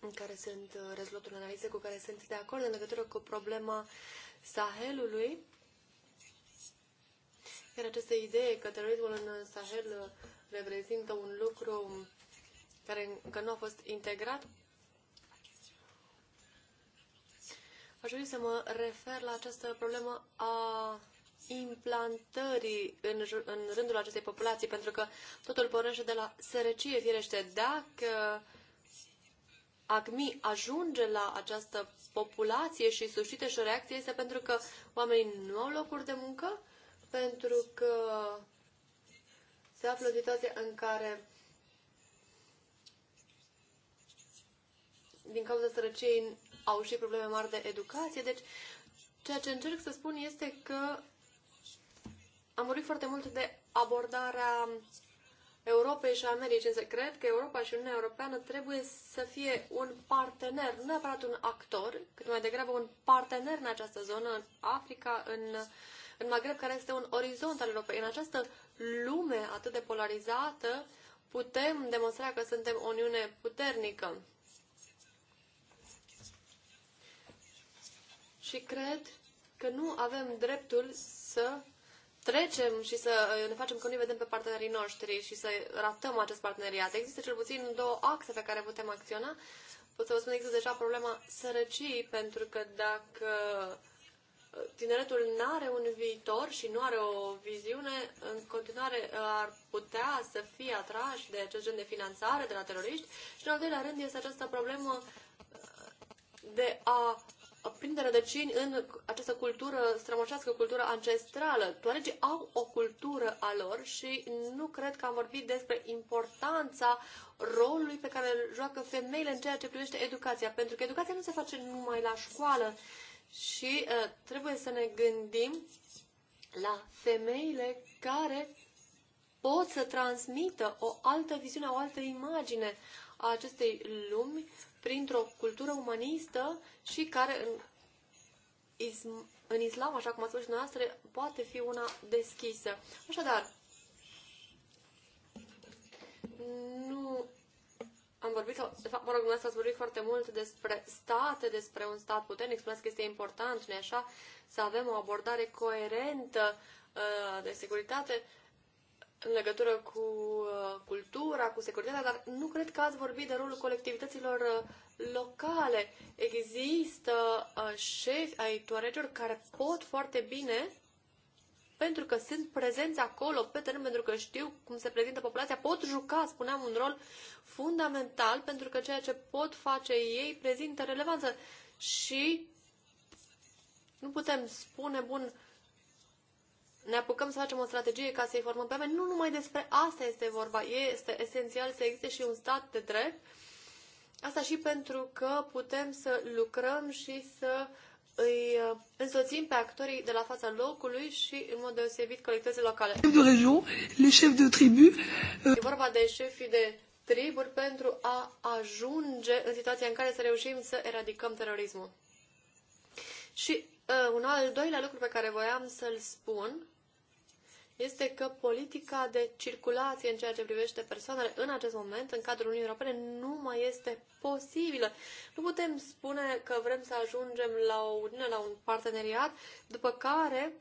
în care sunt eh, rezultatul analize cu care sunt de acord în legătură cu problema Sahelului. Iar această idee că terorismul în Sahel reprezintă un lucru care încă nu a fost integrat. Aș vrea să mă refer la această problemă a implantării în, în rândul acestei populații, pentru că totul pornește de la sărăcie, firește. Dacă ACMI ajunge la această populație și suscite și o reacție, este pentru că oamenii nu au locuri de muncă, pentru că se află o situație în care din cauza sărăciei au și probleme mari de educație. Deci, ceea ce încerc să spun este că am vorbit foarte mult de abordarea Europei și Americii, însă cred că Europa și Uniunea Europeană trebuie să fie un partener, nu neapărat un actor, cât mai degrabă un partener în această zonă, în Africa, în, în Maghreb, care este un orizont al Europei. În această lume atât de polarizată, putem demonstra că suntem o Uniune puternică. și cred că nu avem dreptul să trecem și să uh, ne facem că nu vedem pe partenerii noștri și să ratăm acest parteneriat. Există cel puțin două axe pe care putem acționa. Pot să vă spun, există deja problema sărăciei, pentru că dacă uh, tineretul nu are un viitor și nu are o viziune, în continuare uh, ar putea să fie atrași de acest gen de finanțare de la teroriști și, în al doilea rând, este această problemă de a prinde rădăcini în această cultură strămoșească, cultură ancestrală. Tuaregii au o cultură a lor și nu cred că am vorbit despre importanța rolului pe care îl joacă femeile în ceea ce privește educația, pentru că educația nu se face numai la școală și uh, trebuie să ne gândim la femeile care pot să transmită o altă viziune, o altă imagine a acestei lumi printr-o cultură umanistă și care în, ism, în islam, așa cum ați spus și noastră, poate fi una deschisă. Așadar, nu am vorbit, de fapt, mă rog, dumneavoastră ați vorbit foarte mult despre state, despre un stat puternic, spuneați că este important, nu așa, să avem o abordare coerentă uh, de securitate în legătură cu uh, cultura, cu securitatea, dar nu cred că ați vorbit de rolul colectivităților uh, locale. Există uh, șefi ai toaregilor care pot foarte bine pentru că sunt prezenți acolo pe teren, pentru că știu cum se prezintă populația, pot juca, spuneam, un rol fundamental, pentru că ceea ce pot face ei prezintă relevanță. Și nu putem spune, bun, ne apucăm să facem o strategie ca să-i formăm pe oameni. Nu numai despre asta este vorba. Este esențial să existe și un stat de drept. Asta și pentru că putem să lucrăm și să îi uh, însoțim pe actorii de la fața locului și, în mod deosebit, colectivitățile locale. De region, les chefs de tribu. Euh, e vorba de șefii de triburi pentru a ajunge în situația în care să reușim să eradicăm terorismul. Și uh, un al doilea lucru pe care voiam să-l spun este că politica de circulație în ceea ce privește persoanele în acest moment, în cadrul Uniunii Europene, nu mai este posibilă. Nu putem spune că vrem să ajungem la o uniune, la un parteneriat, după care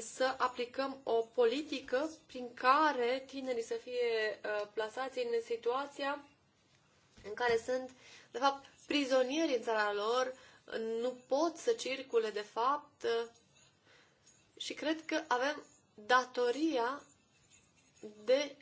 să aplicăm o politică prin care tinerii să fie ă, plasați în situația în care sunt, de fapt, prizonieri în țara lor, nu pot să circule, de fapt, ă, și cred că avem datoria de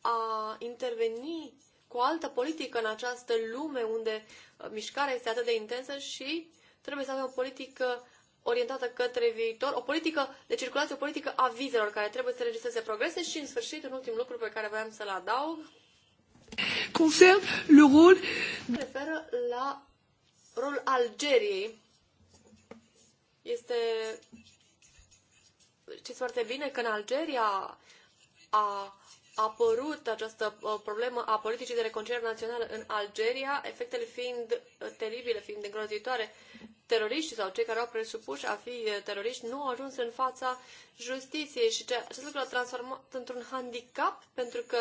a interveni cu o altă politică în această lume unde uh, mișcarea este atât de intensă și trebuie să avem o politică orientată către viitor, o politică de circulație, o politică a vizelor care trebuie să registreze progrese și, în sfârșit, un ultim lucru pe care voiam să-l adaug. Concern le rol... Referă la rolul Algeriei. Este știți foarte bine că în Algeria a apărut această uh, problemă a politicii de reconciliere națională în Algeria, efectele fiind uh, teribile, fiind îngrozitoare. Teroriștii sau cei care au presupuși a fi uh, teroriști nu au ajuns în fața justiției și ce, acest lucru l-a transformat într-un handicap pentru că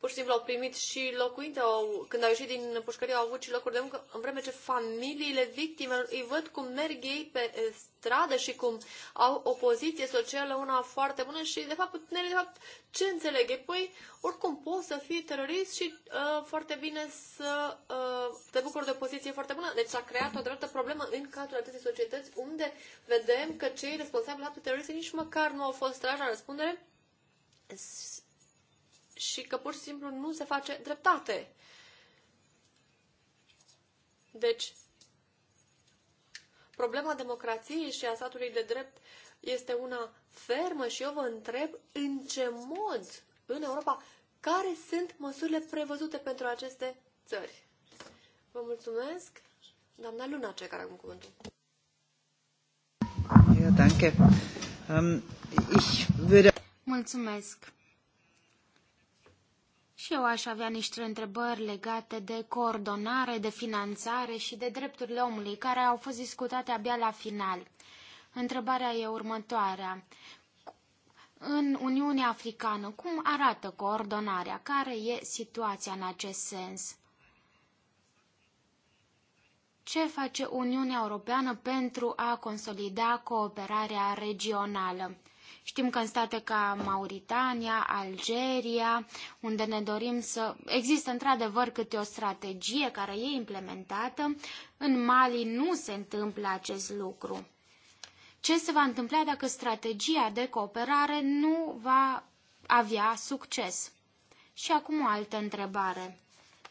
pur și simplu au primit și locuințe, au, când au ieșit din pușcărie au avut și locuri de muncă, în vreme ce familiile victimelor îi văd cum merg ei pe stradă și cum au o poziție socială una foarte bună și, de fapt, de fapt, ce înțeleg? păi, oricum poți să fii terorist și uh, foarte bine să uh, te bucuri de o poziție foarte bună. Deci s-a creat o dreaptă problemă în cadrul acestei societăți unde vedem că cei responsabili la terorist nici măcar nu au fost trași la răspundere și că pur și simplu nu se face dreptate. Deci, problema democrației și a statului de drept este una fermă și eu vă întreb în ce mod în Europa, care sunt măsurile prevăzute pentru aceste țări. Vă mulțumesc. Doamna Luna, ce care acum cuvântul. Ja, danke. Ähm, ich würde... Mulțumesc. Și eu aș avea niște întrebări legate de coordonare, de finanțare și de drepturile omului, care au fost discutate abia la final. Întrebarea e următoarea. În Uniunea Africană, cum arată coordonarea? Care e situația în acest sens? Ce face Uniunea Europeană pentru a consolida cooperarea regională? Știm că în state ca Mauritania, Algeria, unde ne dorim să... Există într-adevăr câte o strategie care e implementată. În Mali nu se întâmplă acest lucru. Ce se va întâmpla dacă strategia de cooperare nu va avea succes? Și acum o altă întrebare.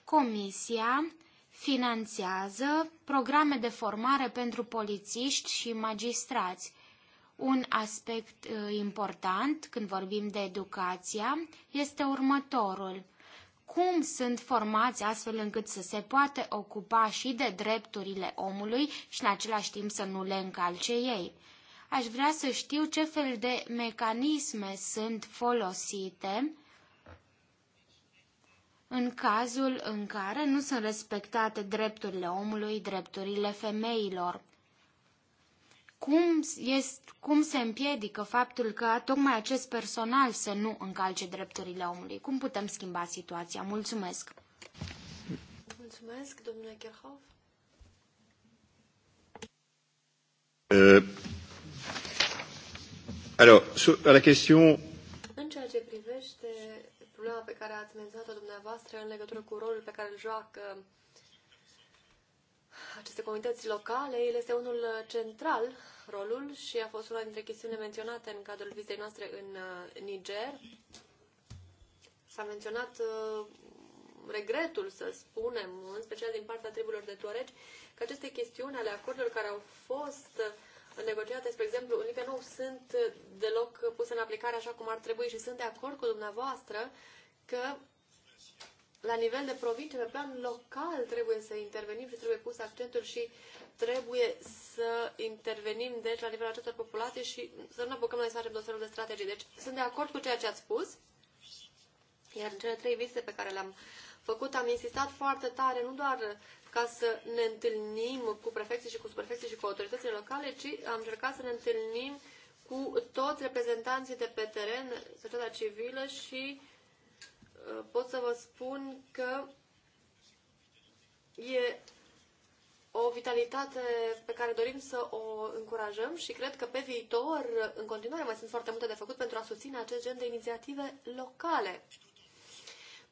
Comisia finanțează programe de formare pentru polițiști și magistrați. Un aspect uh, important când vorbim de educația este următorul. Cum sunt formați astfel încât să se poată ocupa și de drepturile omului și în același timp să nu le încalce ei? Aș vrea să știu ce fel de mecanisme sunt folosite în cazul în care nu sunt respectate drepturile omului, drepturile femeilor. Cum, este, cum se împiedică faptul că tocmai acest personal să nu încalce drepturile omului? Cum putem schimba situația? Mulțumesc! Mulțumesc, domnule Kerhoff. Uh, alors, sur, à la question... În ceea ce privește problema pe care ați menționat-o dumneavoastră în legătură cu rolul pe care îl joacă uh, aceste comunități locale, el este unul central, rolul, și a fost una dintre chestiunile menționate în cadrul vizitei noastre în uh, Niger. S-a menționat uh, regretul, să spunem, în special din partea triburilor de Tuareg, că aceste chestiuni ale acordurilor care au fost uh, negociate, spre exemplu, în Libia nu sunt deloc puse în aplicare așa cum ar trebui și sunt de acord cu dumneavoastră că la nivel de provincie, pe plan local, trebuie să intervenim și trebuie pus accentul și trebuie să intervenim, deci, la nivelul acestor populații și să nu ne apucăm noi să facem tot felul de strategii. Deci, sunt de acord cu ceea ce ați spus, iar în cele trei vizite pe care le-am făcut, am insistat foarte tare, nu doar ca să ne întâlnim cu prefecții și cu superfecții și cu autoritățile locale, ci am încercat să ne întâlnim cu toți reprezentanții de pe teren, societatea civilă și Eh, pot să vă spun că e o vitalitate pe care dorim să o încurajăm și cred că pe viitor, în continuare, mai sunt foarte multe de făcut pentru a susține acest gen de inițiative locale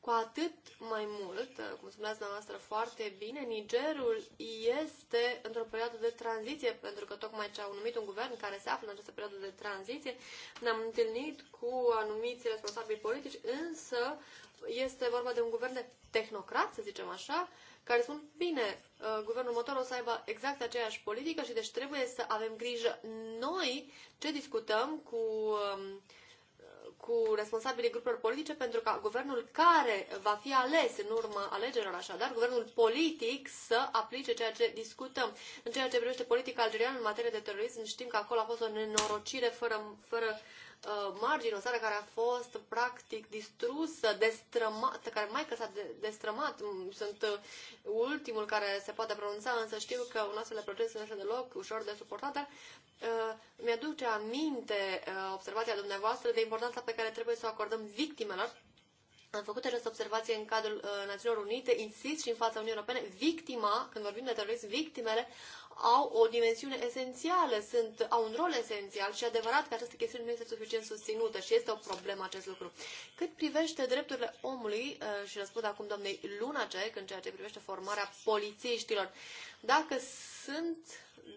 cu atât mai mult, uh, cum spuneați dumneavoastră foarte bine, Nigerul este într-o perioadă de tranziție, pentru că tocmai ce au numit un guvern care se află în această perioadă de tranziție, ne-am întâlnit cu anumiți responsabili politici, însă este vorba de un guvern de tehnocrat, să zicem așa, care spun, bine, uh, guvernul următor o să aibă exact aceeași politică și deci trebuie să avem grijă noi ce discutăm cu um, cu responsabilii grupurilor politice pentru ca guvernul care va fi ales în urma alegerilor, așadar, guvernul politic să aplice ceea ce discutăm. În ceea ce privește politica algeriană în materie de terorism, știm că acolo a fost o nenorocire fără, fără Uh, margine, o țară care a fost practic distrusă, destrămată, care mai că s-a destrămat. Mm, sunt uh, ultimul care se poate pronunța, însă știu că un astfel de proces nu este deloc ușor de suportat, dar uh, mi-aduce aminte observația dumneavoastră de importanța pe care trebuie să o acordăm victimelor am făcut această observație în cadrul uh, Națiunilor Unite, insist și în fața Uniunii Europene, victima, când vorbim de terorism, victimele au o dimensiune esențială, sunt, au un rol esențial și adevărat că această chestiune nu este suficient susținută și este o problemă acest lucru. Cât privește drepturile omului, uh, și răspund acum doamnei Lunacek în ceea ce privește formarea polițiștilor, dacă sunt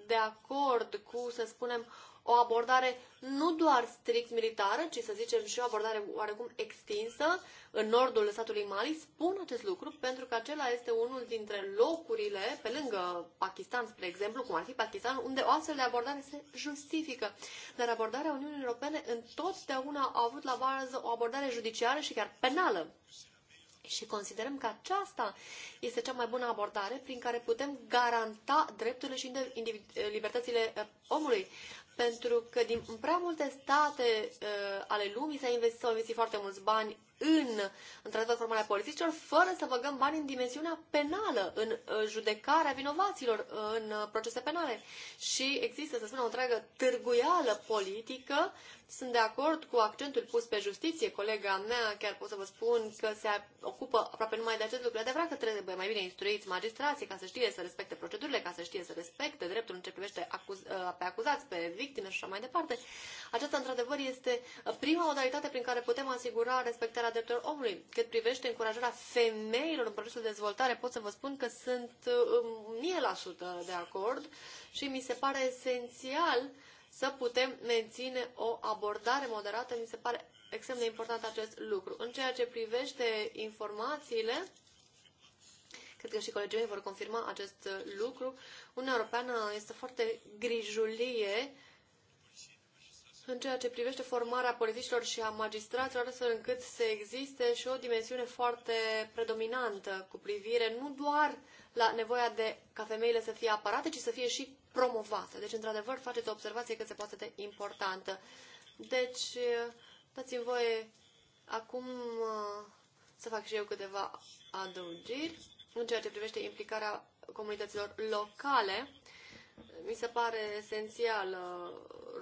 de acord cu, să spunem, o abordare nu doar strict militară, ci să zicem și o abordare oarecum extinsă în nordul statului Mali. Spun acest lucru pentru că acela este unul dintre locurile, pe lângă Pakistan, spre exemplu, cum ar fi Pakistan, unde o astfel de abordare se justifică. Dar abordarea Uniunii Europene întotdeauna a avut la bază o abordare judiciară și chiar penală. Și considerăm că aceasta este cea mai bună abordare prin care putem garanta drepturile și libertățile eh, omului pentru că din prea multe state uh, ale lumii s-au investit, investit foarte mulți bani în, într-adevăr, formarea polițiștilor, fără să băgăm bani în dimensiunea penală, în uh, judecarea vinovaților, uh, în uh, procese penale. Și există, să spunem, o întreagă târguială politică. Sunt de acord cu accentul pus pe justiție. Colega mea, chiar pot să vă spun că se ocupă aproape numai de acest lucru. Adevărat că trebuie mai bine instruiți magistrații ca să știe să respecte procedurile, ca să știe să respecte dreptul în ce privește acuz, pe acuzați, pe victime și așa mai departe. Aceasta, într-adevăr, este prima modalitate prin care putem asigura respectarea a drepturilor omului. Cât privește încurajarea femeilor în procesul de dezvoltare, pot să vă spun că sunt um, mie de acord și mi se pare esențial să putem menține o abordare moderată. Mi se pare extrem de important acest lucru. În ceea ce privește informațiile, cred că și colegii mei vor confirma acest lucru, Uniunea Europeană este foarte grijulie în ceea ce privește formarea polițiștilor și a magistraților, astfel încât să existe și o dimensiune foarte predominantă cu privire nu doar la nevoia de ca femeile să fie aparate, ci să fie și promovate. Deci, într-adevăr, faceți o observație că se poate de importantă. Deci, dați-mi voie acum uh, să fac și eu câteva adăugiri în ceea ce privește implicarea comunităților locale mi se pare esențial uh,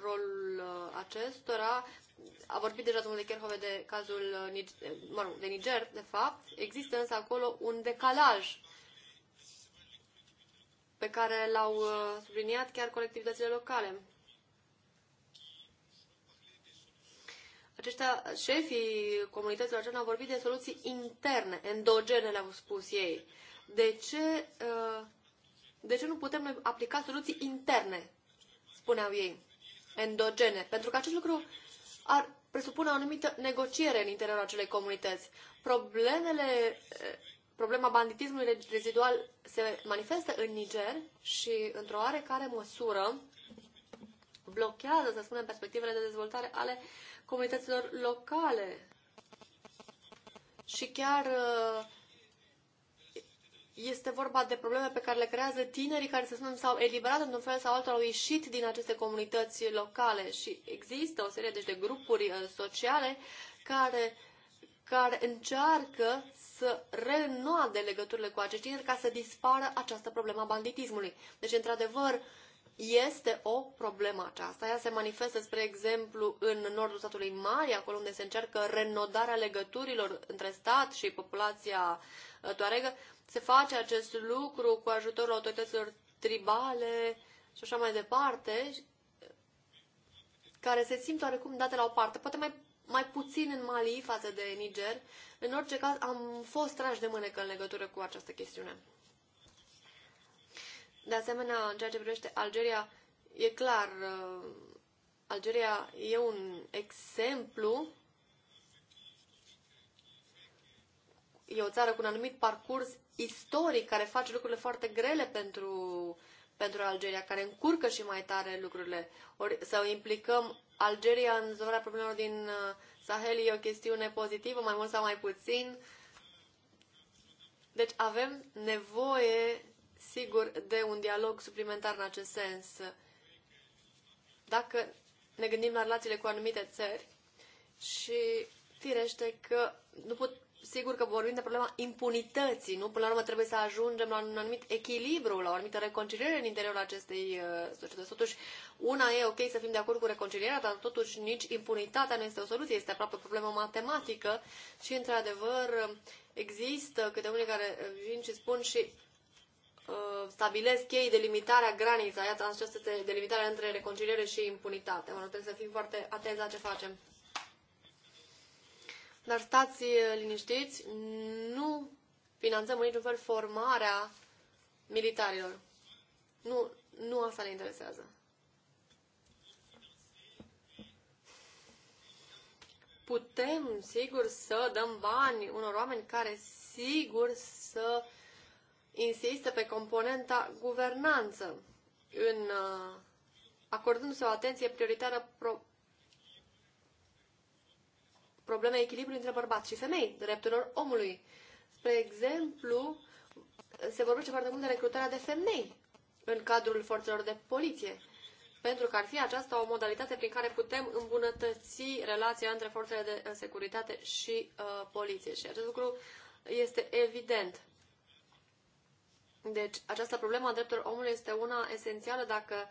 rolul uh, acestora. A vorbit deja domnul Kerhove de cazul uh, de Niger, de fapt. Există însă acolo un decalaj pe care l-au subliniat chiar colectivitățile locale. Aceștia, șefii comunităților acelor au vorbit de soluții interne, endogene, le-au spus ei. De ce uh, de ce nu putem noi aplica soluții interne, spuneau ei, endogene? Pentru că acest lucru ar presupune o anumită negociere în interiorul acelei comunități. Problemele, problema banditismului rezidual se manifestă în Niger și, într-o oarecare măsură, blochează, să spunem, perspectivele de dezvoltare ale comunităților locale. Și chiar uh, este vorba de probleme pe care le creează tinerii care, să spunem, s-au eliberat într-un fel sau altul, au ieșit din aceste comunități locale și există o serie deci, de grupuri uh, sociale care, care încearcă să renoade legăturile cu acești tineri ca să dispară această problemă a banditismului. Deci, într-adevăr, este o problemă aceasta. Ea se manifestă, spre exemplu, în nordul statului Mari, acolo unde se încearcă renodarea legăturilor între stat și populația Toaregă. Se face acest lucru cu ajutorul autorităților tribale și așa mai departe, care se simt oarecum date la o parte. Poate mai, mai puțin în Mali față de Niger. În orice caz, am fost trași de mânecă în legătură cu această chestiune. De asemenea, în ceea ce privește Algeria, e clar, uh, Algeria e un exemplu e o țară cu un anumit parcurs istoric care face lucrurile foarte grele pentru, pentru Algeria, care încurcă și mai tare lucrurile. Ori, sau implicăm Algeria în zona problemelor din uh, Sahel e o chestiune pozitivă, mai mult sau mai puțin. Deci avem nevoie, sigur, de un dialog suplimentar în acest sens. Dacă ne gândim la relațiile cu anumite țări și firește că nu, put, sigur că vorbim de problema impunității, nu? Până la urmă trebuie să ajungem la un anumit echilibru, la o anumită reconciliere în interiorul acestei uh, societăți. Totuși, una e ok să fim de acord cu reconcilierea, dar totuși nici impunitatea nu este o soluție, este aproape o problemă matematică și, într-adevăr, există câte unii care vin și spun și uh, stabilesc ei delimitarea granița, iată, aceasta este delimitarea între reconciliere și impunitate. Mă, trebuie să fim foarte atenți la ce facem. Dar stați uh, liniștiți, nu finanțăm în niciun fel formarea militarilor. Nu, nu asta ne interesează. Putem, sigur, să dăm bani unor oameni care, sigur, să insiste pe componenta guvernanță în uh, acordându-se o atenție prioritară pro- probleme echilibrului între bărbați și femei, drepturilor omului. Spre exemplu, se vorbește foarte mult de recrutarea de femei în cadrul forțelor de poliție, pentru că ar fi aceasta o modalitate prin care putem îmbunătăți relația între forțele de uh, securitate și uh, poliție. Și acest lucru este evident. Deci, această problemă a drepturilor omului este una esențială dacă,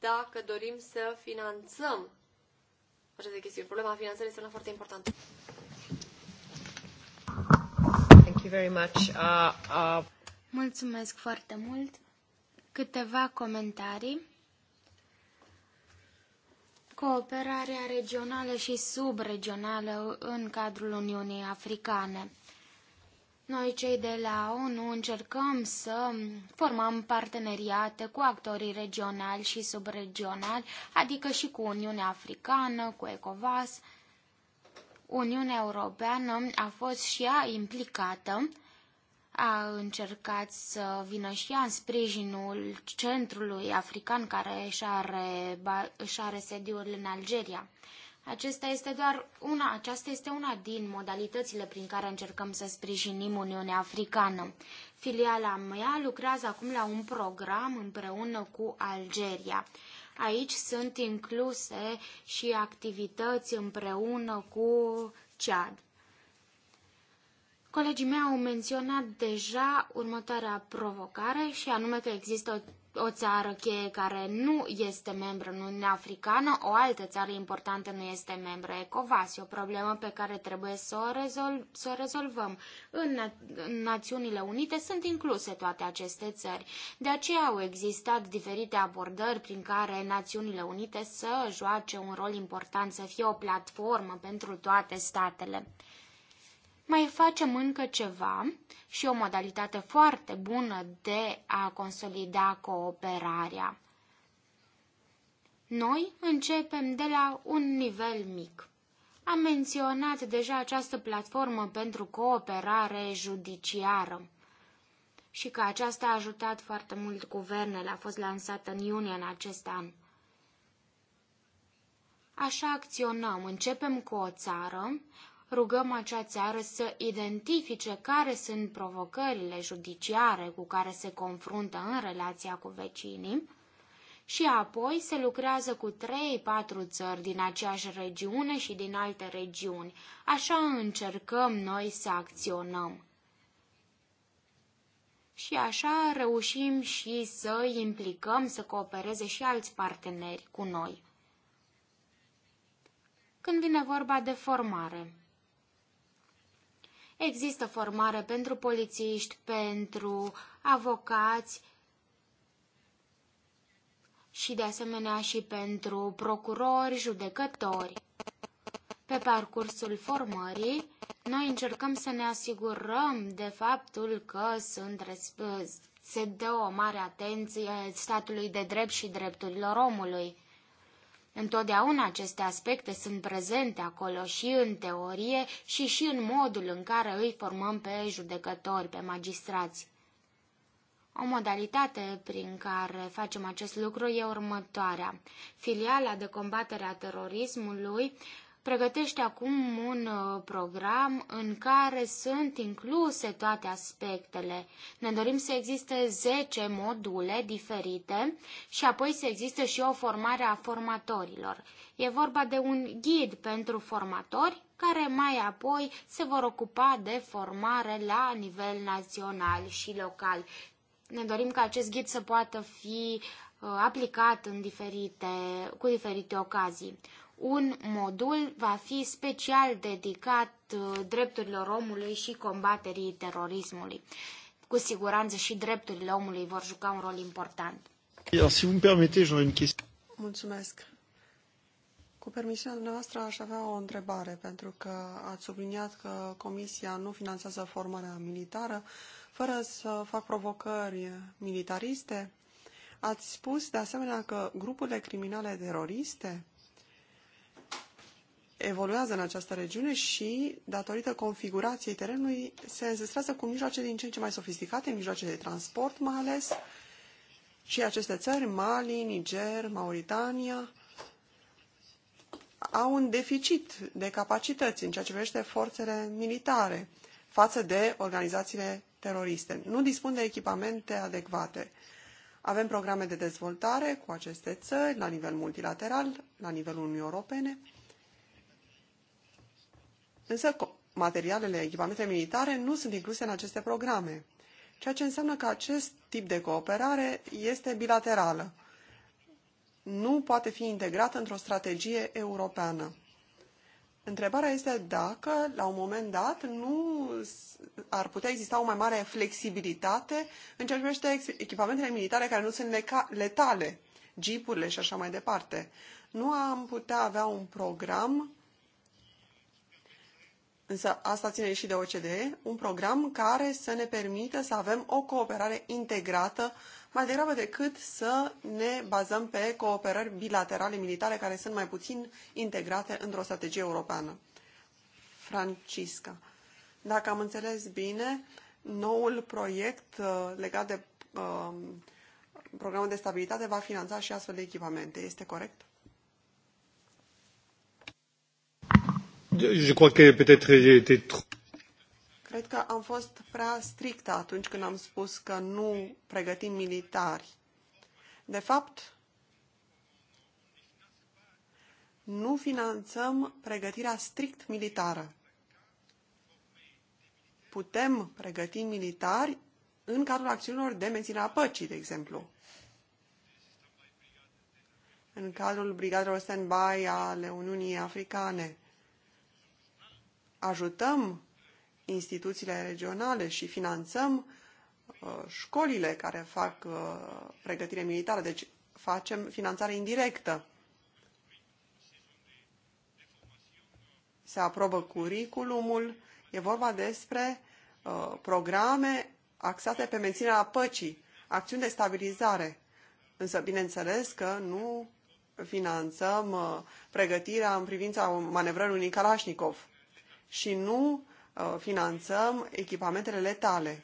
dacă dorim să finanțăm aceste chestiuni. Problema finanțării este una foarte importantă. Thank you very much. Uh, uh... Mulțumesc foarte mult. Câteva comentarii. Cooperarea regională și subregională în cadrul Uniunii Africane. Noi, cei de la ONU, încercăm să formăm parteneriate cu actorii regionali și subregionali, adică și cu Uniunea Africană, cu ECOVAS. Uniunea Europeană a fost și ea implicată, a încercat să vină și ea în sprijinul centrului african care își are, își are sediul în Algeria. Acesta este doar una, aceasta este una din modalitățile prin care încercăm să sprijinim Uniunea Africană. Filiala mea lucrează acum la un program împreună cu Algeria. Aici sunt incluse și activități împreună cu Chad. Colegii mei au menționat deja următoarea provocare și anume că există o o țară cheie care nu este membră în Uniunea Africană, o altă țară importantă nu este membră ECOVAS. E o problemă pe care trebuie să o, rezol- să o rezolvăm. În, Na- în Națiunile Unite sunt incluse toate aceste țări. De aceea au existat diferite abordări prin care Națiunile Unite să joace un rol important, să fie o platformă pentru toate statele. Mai facem încă ceva și o modalitate foarte bună de a consolida cooperarea. Noi începem de la un nivel mic. Am menționat deja această platformă pentru cooperare judiciară și că aceasta a ajutat foarte mult guvernele, a fost lansată în iunie în acest an. Așa acționăm, începem cu o țară, rugăm acea țară să identifice care sunt provocările judiciare cu care se confruntă în relația cu vecinii și apoi se lucrează cu 3-4 țări din aceeași regiune și din alte regiuni. Așa încercăm noi să acționăm. Și așa reușim și să implicăm, să coopereze și alți parteneri cu noi. Când vine vorba de formare, Există formare pentru polițiști, pentru avocați și de asemenea și pentru procurori, judecători. Pe parcursul formării, noi încercăm să ne asigurăm de faptul că sunt se dă o mare atenție statului de drept și drepturilor omului. Întotdeauna aceste aspecte sunt prezente acolo și în teorie și și în modul în care îi formăm pe judecători, pe magistrați. O modalitate prin care facem acest lucru e următoarea. Filiala de combatere a terorismului pregătește acum un uh, program în care sunt incluse toate aspectele. Ne dorim să existe 10 module diferite și apoi să existe și o formare a formatorilor. E vorba de un ghid pentru formatori care mai apoi se vor ocupa de formare la nivel național și local. Ne dorim ca acest ghid să poată fi uh, aplicat în diferite, cu diferite ocazii un modul va fi special dedicat uh, drepturilor omului și combaterii terorismului. Cu siguranță și drepturile omului vor juca un rol important. Mulțumesc. Cu permisiunea dumneavoastră, aș avea o întrebare, pentru că ați subliniat că Comisia nu finanțează formarea militară, fără să fac provocări militariste. Ați spus de asemenea că grupurile criminale teroriste evoluează în această regiune și, datorită configurației terenului, se înzestrează cu mijloace din ce în ce mai sofisticate, mijloace de transport mai ales, și aceste țări, Mali, Niger, Mauritania, au un deficit de capacități în ceea ce privește forțele militare față de organizațiile teroriste. Nu dispun de echipamente adecvate. Avem programe de dezvoltare cu aceste țări la nivel multilateral, la nivelul Uniunii Europene, însă materialele, echipamente militare nu sunt incluse în aceste programe, ceea ce înseamnă că acest tip de cooperare este bilaterală. Nu poate fi integrată într-o strategie europeană. Întrebarea este dacă, la un moment dat, nu ar putea exista o mai mare flexibilitate în ceea ce privește echipamentele militare care nu sunt letale, jeepurile și așa mai departe. Nu am putea avea un program însă asta ține și de OCDE, un program care să ne permită să avem o cooperare integrată mai degrabă decât să ne bazăm pe cooperări bilaterale militare care sunt mai puțin integrate într-o strategie europeană. Francisca. Dacă am înțeles bine, noul proiect uh, legat de uh, programul de stabilitate va finanța și astfel de echipamente. Este corect? Je crois que peut-être j'ai été trop... Cred că am fost prea strictă atunci când am spus că nu pregătim militari. De fapt, nu finanțăm pregătirea strict militară. Putem pregăti militari în cadrul acțiunilor de menținere a păcii, de exemplu. În cadrul brigadelor stand-by ale Uniunii Africane, ajutăm instituțiile regionale și finanțăm uh, școlile care fac uh, pregătire militară, deci facem finanțare indirectă. Se aprobă curriculumul, e vorba despre uh, programe axate pe menținerea păcii, acțiuni de stabilizare. Însă, bineînțeles că nu finanțăm pregătirea în privința manevrării unui Kalashnikov și nu uh, finanțăm echipamentele letale.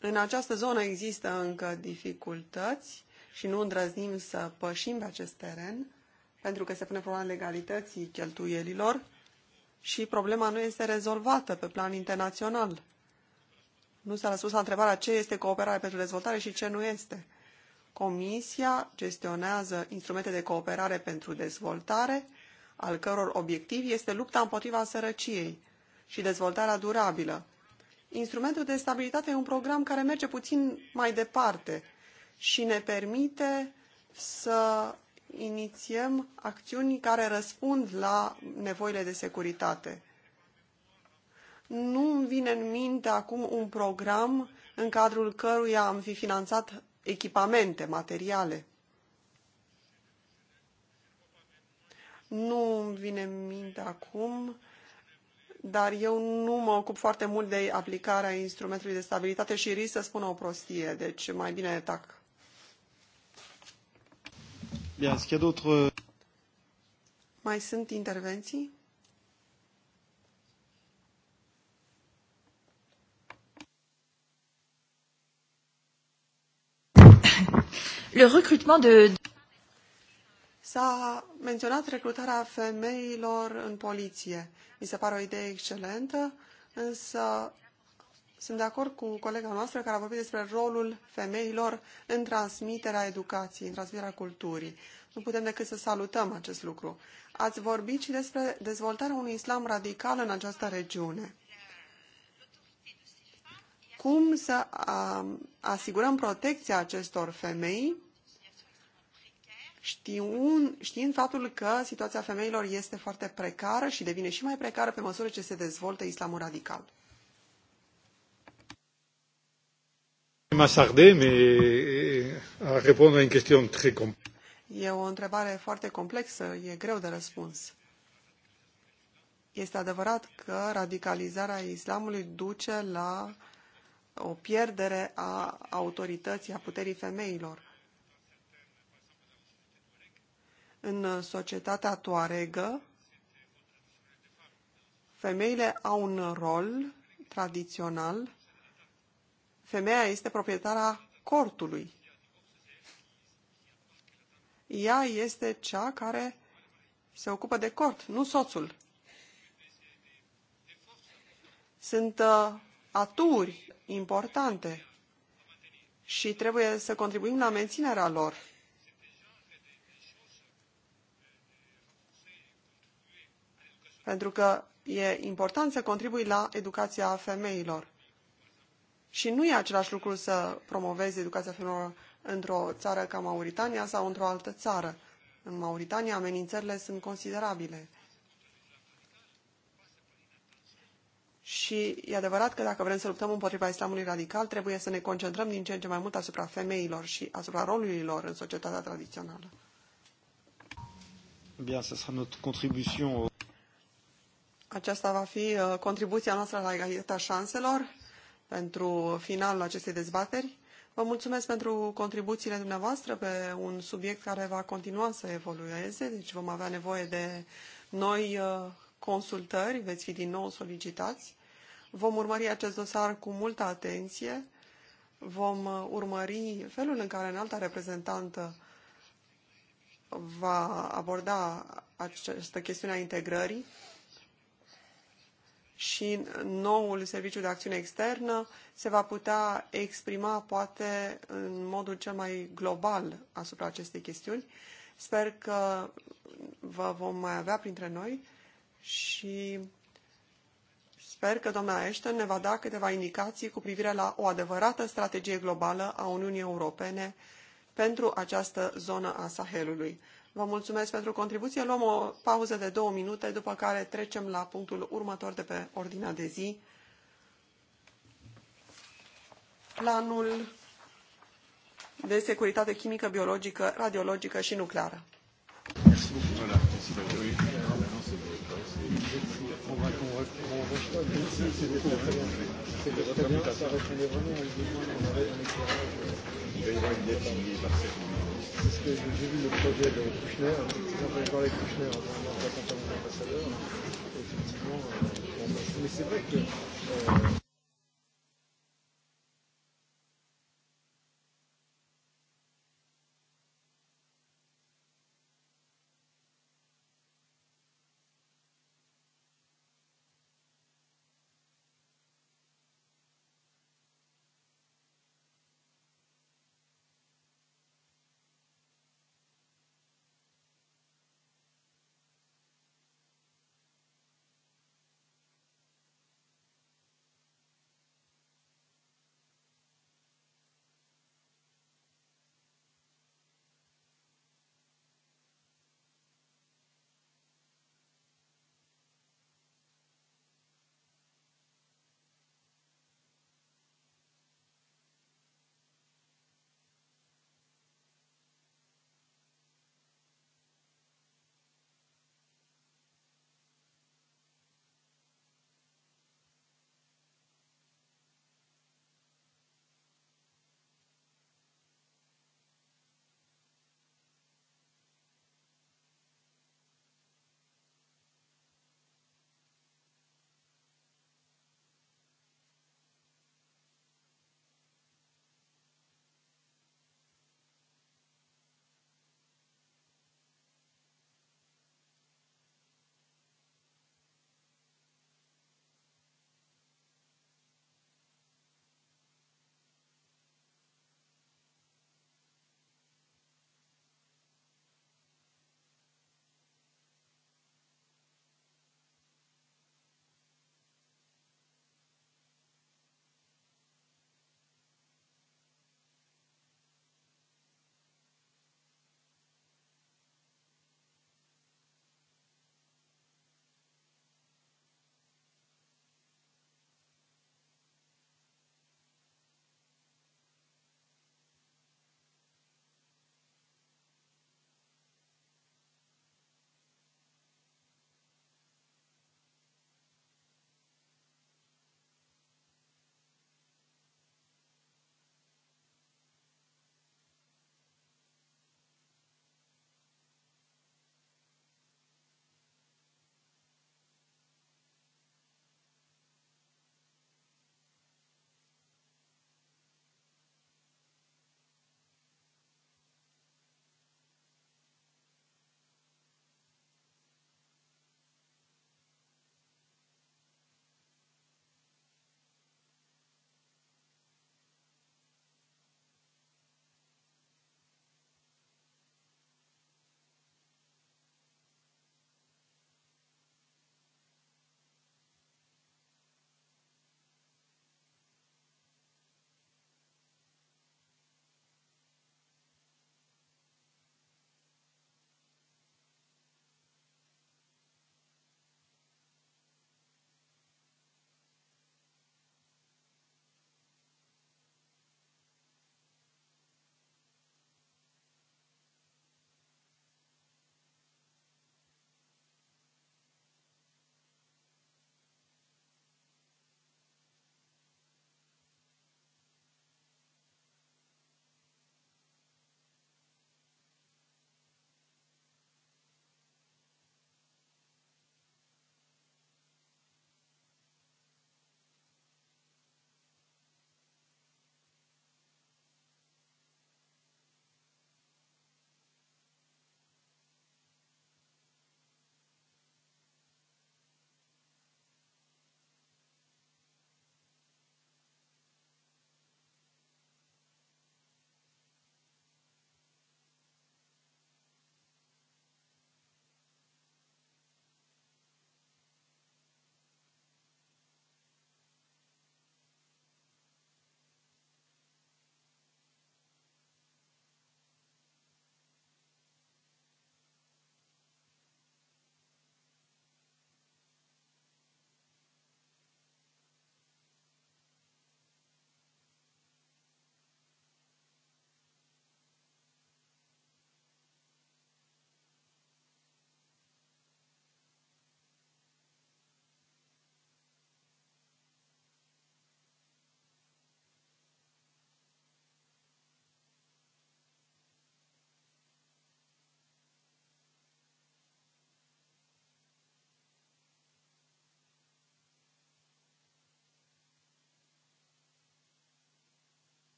În această zonă există încă dificultăți și nu îndrăznim să pășim pe acest teren, pentru că se pune problema legalității cheltuielilor și problema nu este rezolvată pe plan internațional. Nu s-a răspuns la întrebarea ce este cooperare pentru dezvoltare și ce nu este. Comisia gestionează instrumente de cooperare pentru dezvoltare al căror obiectiv este lupta împotriva sărăciei și dezvoltarea durabilă. Instrumentul de stabilitate e un program care merge puțin mai departe și ne permite să inițiem acțiuni care răspund la nevoile de securitate. Nu îmi vine în minte acum un program în cadrul căruia am fi finanțat echipamente, materiale. Nu îmi vine în minte acum, dar eu nu mă ocup foarte mult de aplicarea instrumentului de stabilitate și risc să spună o prostie, deci mai bine tac. ce Mai sunt intervenții? Le recrutement de S-a menționat recrutarea femeilor în poliție. Mi se pare o idee excelentă, însă sunt de acord cu colega noastră care a vorbit despre rolul femeilor în transmiterea educației, în transmiterea culturii. Nu putem decât să salutăm acest lucru. Ați vorbit și despre dezvoltarea unui islam radical în această regiune. Cum să asigurăm protecția acestor femei știun, știind faptul că situația femeilor este foarte precară și devine și mai precară pe măsură ce se dezvoltă islamul radical. E o întrebare foarte complexă, e greu de răspuns. Este adevărat că radicalizarea islamului duce la o pierdere a autorității, a puterii femeilor. În societatea toaregă, femeile au un rol tradițional. Femeia este proprietara cortului. Ea este cea care se ocupă de cort, nu soțul. Sunt uh, aturi importante și trebuie să contribuim la menținerea lor. pentru că e important să contribui la educația femeilor. Și nu e același lucru să promovezi educația femeilor într-o țară ca Mauritania sau într-o altă țară. În Mauritania amenințările sunt considerabile. Și e adevărat că dacă vrem să luptăm împotriva islamului radical, trebuie să ne concentrăm din ce în ce mai mult asupra femeilor și asupra rolului lor în societatea tradițională. Bien, ça sera notre contribution aceasta va fi uh, contribuția noastră la egalitatea șanselor pentru finalul acestei dezbateri. Vă mulțumesc pentru contribuțiile dumneavoastră pe un subiect care va continua să evolueze, deci vom avea nevoie de noi uh, consultări, veți fi din nou solicitați. Vom urmări acest dosar cu multă atenție, vom uh, urmări felul în care înalta reprezentantă va aborda această chestiune a integrării și noul Serviciu de Acțiune Externă se va putea exprima poate în modul cel mai global asupra acestei chestiuni. Sper că vă vom mai avea printre noi și sper că doamna Ashton ne va da câteva indicații cu privire la o adevărată strategie globală a Uniunii Europene pentru această zonă a Sahelului. Vă mulțumesc pentru contribuție. Luăm o pauză de două minute, după care trecem la punctul următor de pe ordinea de zi. Planul de securitate chimică, biologică, radiologică și nucleară on reçoit d'ici, c'est des très bien. C'est des très bien, ça répondait vraiment aux besoins qu'on avait dans l'éclairage. Il va y avoir une dette signée par cette C'est ce que j'ai vu le projet de Kouchner. Quand j'ai parlé de Kouchner avant de la conférence d'ambassadeur, effectivement, euh, mais c'est vrai que. Euh,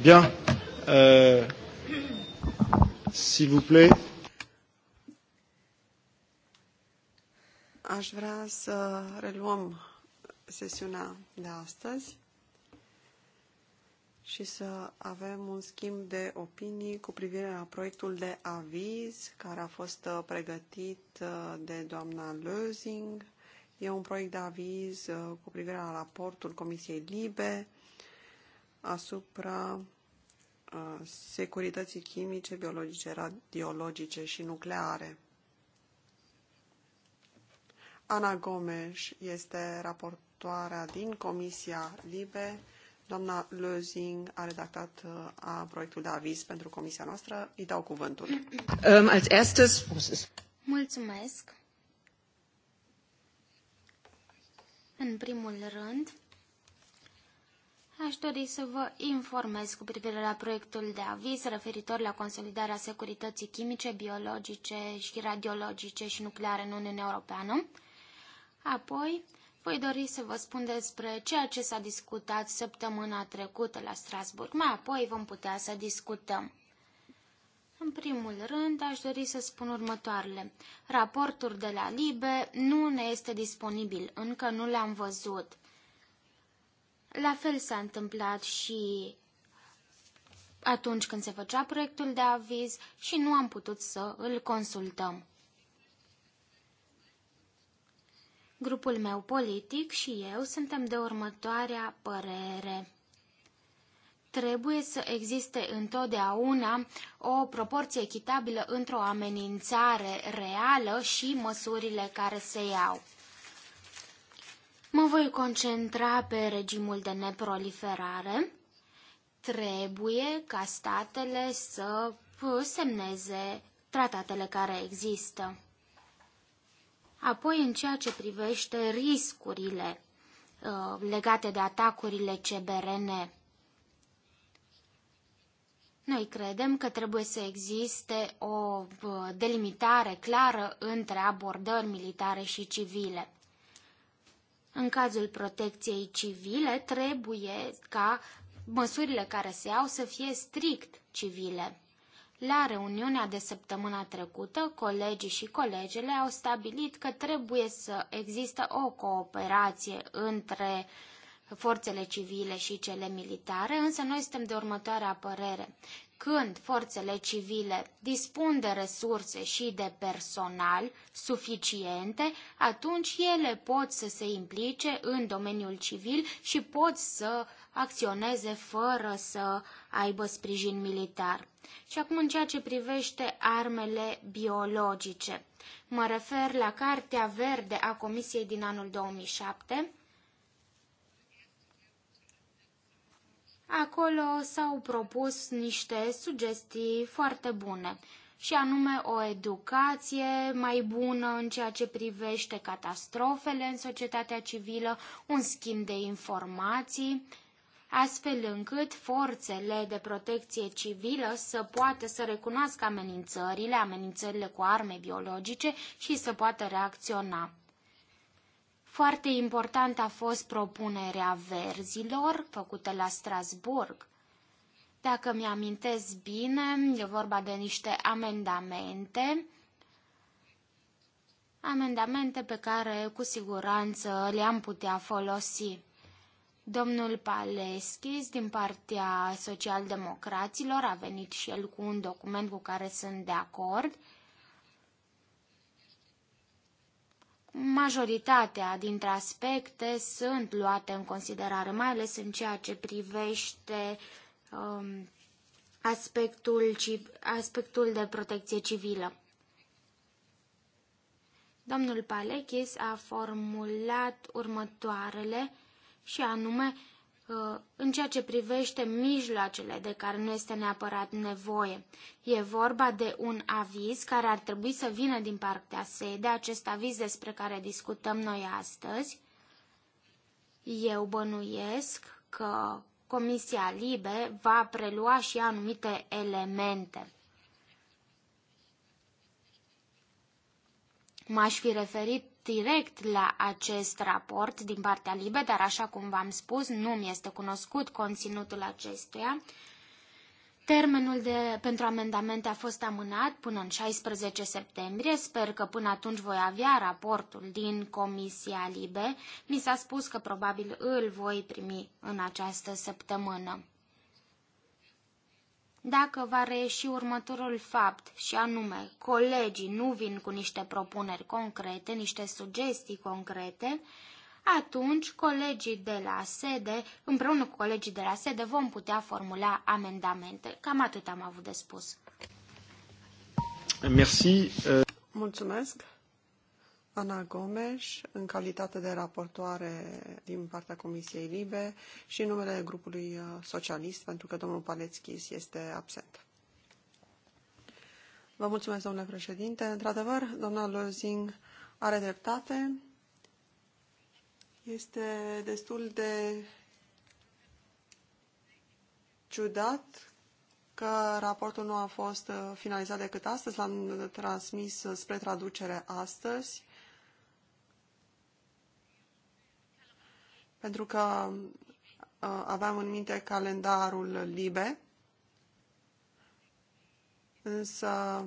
Bien. Euh, S'il vous plaît. Aș vrea să reluăm sesiunea de astăzi și să avem un schimb de opinii cu privire la proiectul de aviz care a fost uh, pregătit uh, de doamna Lözing. E un proiect de aviz uh, cu privire la raportul Comisiei Libe asupra securității chimice, biologice, radiologice și nucleare. Ana Gomes este raportoarea din Comisia LIBE. Doamna Lozing a redactat a proiectul de aviz pentru comisia noastră. Îi dau cuvântul. Um, Mulțumesc. În primul rând, Aș dori să vă informez cu privire la proiectul de aviz referitor la consolidarea securității chimice, biologice și radiologice și nucleare în Uniunea Europeană. Apoi, voi dori să vă spun despre ceea ce s-a discutat săptămâna trecută la Strasburg. Mai apoi vom putea să discutăm. În primul rând, aș dori să spun următoarele. Raportul de la LIBE nu ne este disponibil, încă nu l-am văzut. La fel s-a întâmplat și atunci când se făcea proiectul de aviz și nu am putut să îl consultăm. Grupul meu politic și eu suntem de următoarea părere. Trebuie să existe întotdeauna o proporție echitabilă între o amenințare reală și măsurile care se iau. Mă voi concentra pe regimul de neproliferare. Trebuie ca statele să semneze tratatele care există. Apoi, în ceea ce privește riscurile uh, legate de atacurile CBRN, noi credem că trebuie să existe o uh, delimitare clară între abordări militare și civile. În cazul protecției civile, trebuie ca măsurile care se iau să fie strict civile. La reuniunea de săptămâna trecută, colegii și colegele au stabilit că trebuie să există o cooperație între forțele civile și cele militare, însă noi suntem de următoarea părere când forțele civile dispun de resurse și de personal suficiente, atunci ele pot să se implice în domeniul civil și pot să acționeze fără să aibă sprijin militar. Și acum în ceea ce privește armele biologice. Mă refer la Cartea Verde a Comisiei din anul 2007, Acolo s-au propus niște sugestii foarte bune și anume o educație mai bună în ceea ce privește catastrofele în societatea civilă, un schimb de informații, astfel încât forțele de protecție civilă să poată să recunoască amenințările, amenințările cu arme biologice și să poată reacționa. Foarte importantă a fost propunerea verzilor făcută la Strasburg. Dacă mi-amintesc bine, e vorba de niște amendamente, amendamente pe care cu siguranță le-am putea folosi. Domnul Paleschis, din partea socialdemocraților, a venit și el cu un document cu care sunt de acord. Majoritatea dintre aspecte sunt luate în considerare, mai ales în ceea ce privește um, aspectul, aspectul de protecție civilă. Domnul Palechis a formulat următoarele și anume Uh, în ceea ce privește mijloacele de care nu este neapărat nevoie. E vorba de un aviz care ar trebui să vină din partea sede, acest aviz despre care discutăm noi astăzi. Eu bănuiesc că Comisia Libe va prelua și anumite elemente. M-aș fi referit direct la acest raport din partea LIBE, dar așa cum v-am spus, nu mi este cunoscut conținutul acestuia. Termenul de, pentru amendamente a fost amânat până în 16 septembrie. Sper că până atunci voi avea raportul din Comisia Libe. Mi s-a spus că probabil îl voi primi în această săptămână dacă va reieși următorul fapt, și anume, colegii nu vin cu niște propuneri concrete, niște sugestii concrete, atunci colegii de la sede, împreună cu colegii de la sede, vom putea formula amendamente. Cam atât am avut de spus. Merci. Euh. Mulțumesc. Ana Gomes, în calitate de raportoare din partea Comisiei Libe și în numele grupului uh, socialist, pentru că domnul Palețchis este absent. Vă mulțumesc, domnule președinte. Într-adevăr, doamna Lozing are dreptate. Este destul de ciudat că raportul nu a fost uh, finalizat decât astăzi. L-am transmis uh, spre traducere astăzi. pentru că uh, aveam în minte calendarul libe, însă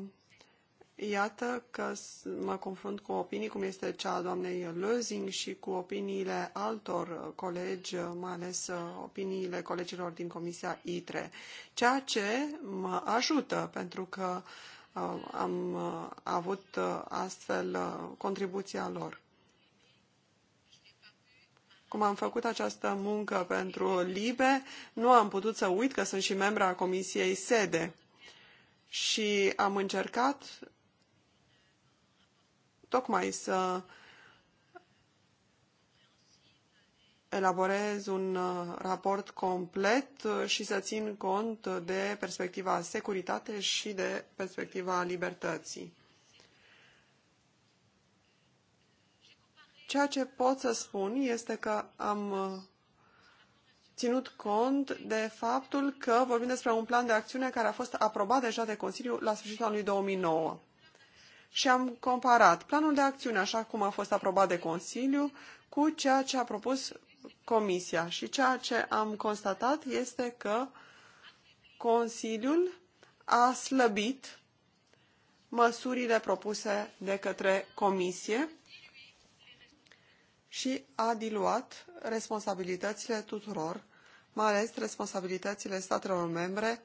iată că mă confrunt cu opinii cum este cea a doamnei Lözing și cu opiniile altor uh, colegi, uh, mai ales opiniile colegilor din Comisia ITRE, ceea ce mă ajută pentru că am avut astfel contribuția lor. Cum am făcut această muncă pentru LIBE, nu am putut să uit că sunt și membra Comisiei SEDE. Și am încercat tocmai să elaborez un uh, raport complet uh, și să țin cont de perspectiva securitate și de perspectiva libertății. Ceea ce pot să spun este că am uh, ținut cont de faptul că vorbim despre un plan de acțiune care a fost aprobat deja de Consiliu la sfârșitul anului 2009. Și am comparat planul de acțiune așa cum a fost aprobat de Consiliu cu ceea ce a propus Comisia. Și ceea ce am constatat este că Consiliul a slăbit măsurile propuse de către Comisie și a diluat responsabilitățile tuturor, mai ales responsabilitățile statelor membre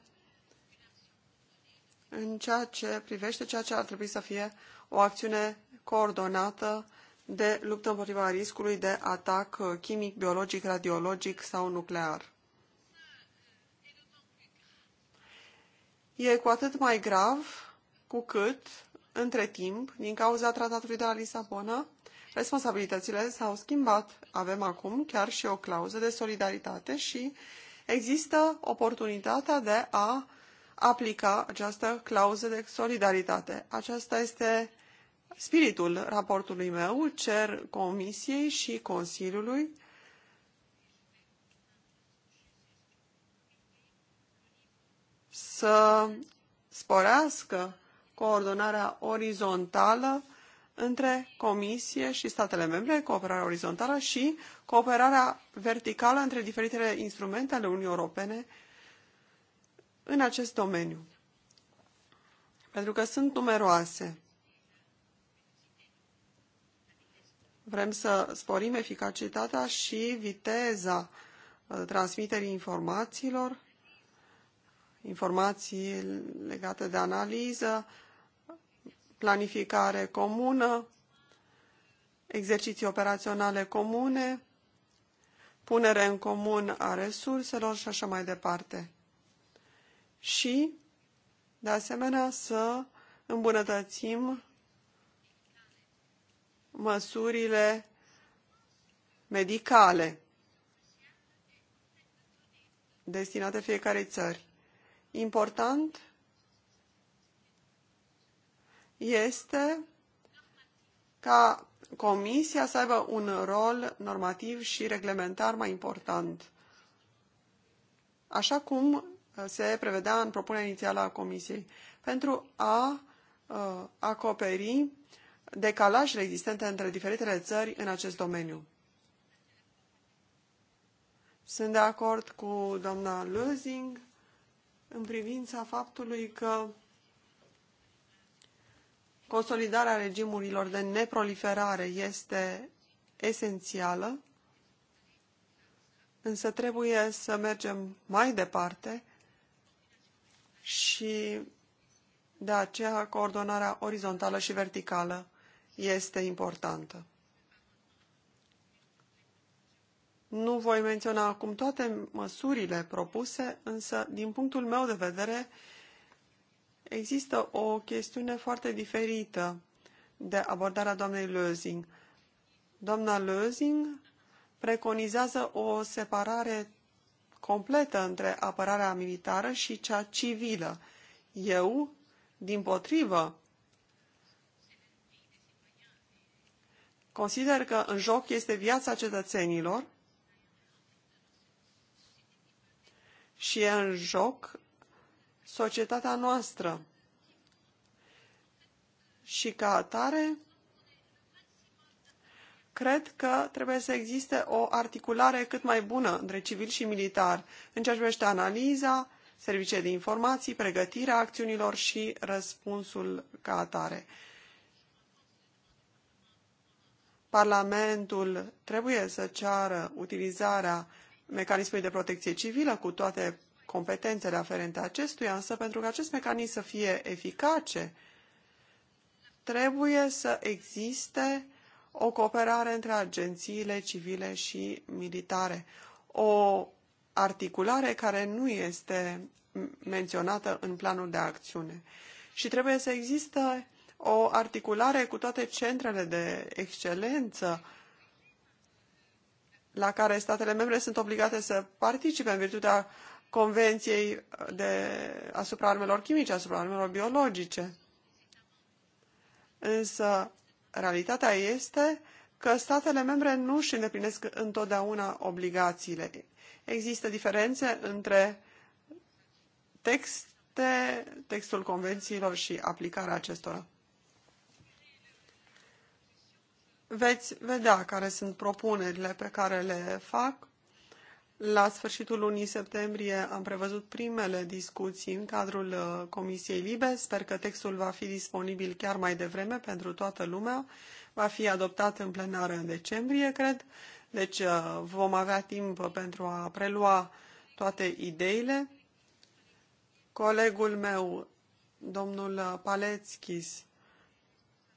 în ceea ce privește ceea ce ar trebui să fie o acțiune coordonată de luptă împotriva riscului de atac chimic, biologic, radiologic sau nuclear. E cu atât mai grav cu cât, între timp, din cauza tratatului de la Lisabona, Responsabilitățile s-au schimbat. Avem acum chiar și o clauză de solidaritate și există oportunitatea de a aplica această clauză de solidaritate. Aceasta este spiritul raportului meu. Cer Comisiei și Consiliului să sporească coordonarea orizontală între Comisie și statele membre, cooperarea orizontală și cooperarea verticală între diferitele instrumente ale Uniunii Europene în acest domeniu. Pentru că sunt numeroase. Vrem să sporim eficacitatea și viteza uh, transmiterii informațiilor, informații legate de analiză, planificare comună, exerciții operaționale comune, punere în comun a resurselor și așa mai departe. Și, de asemenea, să îmbunătățim măsurile medicale destinate fiecarei țări. Important este ca Comisia să aibă un rol normativ și reglementar mai important, așa cum uh, se prevedea în propunerea inițială a Comisiei, pentru a uh, acoperi decalajele existente între diferitele țări în acest domeniu. Sunt de acord cu doamna Lözing în privința faptului că Consolidarea regimurilor de neproliferare este esențială, însă trebuie să mergem mai departe și de aceea coordonarea orizontală și verticală este importantă. Nu voi menționa acum toate măsurile propuse, însă, din punctul meu de vedere, Există o chestiune foarte diferită de abordarea doamnei Lözing. Doamna Lözing preconizează o separare completă între apărarea militară și cea civilă. Eu, din potrivă, consider că în joc este viața cetățenilor și e în joc societatea noastră. Și ca atare, cred că trebuie să existe o articulare cât mai bună între civil și militar în ceea ce privește analiza, serviciile de informații, pregătirea acțiunilor și răspunsul ca atare. Parlamentul trebuie să ceară utilizarea mecanismului de protecție civilă cu toate competențele aferente acestuia, însă pentru că acest mecanism să fie eficace, trebuie să existe o cooperare între agențiile civile și militare, o articulare care nu este menționată în planul de acțiune. Și trebuie să existe o articulare cu toate centrele de excelență la care statele membre sunt obligate să participe în virtutea Convenției de, asupra armelor chimice, asupra armelor biologice. Însă, realitatea este că statele membre nu își îndeplinesc întotdeauna obligațiile. Există diferențe între texte, textul convențiilor și aplicarea acestora. Veți vedea care sunt propunerile pe care le fac la sfârșitul lunii septembrie am prevăzut primele discuții în cadrul uh, Comisiei Libe. Sper că textul va fi disponibil chiar mai devreme pentru toată lumea. Va fi adoptat în plenară în decembrie, cred. Deci uh, vom avea timp pentru a prelua toate ideile. Colegul meu, domnul Palețchis,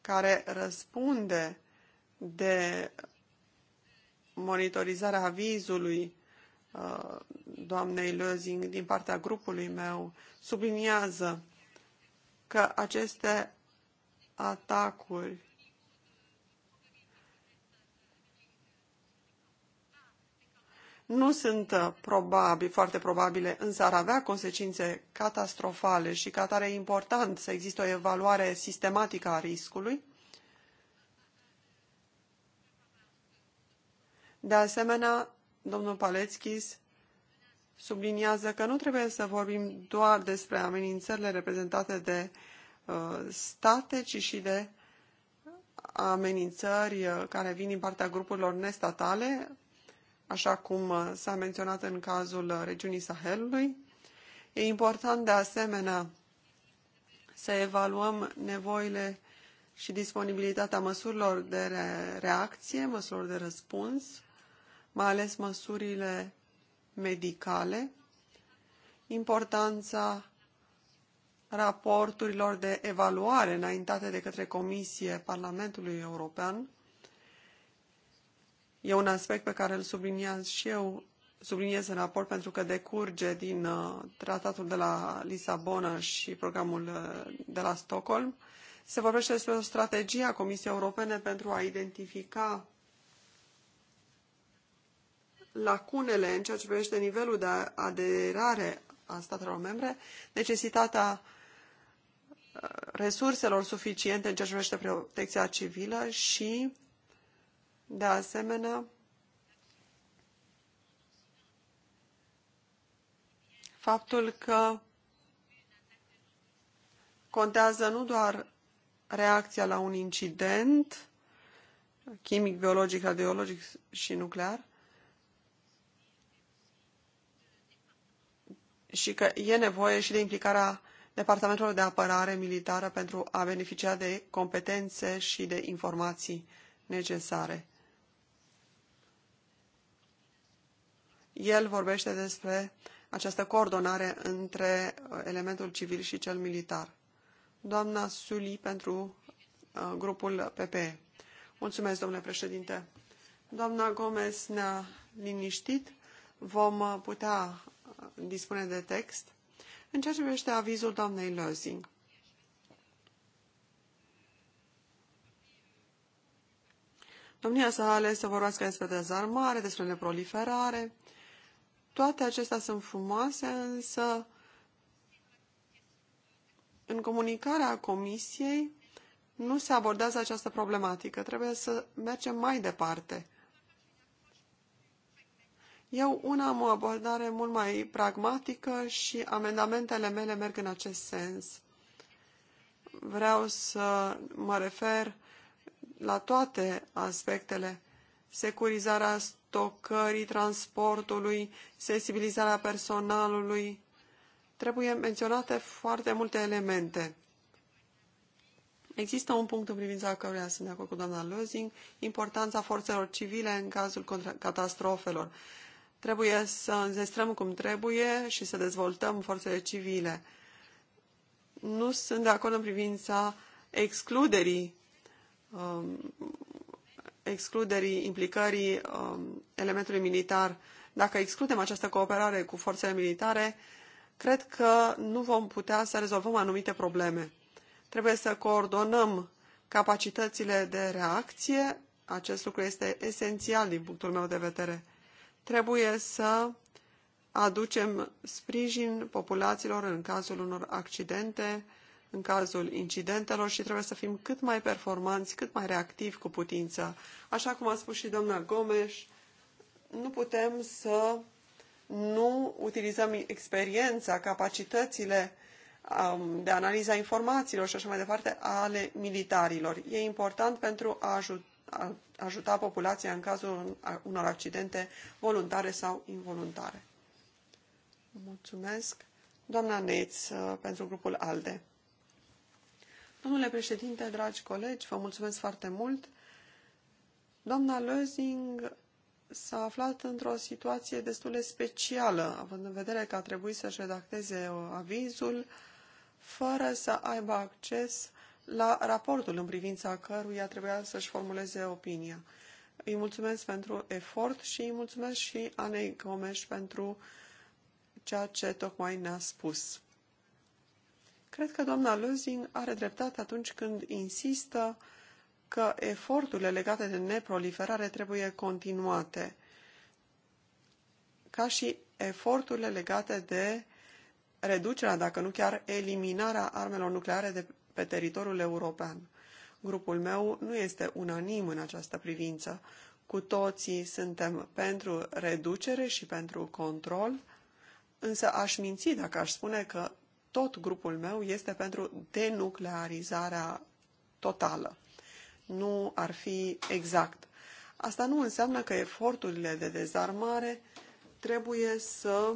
care răspunde de monitorizarea avizului doamnei Lözing din partea grupului meu subliniază că aceste atacuri nu sunt uh, probabil, foarte probabile, însă ar avea consecințe catastrofale și ca tare e important să există o evaluare sistematică a riscului. De asemenea, domnul Paleckis subliniază că nu trebuie să vorbim doar despre amenințările reprezentate de uh, state, ci și de amenințări uh, care vin din partea grupurilor nestatale, așa cum uh, s-a menționat în cazul uh, regiunii Sahelului. E important de asemenea să evaluăm nevoile și disponibilitatea măsurilor de reacție, măsurilor de răspuns, mai ales măsurile medicale, importanța raporturilor de evaluare înaintate de către Comisie Parlamentului European. E un aspect pe care îl subliniez și eu, subliniez în raport pentru că decurge din uh, tratatul de la Lisabona și programul uh, de la Stockholm. Se vorbește despre o strategie a Comisiei Europene pentru a identifica lacunele în ceea ce privește nivelul de aderare a statelor membre, necesitatea uh, resurselor suficiente în ceea ce privește protecția civilă și, de asemenea, faptul că contează nu doar reacția la un incident chimic, biologic, radiologic și nuclear, și că e nevoie și de implicarea departamentelor de apărare militară pentru a beneficia de competențe și de informații necesare. El vorbește despre această coordonare între uh, elementul civil și cel militar. Doamna Suli pentru uh, grupul PPE. Mulțumesc, domnule președinte. Doamna Gomez ne-a liniștit. Vom uh, putea dispune de text în ceea ce privește avizul doamnei Lozing. Domnia sa a ales să vorbească despre dezarmare, despre neproliferare. Toate acestea sunt frumoase, însă în comunicarea Comisiei nu se abordează această problematică. Trebuie să mergem mai departe. Eu una am o abordare mult mai pragmatică și amendamentele mele merg în acest sens. Vreau să mă refer la toate aspectele. Securizarea stocării, transportului, sensibilizarea personalului. Trebuie menționate foarte multe elemente. Există un punct în privința căruia sunt de acord cu doamna Lozing, importanța forțelor civile în cazul catastrofelor. Trebuie să înzestrăm cum trebuie și să dezvoltăm forțele civile. Nu sunt de acord în privința excluderii um, excluderii implicării um, elementului militar. Dacă excludem această cooperare cu forțele militare, cred că nu vom putea să rezolvăm anumite probleme. Trebuie să coordonăm capacitățile de reacție. Acest lucru este esențial din punctul meu de vedere trebuie să aducem sprijin populațiilor în cazul unor accidente, în cazul incidentelor și trebuie să fim cât mai performanți, cât mai reactivi cu putință. Așa cum a spus și doamna Gomes, nu putem să nu utilizăm experiența, capacitățile um, de analiza informațiilor și așa mai departe ale militarilor. E important pentru a ajuta ajuta populația în cazul unor accidente voluntare sau involuntare. Mulțumesc. Doamna Neitz, uh, pentru grupul ALDE. Domnule președinte, dragi colegi, vă mulțumesc foarte mult. Doamna Lözing s-a aflat într-o situație destul de specială, având în vedere că a trebuit să-și redacteze uh, avizul fără să aibă acces la raportul în privința căruia trebuia să-și formuleze opinia. Îi mulțumesc pentru efort și îi mulțumesc și Anei Gomes pentru ceea ce tocmai ne-a spus. Cred că doamna Lozing are dreptate atunci când insistă că eforturile legate de neproliferare trebuie continuate, ca și eforturile legate de reducerea, dacă nu chiar eliminarea armelor nucleare de pe teritoriul european. Grupul meu nu este unanim în această privință. Cu toții suntem pentru reducere și pentru control, însă aș minți dacă aș spune că tot grupul meu este pentru denuclearizarea totală. Nu ar fi exact. Asta nu înseamnă că eforturile de dezarmare trebuie să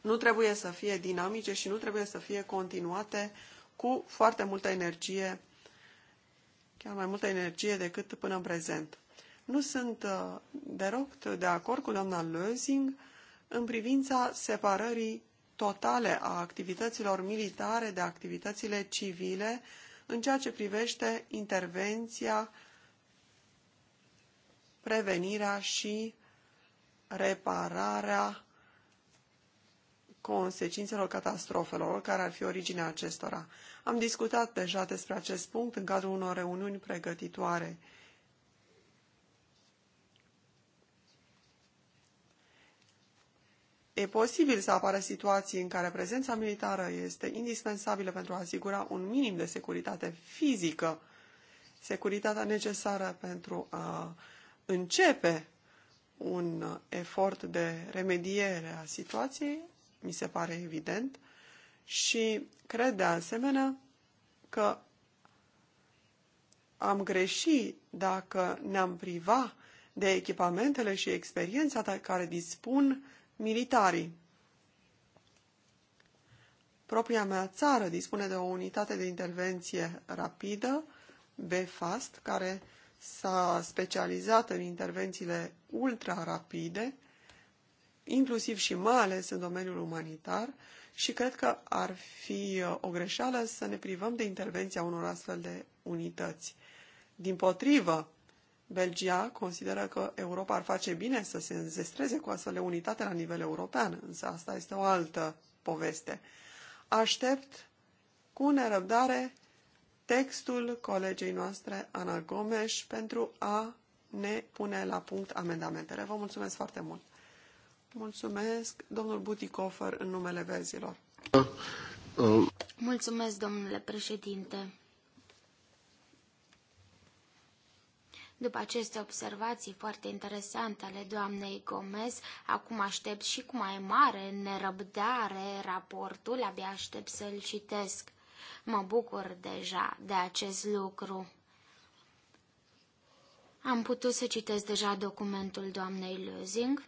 nu trebuie să fie dinamice și nu trebuie să fie continuate cu foarte multă energie, chiar mai multă energie decât până în prezent. Nu sunt uh, deloc de acord cu doamna Lösing în privința separării totale a activităților militare de activitățile civile în ceea ce privește intervenția, prevenirea și repararea consecințelor catastrofelor, care ar fi originea acestora. Am discutat deja despre acest punct în cadrul unor reuniuni pregătitoare. E posibil să apară situații în care prezența militară este indispensabilă pentru a asigura un minim de securitate fizică, securitatea necesară pentru a începe un efort de remediere a situației mi se pare evident, și cred de asemenea că am greșit dacă ne-am priva de echipamentele și experiența de care dispun militarii. Propria mea țară dispune de o unitate de intervenție rapidă, BFAST, care s-a specializat în intervențiile ultra-rapide, inclusiv și mai ales în domeniul umanitar, și cred că ar fi uh, o greșeală să ne privăm de intervenția unor astfel de unități. Din potrivă, Belgia consideră că Europa ar face bine să se înzestreze cu astfel de unitate la nivel european, însă asta este o altă poveste. Aștept cu nerăbdare textul colegei noastre, Ana Gomes, pentru a ne pune la punct amendamentele. Vă mulțumesc foarte mult! Mulțumesc, domnul Buticofer, în numele verzilor. Mulțumesc, domnule președinte. După aceste observații foarte interesante ale doamnei Gomez, acum aștept și cu mai mare nerăbdare raportul, abia aștept să-l citesc. Mă bucur deja de acest lucru. Am putut să citesc deja documentul doamnei Lusing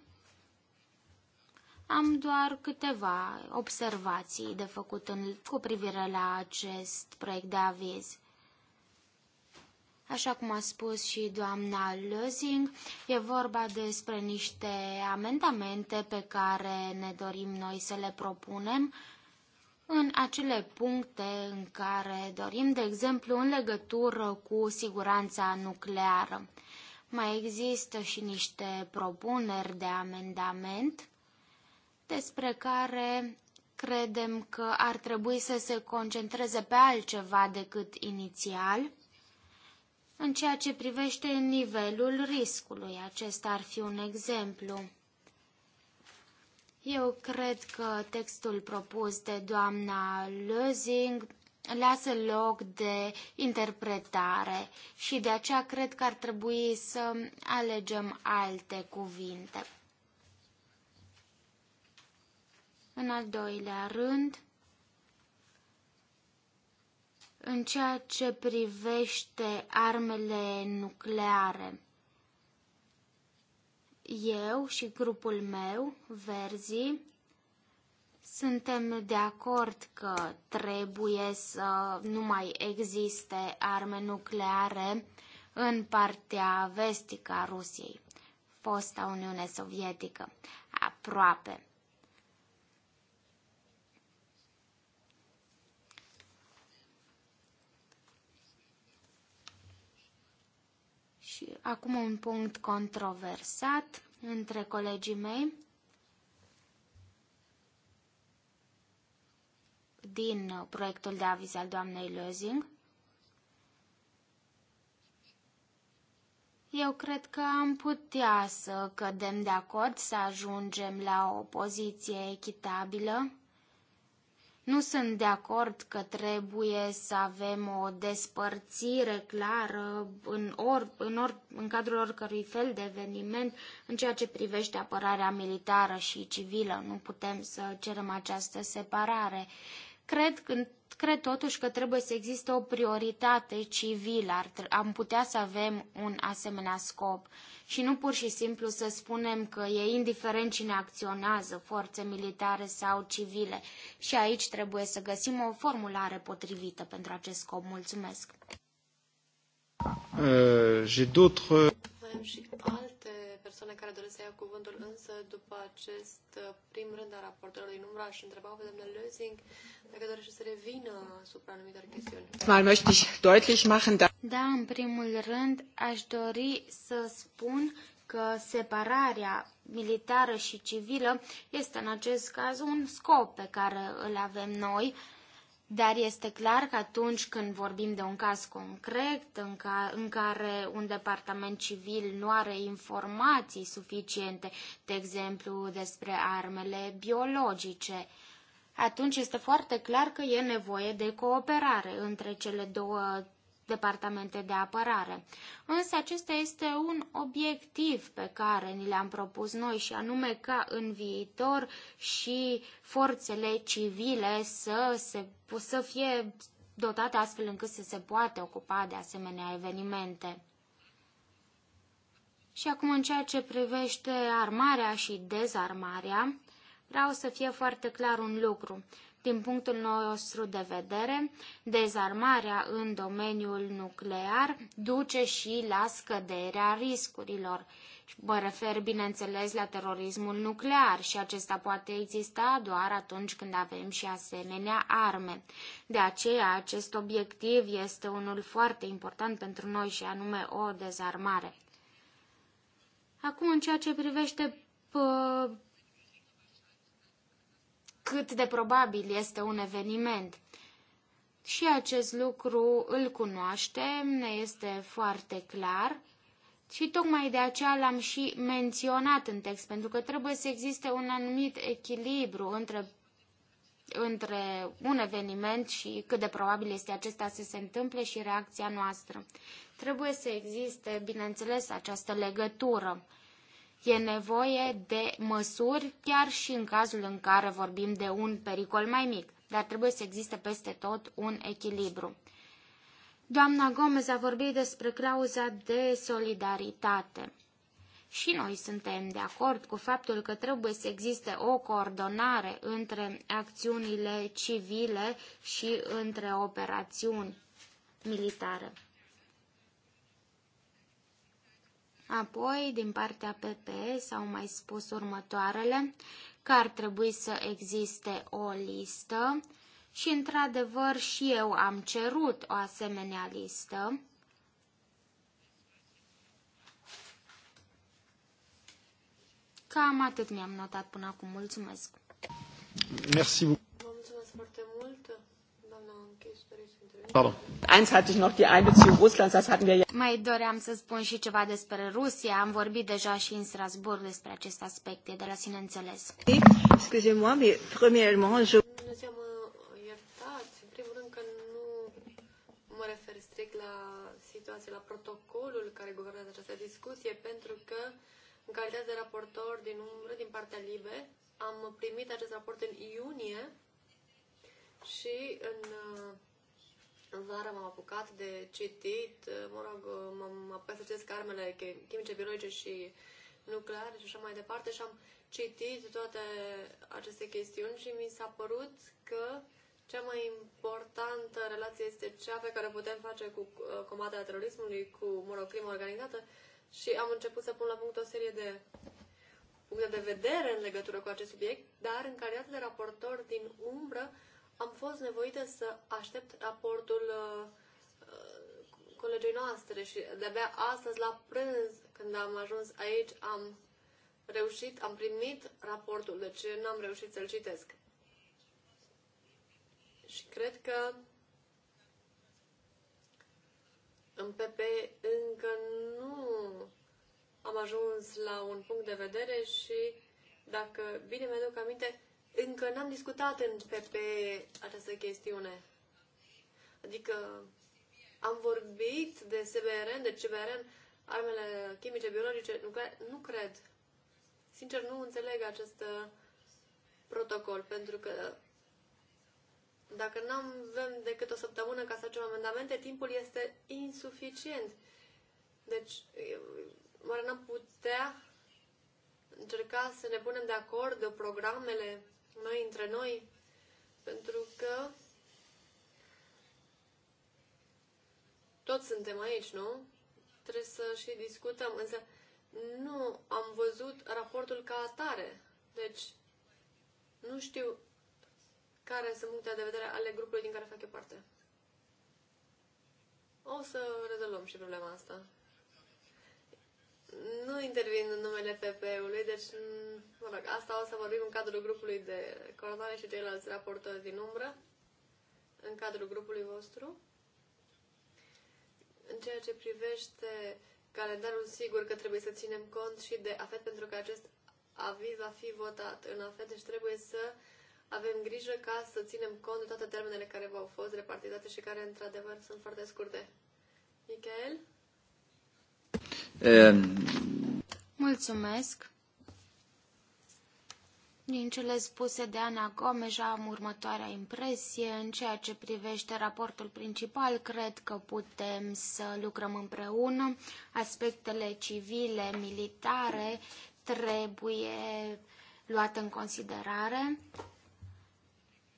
am doar câteva observații de făcut în, cu privire la acest proiect de aviz. Așa cum a spus și doamna Lözing, e vorba despre niște amendamente pe care ne dorim noi să le propunem în acele puncte în care dorim, de exemplu, în legătură cu siguranța nucleară. Mai există și niște propuneri de amendament despre care credem că ar trebui să se concentreze pe altceva decât inițial, în ceea ce privește nivelul riscului. Acesta ar fi un exemplu. Eu cred că textul propus de doamna Lözing lasă loc de interpretare și de aceea cred că ar trebui să alegem alte cuvinte În al doilea rând, în ceea ce privește armele nucleare, eu și grupul meu, Verzi, suntem de acord că trebuie să nu mai existe arme nucleare în partea vestică a Rusiei, fosta Uniune Sovietică, aproape. Și acum un punct controversat între colegii mei din proiectul de aviz al doamnei Lozing. Eu cred că am putea să cădem de acord să ajungem la o poziție echitabilă. Nu sunt de acord că trebuie să avem o despărțire clară în, or, în, or, în cadrul oricărui fel de eveniment în ceea ce privește apărarea militară și civilă. Nu putem să cerem această separare. Cred că Cred totuși că trebuie să existe o prioritate civilă, am putea să avem un asemenea scop și nu pur și simplu să spunem că e indiferent cine acționează, forțe militare sau civile. Și aici trebuie să găsim o formulare potrivită pentru acest scop. Mulțumesc! Uh, J'ai d'autres persoane care doresc să ia cuvântul, însă după acest uh, prim rând al raportului, în umbra și întreba pe doamna Lösing dacă dorește să revină asupra anumitor chestiuni. da... da, în primul rând aș dori să spun că separarea militară și civilă este în acest caz un scop pe care îl avem noi dar este clar că atunci când vorbim de un caz concret în, ca, în care un departament civil nu are informații suficiente, de exemplu despre armele biologice, atunci este foarte clar că e nevoie de cooperare între cele două departamente de apărare. Însă acesta este un obiectiv pe care ni l-am propus noi și anume ca în viitor și forțele civile să, se, să fie dotate astfel încât să se poată ocupa de asemenea evenimente. Și acum în ceea ce privește armarea și dezarmarea, vreau să fie foarte clar un lucru. Din punctul nostru de vedere, dezarmarea în domeniul nuclear duce și la scăderea riscurilor. Mă refer, bineînțeles, la terorismul nuclear și acesta poate exista doar atunci când avem și asemenea arme. De aceea, acest obiectiv este unul foarte important pentru noi și anume o dezarmare. Acum, în ceea ce privește cât de probabil este un eveniment. Și acest lucru îl cunoaștem, ne este foarte clar și tocmai de aceea l-am și menționat în text, pentru că trebuie să existe un anumit echilibru între, între un eveniment și cât de probabil este acesta să se întâmple și reacția noastră. Trebuie să existe, bineînțeles, această legătură. E nevoie de măsuri chiar și în cazul în care vorbim de un pericol mai mic, dar trebuie să existe peste tot un echilibru. Doamna Gomez a vorbit despre clauza de solidaritate. Și noi suntem de acord cu faptul că trebuie să existe o coordonare între acțiunile civile și între operațiuni militare. Apoi, din partea PPE, s-au mai spus următoarele, că ar trebui să existe o listă și, într-adevăr, și eu am cerut o asemenea listă. Cam atât mi-am notat până acum. Mulțumesc! Merci. mulțumesc foarte Eins hatte ich noch die Einbeziehung Russlands, das hatten wir Mai doream să spun și ceva despre Rusia. Am vorbit deja și în Strasbourg despre acest aspect, e de la sine înțeles. că nu mă refer strict la situație, la protocolul care guvernează această discuție, pentru că în calitate de raportor din umbră, din partea LIBE, am primit acest raport în iunie și în uh, în vară m-am apucat de citit, mă rog, m-am apucat să citesc armele chimice, biologice și nucleare și așa mai departe și am citit toate aceste chestiuni și mi s-a părut că cea mai importantă relație este cea pe care o putem face cu uh, combaterea terorismului, cu, mă rog, crima organizată și am început să pun la punct o serie de puncte de vedere în legătură cu acest subiect, dar în calitate de raportor din umbră am fost nevoită să aștept raportul uh, uh, colegii noastre și de-abia astăzi la prânz, când am ajuns aici, am reușit, am primit raportul, deci n-am reușit să-l citesc. Și cred că în PP încă nu am ajuns la un punct de vedere și, dacă bine mi-aduc aminte, încă n-am discutat în pe pe această chestiune. Adică am vorbit de SBRN, de CBRN, armele chimice, biologice, nucleare. Nu cred. Sincer, nu înțeleg acest uh, protocol, pentru că dacă nu avem decât o săptămână ca să facem amendamente, timpul este insuficient. Deci, oare n-am putea încerca să ne punem de acord de programele noi între noi, pentru că toți suntem aici, nu? Trebuie să și discutăm, însă nu am văzut raportul ca atare. Deci, nu știu care sunt punctele de vedere ale grupului din care fac eu parte. O să rezolvăm și problema asta. Nu intervin în numele PP-ului, deci, mă rog, asta o să vorbim în cadrul grupului de coordonare și ceilalți raportori din umbră, în cadrul grupului vostru. În ceea ce privește calendarul, sigur că trebuie să ținem cont și de AFET, pentru că acest aviz va fi votat în AFET, deci trebuie să avem grijă ca să ținem cont de toate termenele care v-au fost repartizate și care, într-adevăr, sunt foarte scurte. Michael? Ehm, Mulțumesc. Din cele spuse de Ana Gomes am următoarea impresie. În ceea ce privește raportul principal, cred că putem să lucrăm împreună. Aspectele civile, militare trebuie luate în considerare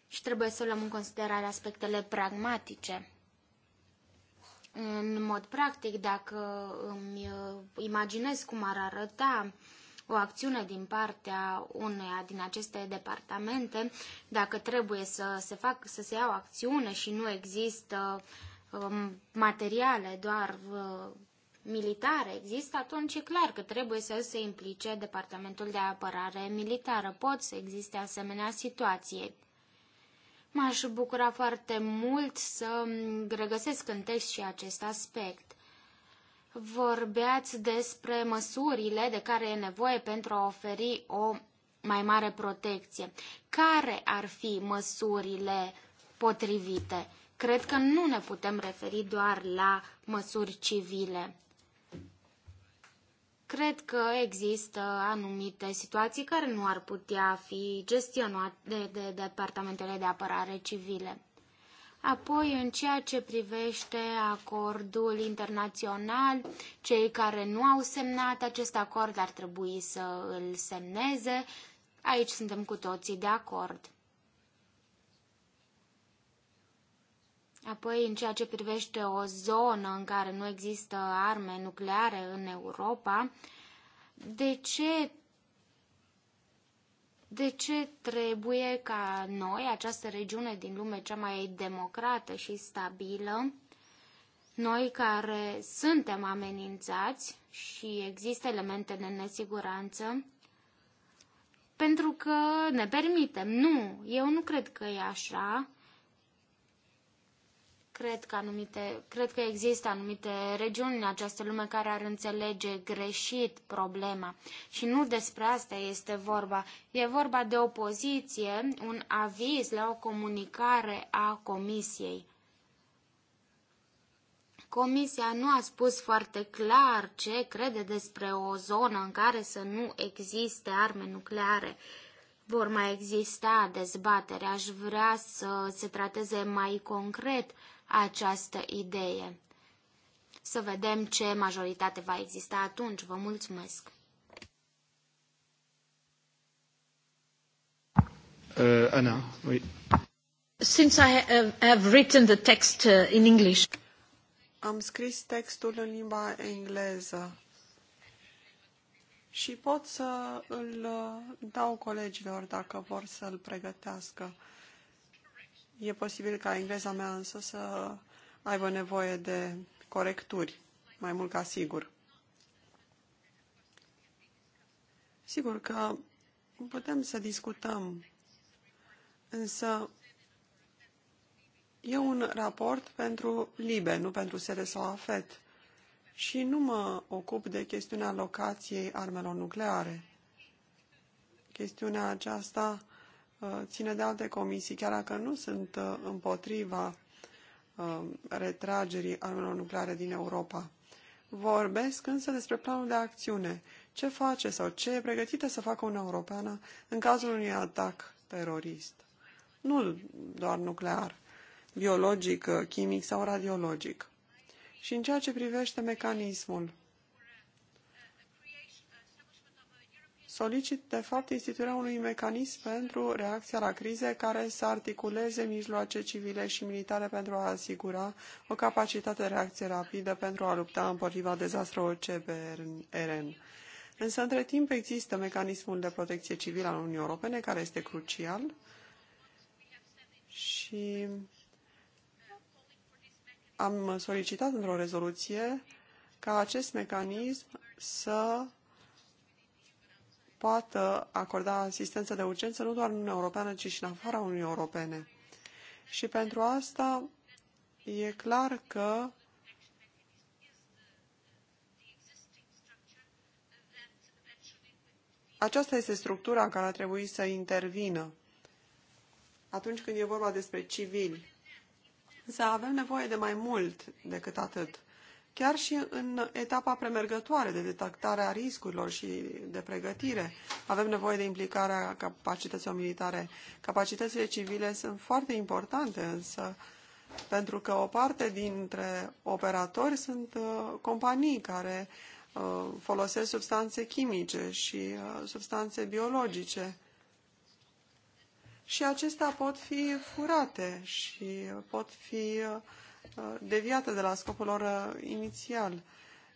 și trebuie să luăm în considerare aspectele pragmatice. În mod practic, dacă îmi uh, imaginez cum ar arăta o acțiune din partea uneia din aceste departamente, dacă trebuie să se, fac, să se ia o acțiune și nu există um, materiale, doar uh, militare există, atunci e clar că trebuie să se implice Departamentul de Apărare Militară. Pot să existe asemenea situații. M-aș bucura foarte mult să regăsesc în text și acest aspect. Vorbeați despre măsurile de care e nevoie pentru a oferi o mai mare protecție. Care ar fi măsurile potrivite? Cred că nu ne putem referi doar la măsuri civile. Cred că există anumite situații care nu ar putea fi gestionate de, de departamentele de apărare civile. Apoi, în ceea ce privește acordul internațional, cei care nu au semnat acest acord ar trebui să îl semneze. Aici suntem cu toții de acord. Apoi, în ceea ce privește o zonă în care nu există arme nucleare în Europa, de ce, de ce trebuie ca noi, această regiune din lume cea mai democrată și stabilă, noi care suntem amenințați și există elemente de nesiguranță, pentru că ne permitem. Nu, eu nu cred că e așa. Cred că, anumite, cred că există anumite regiuni în această lume care ar înțelege greșit problema. Și nu despre asta este vorba. E vorba de o poziție, un aviz la o comunicare a Comisiei. Comisia nu a spus foarte clar ce crede despre o zonă în care să nu existe arme nucleare. Vor mai exista dezbatere, aș vrea să se trateze mai concret această idee. Să vedem ce majoritate va exista atunci. Vă mulțumesc! Uh, Ana, oui. Since I uh, have written the text uh, in English. Am scris textul în limba engleză și pot să îl uh, dau colegilor dacă vor să-l pregătească. E posibil ca engleza mea însă să aibă nevoie de corecturi, mai mult ca sigur. Sigur că putem să discutăm, însă e un raport pentru LIBE, nu pentru SEDE sau AFET și nu mă ocup de chestiunea locației armelor nucleare. Chestiunea aceasta Uh, ține de alte comisii, chiar dacă nu sunt uh, împotriva uh, retragerii armelor nucleare din Europa. Vorbesc însă despre planul de acțiune. Ce face sau ce e pregătită să facă Uniunea Europeană în cazul unui atac terorist? Nu doar nuclear, biologic, chimic sau radiologic. Și în ceea ce privește mecanismul, solicit, de fapt, instituirea unui mecanism pentru reacția la crize care să articuleze mijloace civile și militare pentru a asigura o capacitate de reacție rapidă pentru a lupta împotriva dezastrelor CBRN. Însă, între timp, există mecanismul de protecție civilă al Uniunii Europene, care este crucial și am solicitat într-o rezoluție ca acest mecanism să poată acorda asistență de urgență nu doar în Uniunea Europeană, ci și în afara Uniunii Europene. Și pentru asta e clar că aceasta este structura care ar trebui să intervină atunci când e vorba despre civili. Însă avem nevoie de mai mult decât atât chiar și în etapa premergătoare de detectare a riscurilor și de pregătire. Avem nevoie de implicarea capacităților militare. Capacitățile civile sunt foarte importante, însă, pentru că o parte dintre operatori sunt uh, companii care uh, folosesc substanțe chimice și uh, substanțe biologice. Și acestea pot fi furate și pot fi uh, Uh, deviate de la scopul lor uh, inițial.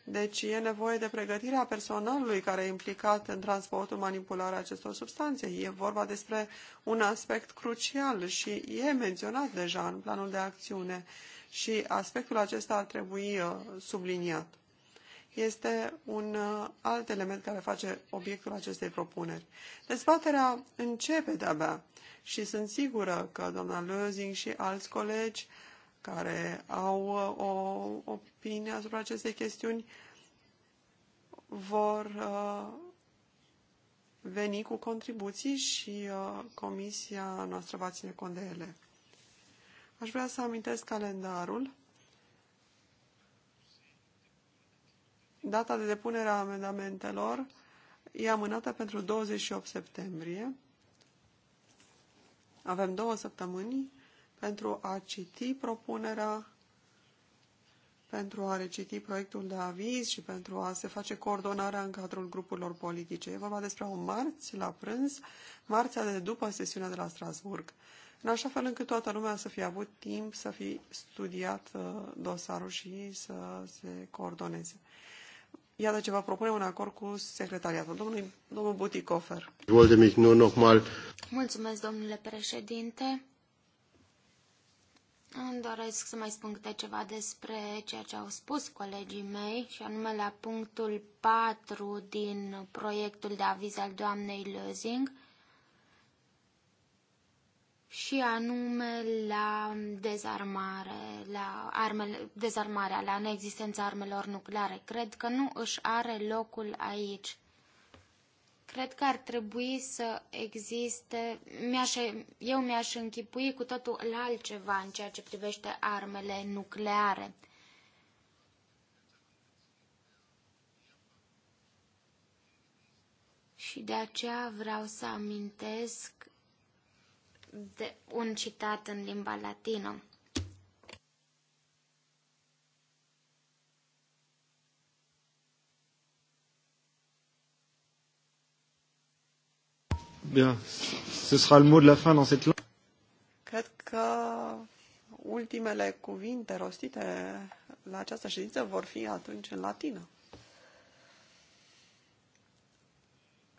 Deci e nevoie de pregătirea personalului care e implicat în transportul, manipularea acestor substanțe. E vorba despre un aspect crucial și e menționat deja în planul de acțiune și aspectul acesta ar trebui uh, subliniat. Este un alt element care face obiectul acestei propuneri. Dezbaterea începe de-abia și sunt sigură că doamna Lözing și alți colegi care au uh, o opinie asupra acestei chestiuni vor uh, veni cu contribuții și uh, comisia noastră va ține cont de ele. Aș vrea să amintesc calendarul. Data de depunere a amendamentelor e amânată pentru 28 septembrie. Avem două săptămâni pentru a citi propunerea, pentru a reciti proiectul de aviz și pentru a se face coordonarea în cadrul grupurilor politice. E vorba despre o marți la prânz, marțea de după sesiunea de la Strasburg, în așa fel încât toată lumea să fie avut timp să fi studiat uh, dosarul și să se coordoneze. Iată ce vă propunem un acord cu secretariatul. Domnului, domnul Buticofer. Mulțumesc, domnule președinte. Îmi doresc să mai spun câte ceva despre ceea ce au spus colegii mei, și anume la punctul 4 din proiectul de aviz al doamnei Lözing, și anume la dezarmare, la armele, dezarmarea, la neexistența armelor nucleare. Cred că nu își are locul aici. Cred că ar trebui să existe, mi-aș, eu mi-aș închipui cu totul la altceva în ceea ce privește armele nucleare. Și de aceea vreau să amintesc de un citat în limba latină. Bien, ce sera le mot de la fin dans cette langue. Cred că ultimele cuvinte rostite la această ședință vor fi atunci în latină.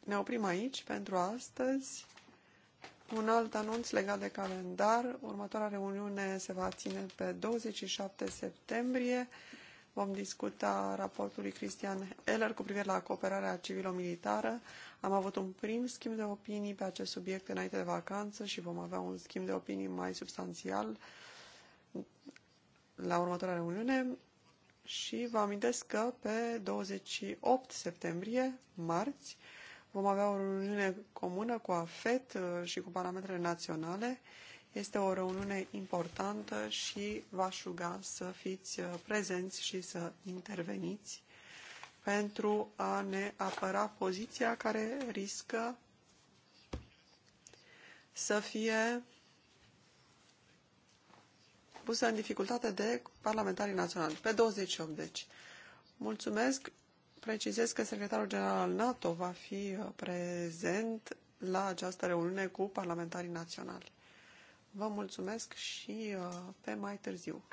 Ne oprim aici pentru astăzi. Un alt anunț legat de calendar. Următoarea reuniune se va ține pe 27 septembrie Vom discuta raportul lui Cristian Eller cu privire la cooperarea civilo-militară. Am avut un prim schimb de opinii pe acest subiect înainte de vacanță și vom avea un schimb de opinii mai substanțial la următoarea reuniune. Și vă amintesc că pe 28 septembrie, marți, vom avea o reuniune comună cu AFET uh, și cu parametrele naționale este o reuniune importantă și v-aș ruga să fiți uh, prezenți și să interveniți pentru a ne apăra poziția care riscă să fie pusă în dificultate de parlamentarii naționali. Pe 28, deci. Mulțumesc. Precizez că secretarul general al NATO va fi uh, prezent la această reuniune cu parlamentarii naționali. Vă mulțumesc și uh, pe mai târziu.